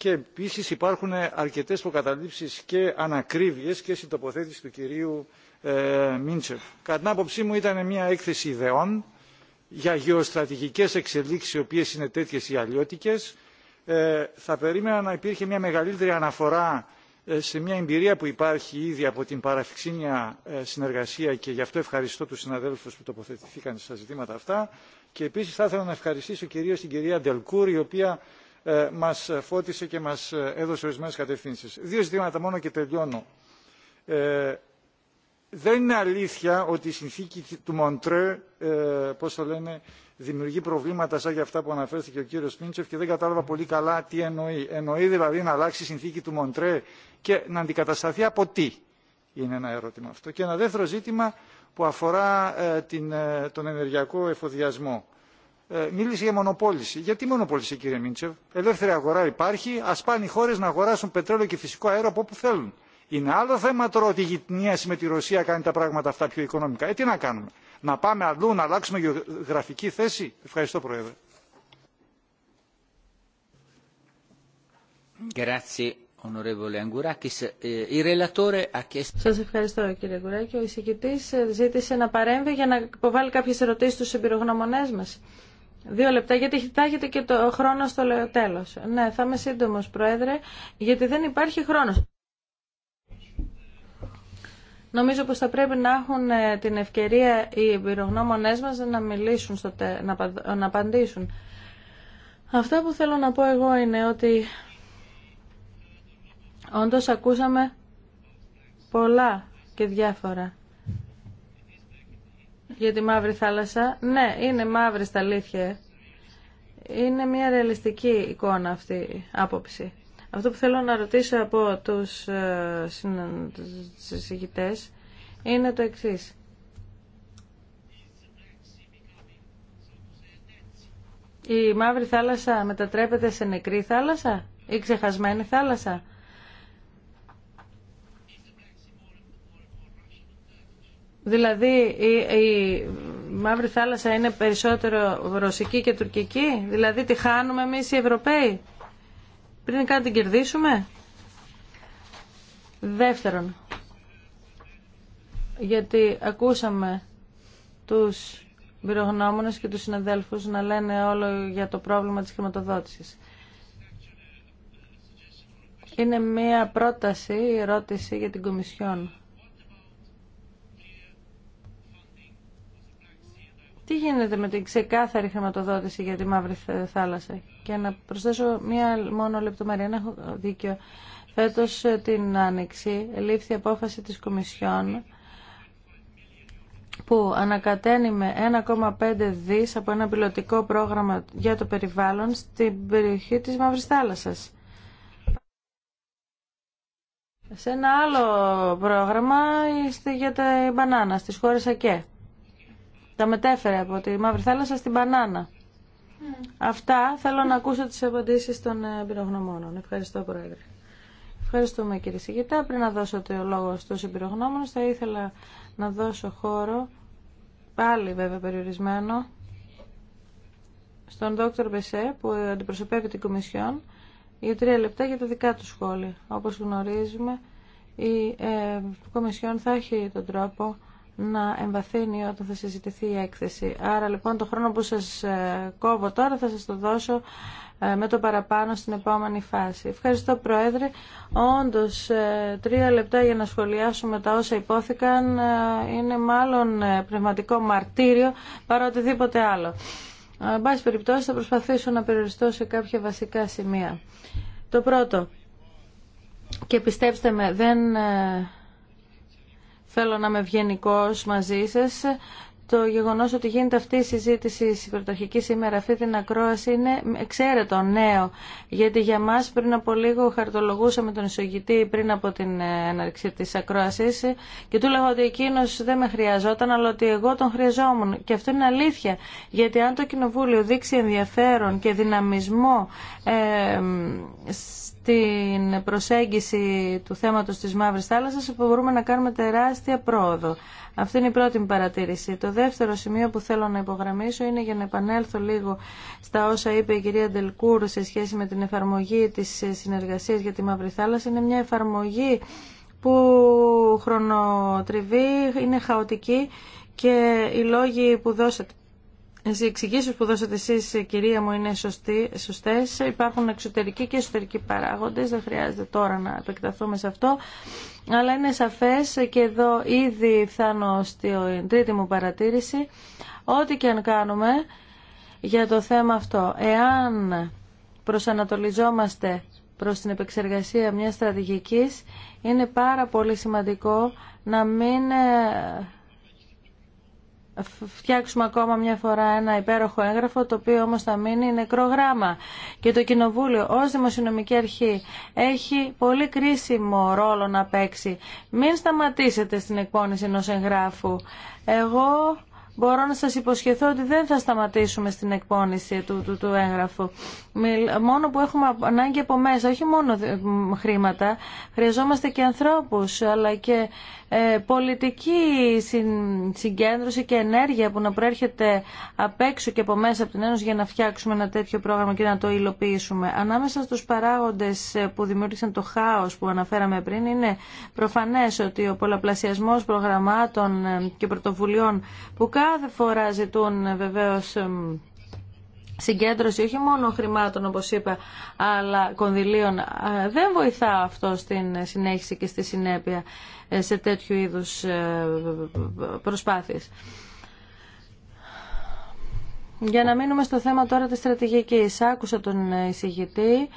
και επίσης υπάρχουν αρκετές προκαταλήψεις και ανακρίβειες και στην τοποθέτηση του κυρίου ε, Μίντσεφ. Κατά την άποψή μου ήταν μια έκθεση ιδεών για γεωστρατηγικές εξελίξεις οι οποίες είναι τέτοιες ή αλλιώτικες. Ε, θα περίμενα να υπήρχε μια μεγαλύτερη αναφορά ε, σε μια εμπειρία που υπάρχει ήδη από την παραφυξήνια ε, συνεργασία και γι' αυτό ευχαριστώ τους συναδέλφους που τοποθετηθήκαν στα ζητήματα αυτά και επίσης θα ήθελα να ευχαριστήσω κυρίως την κυρία Ντελκούρ η οποία ε, μας φώτισε και μας ε, έδωσε ορισμένες κατευθύνσεις. Δύο ζητήματα μόνο και τελειώνω. Ε, δεν είναι αλήθεια ότι η συνθήκη του Μοντρέ, πώς το λένε, δημιουργεί προβλήματα σαν για αυτά που αναφέρθηκε ο κύριος Μίντσεφ και δεν κατάλαβα πολύ καλά τι εννοεί. Εννοεί δηλαδή να αλλάξει η συνθήκη του Μοντρέ και να αντικατασταθεί από τι. Είναι ένα ερώτημα αυτό. Και ένα δεύτερο ζήτημα που αφορά την, τον ενεργειακό εφοδιασμό. Ε, μίλησε για μονοπόληση. Γιατί μονοπόληση κύριε Μίντσεβ. Ελεύθερη αγορά υπάρχει, α πάνε οι χώρε να αγοράσουν πετρέλαιο και φυσικό αέριο από όπου θέλουν. Είναι άλλο θέμα τώρα ότι η γειτονίαση με τη Ρωσία κάνει τα πράγματα αυτά πιο οικονομικά. Ε, τι να κάνουμε. Να πάμε αλλού, να αλλάξουμε γεωγραφική θέση. Ευχαριστώ Πρόεδρε. Ε, Σα ευχαριστώ κύριε Αγκουράκη. Ο εισηγητής ζήτησε να παρέμβει για να υποβάλει κάποιες ερωτήσεις στους εμπειρογνωμονές μα. Δύο λεπτά, γιατί έχετε και το χρόνο στο τέλο. Ναι, θα είμαι σύντομο Πρόεδρε, γιατί δεν υπάρχει χρόνος. Νομίζω πως θα πρέπει να έχουν ε, την ευκαιρία οι εμπειρογνώμονές μας να μιλήσουν, στο τε... να απαντήσουν. Αυτό που θέλω να πω εγώ είναι ότι όντως ακούσαμε πολλά και διάφορα για τη Μαύρη Θάλασσα. Ναι, είναι μαύρη στα αλήθεια. Είναι μια ρεαλιστική εικόνα αυτή η άποψη. Αυτό που θέλω να ρωτήσω από τους ε, συζητητές είναι το εξής. Η Μαύρη Θάλασσα μετατρέπεται σε νεκρή θάλασσα ή ξεχασμένη θάλασσα. Δηλαδή η, Μαύρη Θάλασσα είναι περισσότερο ρωσική και τουρκική, δηλαδή τη χάνουμε εμείς οι Ευρωπαίοι πριν καν την κερδίσουμε. Δεύτερον, γιατί ακούσαμε τους πυρογνώμονες και τους συναδέλφους να λένε όλο για το πρόβλημα της χρηματοδότησης. Είναι μία πρόταση, ερώτηση για την Κομισιόν. Τι γίνεται με την ξεκάθαρη χρηματοδότηση για τη Μαύρη Θάλασσα. Και να προσθέσω μία μόνο λεπτομέρεια. έχω δίκιο. Φέτος ε, την Άνοιξη λήφθη απόφαση της Κομισιόν που ανακατένει με 1,5 δις από ένα πιλωτικό πρόγραμμα για το περιβάλλον στην περιοχή της Μαύρης Θάλασσας. Σε ένα άλλο πρόγραμμα είστε για τα μπανάνα στις χώρες ΑΚΕ. Τα μετέφερε από τη Μαύρη Θάλασσα στην Πανάνα. Mm. Αυτά θέλω να ακούσω τις απαντήσεις των ε, εμπειρογνωμόνων. Ευχαριστώ Πρόεδρε. Ευχαριστούμε κύριε Σιγητά. Πριν να δώσω το λόγο στους εμπειρογνώμονες θα ήθελα να δώσω χώρο, πάλι βέβαια περιορισμένο, στον δόκτωρ Μπεσέ που αντιπροσωπεύει την Κομισιόν για τρία λεπτά για τα δικά του σχόλια. Όπως γνωρίζουμε η ε, Κομισιόν θα έχει τον τρόπο να εμβαθύνει όταν θα συζητηθεί η έκθεση. Άρα λοιπόν το χρόνο που σας ε, κόβω τώρα θα σας το δώσω ε, με το παραπάνω στην επόμενη φάση. Ευχαριστώ Πρόεδρε. Όντως ε, τρία λεπτά για να σχολιάσουμε τα όσα υπόθηκαν είναι μάλλον πνευματικό μαρτύριο παρά οτιδήποτε άλλο. Εν πάση περιπτώσει θα προσπαθήσω να περιοριστώ σε κάποια βασικά σημεία. Το πρώτο, και πιστέψτε με, δεν θέλω να είμαι ευγενικό μαζί σας. Το γεγονός ότι γίνεται αυτή η συζήτηση συμπεριτοχική σήμερα, αυτή την ακρόαση, είναι εξαίρετο νέο. Γιατί για μας πριν από λίγο χαρτολογούσαμε τον εισογητή πριν από την ε, έναρξη τη ακρόαση και του λέγαμε ότι εκείνο δεν με χρειαζόταν, αλλά ότι εγώ τον χρειαζόμουν. Και αυτό είναι αλήθεια. Γιατί αν το Κοινοβούλιο δείξει ενδιαφέρον και δυναμισμό ε, στην προσέγγιση του θέματος της Μαύρης Θάλασσας μπορούμε να κάνουμε τεράστια πρόοδο. Αυτή είναι η πρώτη μου παρατήρηση. Το δεύτερο σημείο που θέλω να υπογραμμίσω είναι για να επανέλθω λίγο στα όσα είπε η κυρία Ντελκούρ σε σχέση με την εφαρμογή της συνεργασίας για τη Μαύρη Θάλασσα. Είναι μια εφαρμογή που χρονοτριβεί, είναι χαοτική και οι λόγοι που δώσατε οι εξηγήσει που δώσατε εσεί, κυρία μου, είναι σωστέ. Υπάρχουν εξωτερικοί και εσωτερικοί παράγοντε. Δεν χρειάζεται τώρα να επεκταθούμε σε αυτό. Αλλά είναι σαφέ και εδώ ήδη φτάνω στην τρίτη μου παρατήρηση. Ό,τι και αν κάνουμε για το θέμα αυτό, εάν προσανατολιζόμαστε προς την επεξεργασία μιας στρατηγικής, είναι πάρα πολύ σημαντικό να μην ε, φτιάξουμε ακόμα μια φορά ένα υπέροχο έγγραφο το οποίο όμως θα μείνει νεκρό γράμμα και το Κοινοβούλιο ως Δημοσιονομική Αρχή έχει πολύ κρίσιμο ρόλο να παίξει. Μην σταματήσετε στην εκπόνηση ενός εγγράφου. Εγώ μπορώ να σας υποσχεθώ ότι δεν θα σταματήσουμε στην εκπόνηση του, του, του έγγραφου. Μόνο που έχουμε ανάγκη από μέσα, όχι μόνο χρήματα, χρειαζόμαστε και ανθρώπους, αλλά και ε, πολιτική συγκέντρωση και ενέργεια που να προέρχεται απ' έξω και από μέσα από την Ένωση για να φτιάξουμε ένα τέτοιο πρόγραμμα και να το υλοποιήσουμε. Ανάμεσα στους παράγοντες ε, που δημιούργησαν το χάος που αναφέραμε πριν είναι προφανές ότι ο πολλαπλασιασμός προγραμμάτων ε, και πρωτοβουλειών που κάθε φορά ζητούν βεβαίως συγκέντρωση όχι μόνο χρημάτων όπως είπα αλλά κονδυλίων δεν βοηθά αυτό στην συνέχιση και στη συνέπεια σε τέτοιου είδους ε, προσπάθειες. Για να μείνουμε στο θέμα τώρα της στρατηγικής. Άκουσα τον εισηγητή,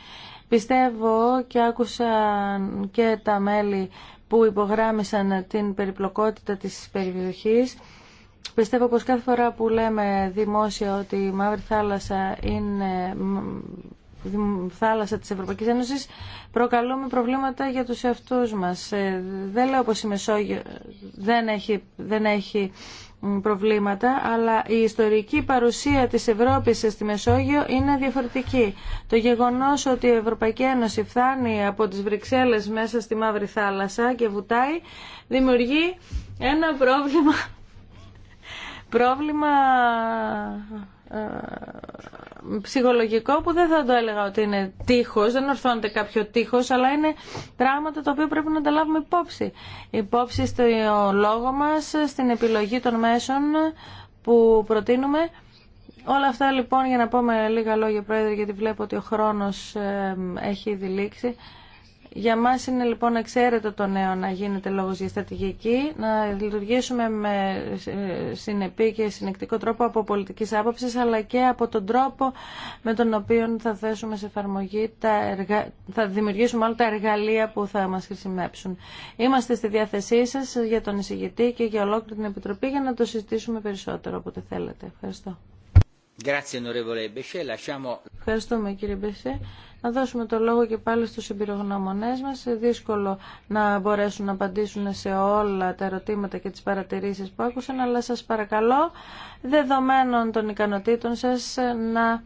πιστεύω και άκουσαν και τα μέλη που υπογράμμισαν την περιπλοκότητα της περιοχής. Πιστεύω πως κάθε φορά που λέμε δημόσια ότι η Μαύρη Θάλασσα είναι θάλασσα της Ευρωπαϊκής Ένωσης προκαλούμε προβλήματα για τους εαυτούς μας. Ε, δεν λέω πως η Μεσόγειο δεν έχει, δεν έχει προβλήματα, αλλά η ιστορική παρουσία της Ευρώπης στη Μεσόγειο είναι διαφορετική. Το γεγονός ότι η Ευρωπαϊκή Ένωση φτάνει από τις Βρυξέλλες μέσα στη Μαύρη Θάλασσα και βουτάει, δημιουργεί ένα πρόβλημα, πρόβλημα ε, ψυχολογικό που δεν θα το έλεγα ότι είναι τείχος, δεν ορθώνεται κάποιο τείχος, αλλά είναι πράγματα τα οποία πρέπει να τα λάβουμε υπόψη. Υπόψη στο λόγο μας, στην επιλογή των μέσων που προτείνουμε. Όλα αυτά λοιπόν για να πω με λίγα λόγια πρόεδρε γιατί βλέπω ότι ο χρόνος έχει δηλήξει. Για μα είναι λοιπόν εξαίρετο το νέο να γίνεται λόγος για στρατηγική, να λειτουργήσουμε με ε, συνεπή και συνεκτικό τρόπο από πολιτική άποψη, αλλά και από τον τρόπο με τον οποίο θα θέσουμε σε εφαρμογή, τα θα δημιουργήσουμε όλα τα εργαλεία που θα μα χρησιμεύσουν. Είμαστε στη διάθεσή σας για τον εισηγητή και για ολόκληρη την Επιτροπή για να το συζητήσουμε περισσότερο όποτε θέλετε. Ευχαριστώ. Ευχαριστούμε κύριε Μπεσέ. Να δώσουμε το λόγο και πάλι στους εμπειρογνώμονές μας. Είναι δύσκολο να μπορέσουν να απαντήσουν σε όλα τα ερωτήματα και τις παρατηρήσεις που άκουσαν, αλλά σας παρακαλώ, δεδομένων των ικανοτήτων σας, να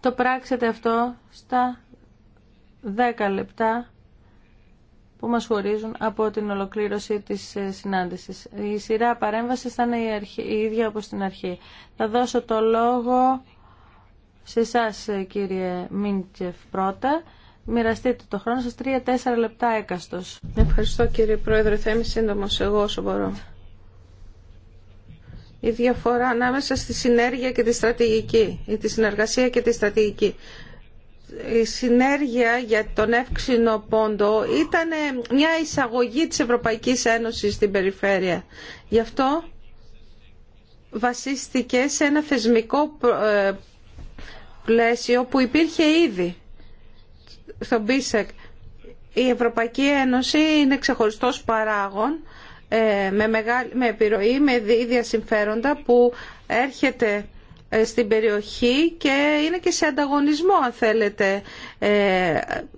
το πράξετε αυτό στα 10 λεπτά που μας χωρίζουν από την ολοκλήρωση της ε, συνάντησης. Η σειρά παρέμβασης θα είναι η, ίδια όπως στην αρχή. Θα δώσω το λόγο σε εσά, ε, κύριε Μίντσεφ, πρώτα. Μοιραστείτε το χρόνο σας, 3-4 λεπτά έκαστος. Ευχαριστώ κύριε Πρόεδρε, θα είμαι σύντομος εγώ όσο μπορώ. Η διαφορά ανάμεσα στη συνέργεια και τη στρατηγική, ή τη συνεργασία και τη στρατηγική η συνέργεια για τον εύξηνο πόντο ήταν μια εισαγωγή της Ευρωπαϊκής Ένωσης στην περιφέρεια. Γι' αυτό βασίστηκε σε ένα θεσμικό ε, πλαίσιο που υπήρχε ήδη στον ΠΙΣΕΚ. Η Ευρωπαϊκή Ένωση είναι ξεχωριστός παράγων ε, με, μεγάλη, με επιρροή, με ίδια συμφέροντα που έρχεται ε, στην περιοχή και είναι και σε ανταγωνισμό αν θέλετε ε,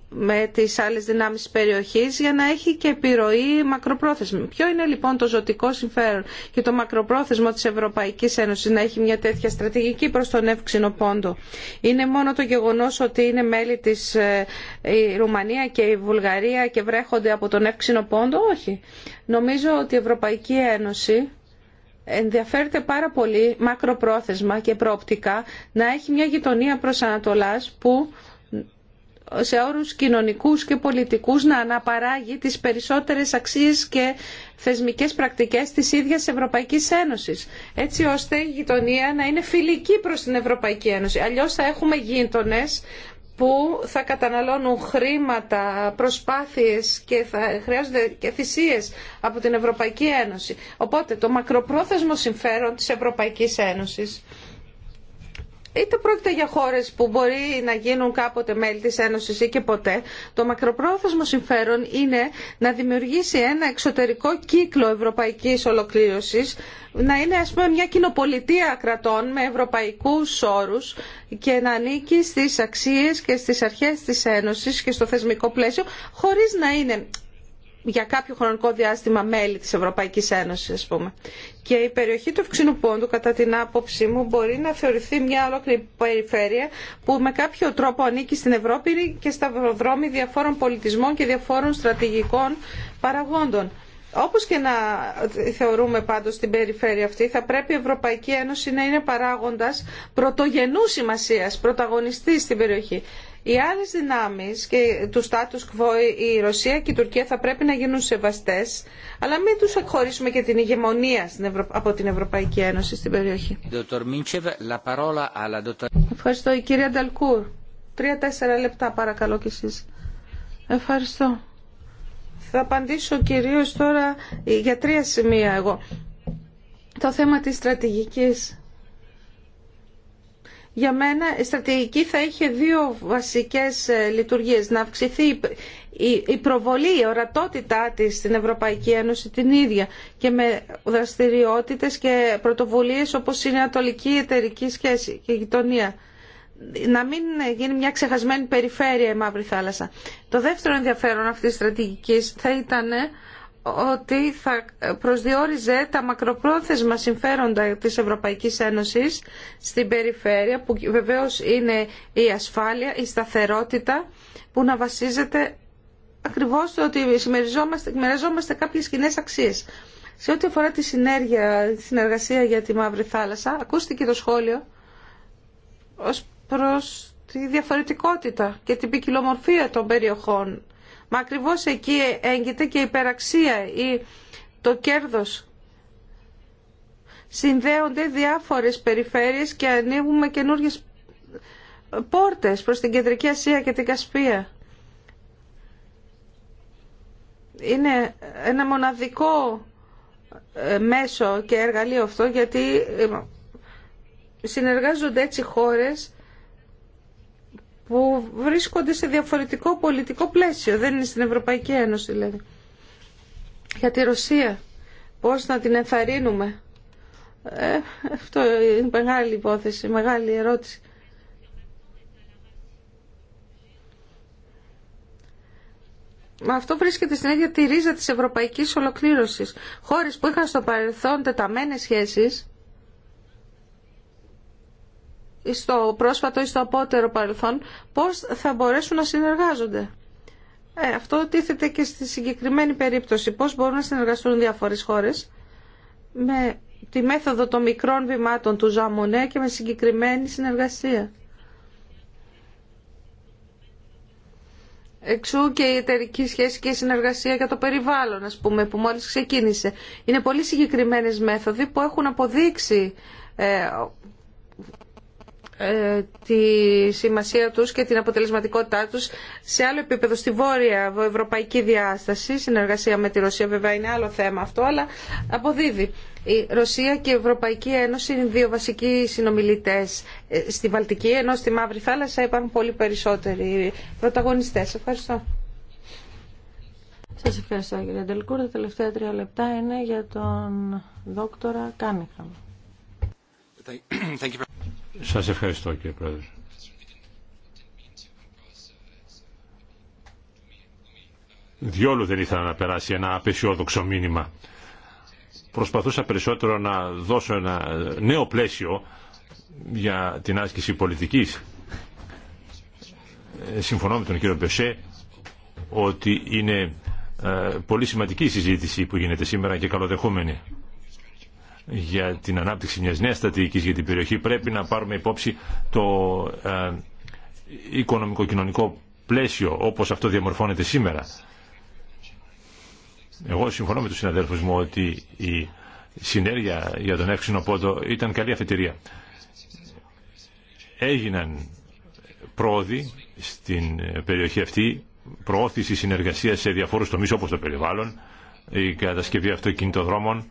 με τις άλλες δυνάμεις της περιοχής για να έχει και επιρροή μακροπρόθεσμη. Ποιο είναι λοιπόν το ζωτικό συμφέρον και το μακροπρόθεσμο της Ευρωπαϊκής Ένωσης να έχει μια τέτοια στρατηγική προς τον εύξηνο πόντο. Είναι μόνο το γεγονός ότι είναι μέλη της ε, η Ρουμανία και η Βουλγαρία και βρέχονται από τον εύξηνο πόντο. Όχι. Νομίζω ότι η Ευρωπαϊκή Ένωση ενδιαφέρεται πάρα πολύ μακροπρόθεσμα και πρόπτικα να έχει μια γειτονία προς Ανατολάς που σε όρους κοινωνικούς και πολιτικούς να αναπαράγει τις περισσότερες αξίες και θεσμικές πρακτικές της ίδιας Ευρωπαϊκής Ένωσης. Έτσι ώστε η γειτονία να είναι φιλική προς την Ευρωπαϊκή Ένωση. Αλλιώς θα έχουμε γείτονε που θα καταναλώνουν χρήματα, προσπάθειες και θα χρειάζονται και θυσίες από την Ευρωπαϊκή Ένωση. Οπότε το μακροπρόθεσμο συμφέρον της Ευρωπαϊκής Ένωσης είτε πρόκειται για χώρε που μπορεί να γίνουν κάποτε μέλη τη Ένωση ή και ποτέ, το μακροπρόθεσμο συμφέρον είναι να δημιουργήσει ένα εξωτερικό κύκλο ευρωπαϊκής ολοκλήρωσης, να είναι ας πούμε μια κοινοπολιτεία κρατών με ευρωπαϊκούς όρους και να ανήκει στις αξίες και στις αρχές της Ένωσης και στο θεσμικό πλαίσιο, χωρίς να είναι για κάποιο χρονικό διάστημα μέλη της Ευρωπαϊκής Ένωσης, ας πούμε. Και η περιοχή του Ευξήνου Πόντου, κατά την άποψή μου, μπορεί να θεωρηθεί μια ολόκληρη περιφέρεια που με κάποιο τρόπο ανήκει στην Ευρώπη και στα βροδρόμια διαφόρων πολιτισμών και διαφόρων στρατηγικών παραγόντων. Όπως και να θεωρούμε πάντως την περιφέρεια αυτή, θα πρέπει η Ευρωπαϊκή Ένωση να είναι παράγοντας πρωτογενού σημασίας, πρωταγωνιστής στην περιοχή. Οι άλλες δυνάμεις και του status quo, η Ρωσία και η Τουρκία θα πρέπει να γίνουν σεβαστές, αλλά μην τους εκχωρήσουμε και την ηγεμονία από την Ευρωπαϊκή Ένωση στην περιοχή. Ευχαριστώ. Η κυρία Νταλκούρ. Τρία-τέσσερα λεπτά παρακαλώ κι εσείς. Ευχαριστώ. Θα απαντήσω κυρίως τώρα για τρία σημεία εγώ. Το θέμα της στρατηγικής για μένα η στρατηγική θα είχε δύο βασικές ε, λειτουργίες. Να αυξηθεί η προβολή, η ορατότητά της στην Ευρωπαϊκή Ένωση την ίδια και με δραστηριότητες και πρωτοβουλίες όπως είναι η Ανατολική Εταιρική Σχέση και η Γειτονία. Να μην γίνει μια ξεχασμένη περιφέρεια η Μαύρη Θάλασσα. Το δεύτερο ενδιαφέρον αυτής της στρατηγικής θα ήταν ότι θα προσδιορίζε τα μακροπρόθεσμα συμφέροντα της Ευρωπαϊκής Ένωσης στην περιφέρεια που βεβαίως είναι η ασφάλεια, η σταθερότητα που να βασίζεται ακριβώς στο ότι συμμεριζόμαστε κάποιες κοινέ αξίες. Σε ό,τι αφορά τη συνέργεια, τη συνεργασία για τη Μαύρη Θάλασσα, ακούστηκε το σχόλιο ως προς τη διαφορετικότητα και την ποικιλομορφία των περιοχών Μα ακριβώς εκεί έγκυται και η υπεραξία ή το κέρδος. Συνδέονται διάφορες περιφέρειες και ανοίγουμε καινούργιες πόρτες προς την Κεντρική Ασία και την Κασπία. Είναι ένα μοναδικό ε, μέσο και εργαλείο αυτό γιατί ε, συνεργάζονται έτσι χώρες που βρίσκονται σε διαφορετικό πολιτικό πλαίσιο, δεν είναι στην Ευρωπαϊκή Ένωση δηλαδή. Για τη Ρωσία, πώς να την ενθαρρύνουμε. Ε, αυτό είναι μεγάλη υπόθεση, μεγάλη ερώτηση. Μα αυτό βρίσκεται στην ίδια τη ρίζα της ευρωπαϊκής ολοκλήρωσης. Χώρες που είχαν στο παρελθόν τεταμένες σχέσεις, στο πρόσφατο ή στο απότερο παρελθόν, πώς θα μπορέσουν να συνεργάζονται. Ε, αυτό τίθεται και στη συγκεκριμένη περίπτωση. Πώς μπορούν να συνεργαστούν διάφορες χώρες με τη μέθοδο των μικρών βημάτων του Ζαμονέ και με συγκεκριμένη συνεργασία. Εξού και η εταιρική σχέση και η συνεργασία για το περιβάλλον, ας πούμε, που μόλις ξεκίνησε. Είναι πολύ συγκεκριμένες μέθοδοι που έχουν αποδείξει ε, ε, τη σημασία τους και την αποτελεσματικότητά τους σε άλλο επίπεδο, στη βόρεια ευρωπαϊκή διάσταση, συνεργασία με τη Ρωσία βέβαια είναι άλλο θέμα αυτό, αλλά αποδίδει. Η Ρωσία και η Ευρωπαϊκή Ένωση είναι δύο βασικοί συνομιλητές ε, στη Βαλτική, ενώ στη Μαύρη Θάλασσα υπάρχουν πολύ περισσότεροι πρωταγωνιστές. Ευχαριστώ. Σας ευχαριστώ κύριε Ντελκούρ. Τα τελευταία τρία λεπτά είναι για τον δόκτορα Κάνιχαμ. Σας ευχαριστώ κύριε Πρόεδρε. Διόλου δεν ήθελα να περάσει ένα απεσιόδοξο μήνυμα. Προσπαθούσα περισσότερο να δώσω ένα νέο πλαίσιο για την άσκηση πολιτικής. Ε, συμφωνώ με τον κύριο Μπεσέ ότι είναι ε, πολύ σημαντική η συζήτηση που γίνεται σήμερα και καλοδεχούμενη για την ανάπτυξη μιας νέας στρατηγικής για την περιοχή πρέπει να πάρουμε υπόψη το ε, οικονομικο-κοινωνικό πλαίσιο όπως αυτό διαμορφώνεται σήμερα. Εγώ συμφωνώ με τους συναδέλφους μου ότι η συνέργεια για τον εύξηνο πόντο ήταν καλή αφετηρία. Έγιναν πρόοδοι στην περιοχή αυτή, προώθηση συνεργασίας σε διαφόρους τομείς όπως το περιβάλλον, η κατασκευή αυτοκινητοδρόμων,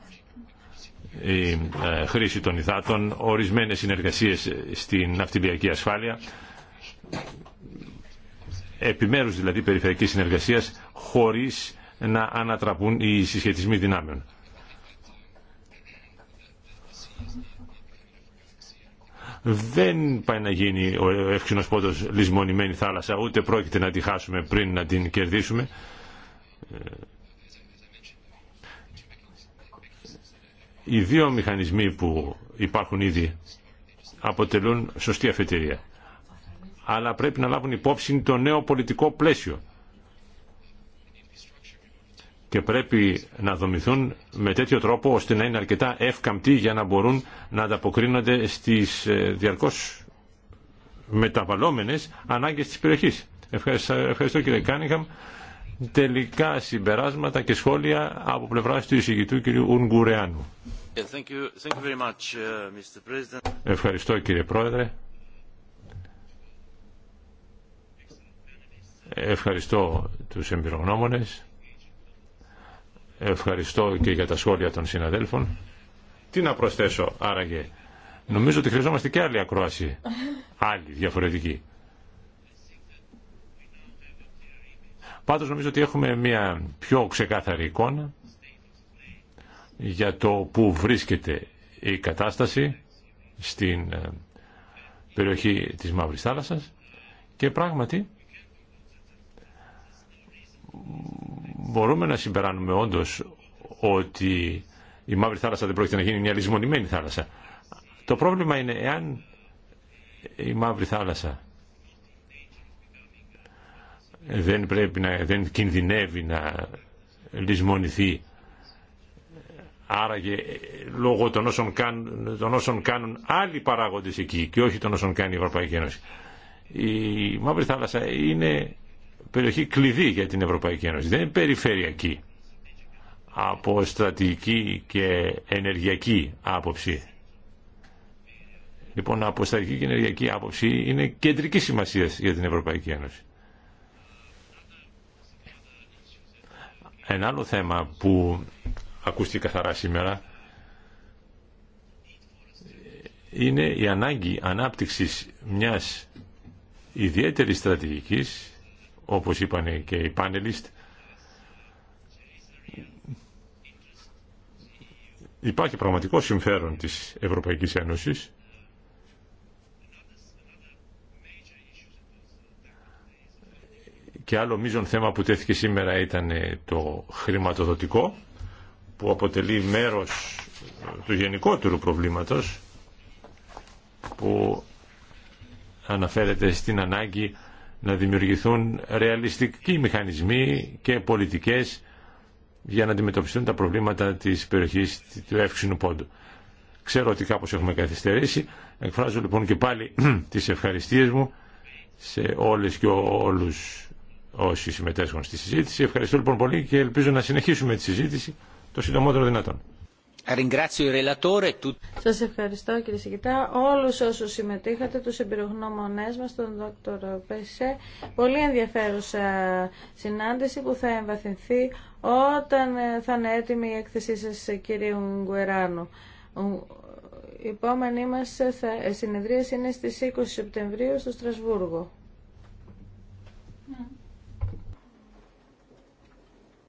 η ε, χρήση των υδάτων, ορισμένες συνεργασίες στην ναυτιλιακή ασφάλεια, επιμέρους δηλαδή περιφερειακής συνεργασίας, χωρίς να ανατραπούν οι συσχετισμοί δυνάμεων. Δεν πάει να γίνει ο εύξηνος πόντος λησμονημένη θάλασσα, ούτε πρόκειται να τη χάσουμε πριν να την κερδίσουμε. Ε, οι δύο μηχανισμοί που υπάρχουν ήδη αποτελούν σωστή αφετηρία. Αλλά πρέπει να λάβουν υπόψη το νέο πολιτικό πλαίσιο και πρέπει να δομηθούν με τέτοιο τρόπο ώστε να είναι αρκετά εύκαμπτοί για να μπορούν να ανταποκρίνονται στις ε, διαρκώς μεταβαλλόμενες ανάγκες της περιοχής. Ευχαριστώ, ευχαριστώ κύριε Κάνιχαμ. Τελικά συμπεράσματα και σχόλια από πλευράς του εισηγητού κ. Ουγγουρεάνου. Uh, Ευχαριστώ κύριε Πρόεδρε. Ευχαριστώ τους εμπειρογνώμονες. Ευχαριστώ και για τα σχόλια των συναδέλφων. Τι να προσθέσω άραγε. Νομίζω ότι χρειαζόμαστε και άλλη ακρόαση. Άλλη διαφορετική. Πάντως νομίζω ότι έχουμε μια πιο ξεκάθαρη εικόνα για το που βρίσκεται η κατάσταση στην ε, περιοχή της Μαύρης Θάλασσας και πράγματι μπορούμε να συμπεράνουμε όντως ότι η Μαύρη Θάλασσα δεν πρόκειται να γίνει μια λησμονημένη θάλασσα. Το πρόβλημα είναι εάν η Μαύρη Θάλασσα δεν, πρέπει να, δεν κινδυνεύει να λησμονηθεί Άραγε ε, λόγω των όσων, κάνουν, των όσων κάνουν άλλοι παράγοντες εκεί και όχι των όσων κάνει η Ευρωπαϊκή Ένωση. Η Μαύρη Θάλασσα είναι περιοχή κλειδί για την Ευρωπαϊκή Ένωση. Δεν είναι περιφερειακή από στρατηγική και ενεργειακή άποψη. Λοιπόν, από στρατηγική και ενεργειακή άποψη είναι κεντρική σημασία για την Ευρωπαϊκή Ένωση. Ένα άλλο θέμα που ακούστηκε καθαρά σήμερα είναι η ανάγκη ανάπτυξης μιας ιδιαίτερης στρατηγικής όπως είπαν και οι πάνελιστ υπάρχει πραγματικό συμφέρον της Ευρωπαϊκής Ένωσης και άλλο μείζον θέμα που τέθηκε σήμερα ήταν το χρηματοδοτικό που αποτελεί μέρος του γενικότερου προβλήματος που αναφέρεται στην ανάγκη να δημιουργηθούν ρεαλιστικοί μηχανισμοί και πολιτικές για να αντιμετωπιστούν τα προβλήματα της περιοχής του εύξηνου πόντου. Ξέρω ότι κάπως έχουμε καθυστερήσει. Εκφράζω λοιπόν και πάλι τις ευχαριστίες μου σε όλες και όλους όσοι συμμετέσχουν στη συζήτηση. Ευχαριστώ λοιπόν πολύ και ελπίζω να συνεχίσουμε τη συζήτηση το συντομότερο δυνατόν. Σα ευχαριστώ κύριε Σιγητά. Όλους όσου συμμετείχατε, τους εμπειρογνώμονέ μας, τον Δόκτωρ Πεσέ. Πολύ ενδιαφέρουσα συνάντηση που θα εμβαθυνθεί όταν ε, θα είναι έτοιμη η έκθεσή σα, κύριε Γκουεράνου. Η επόμενη μας ε, ε, συνεδρίαση είναι στις 20 Σεπτεμβρίου στο Στρασβούργο. Ναι.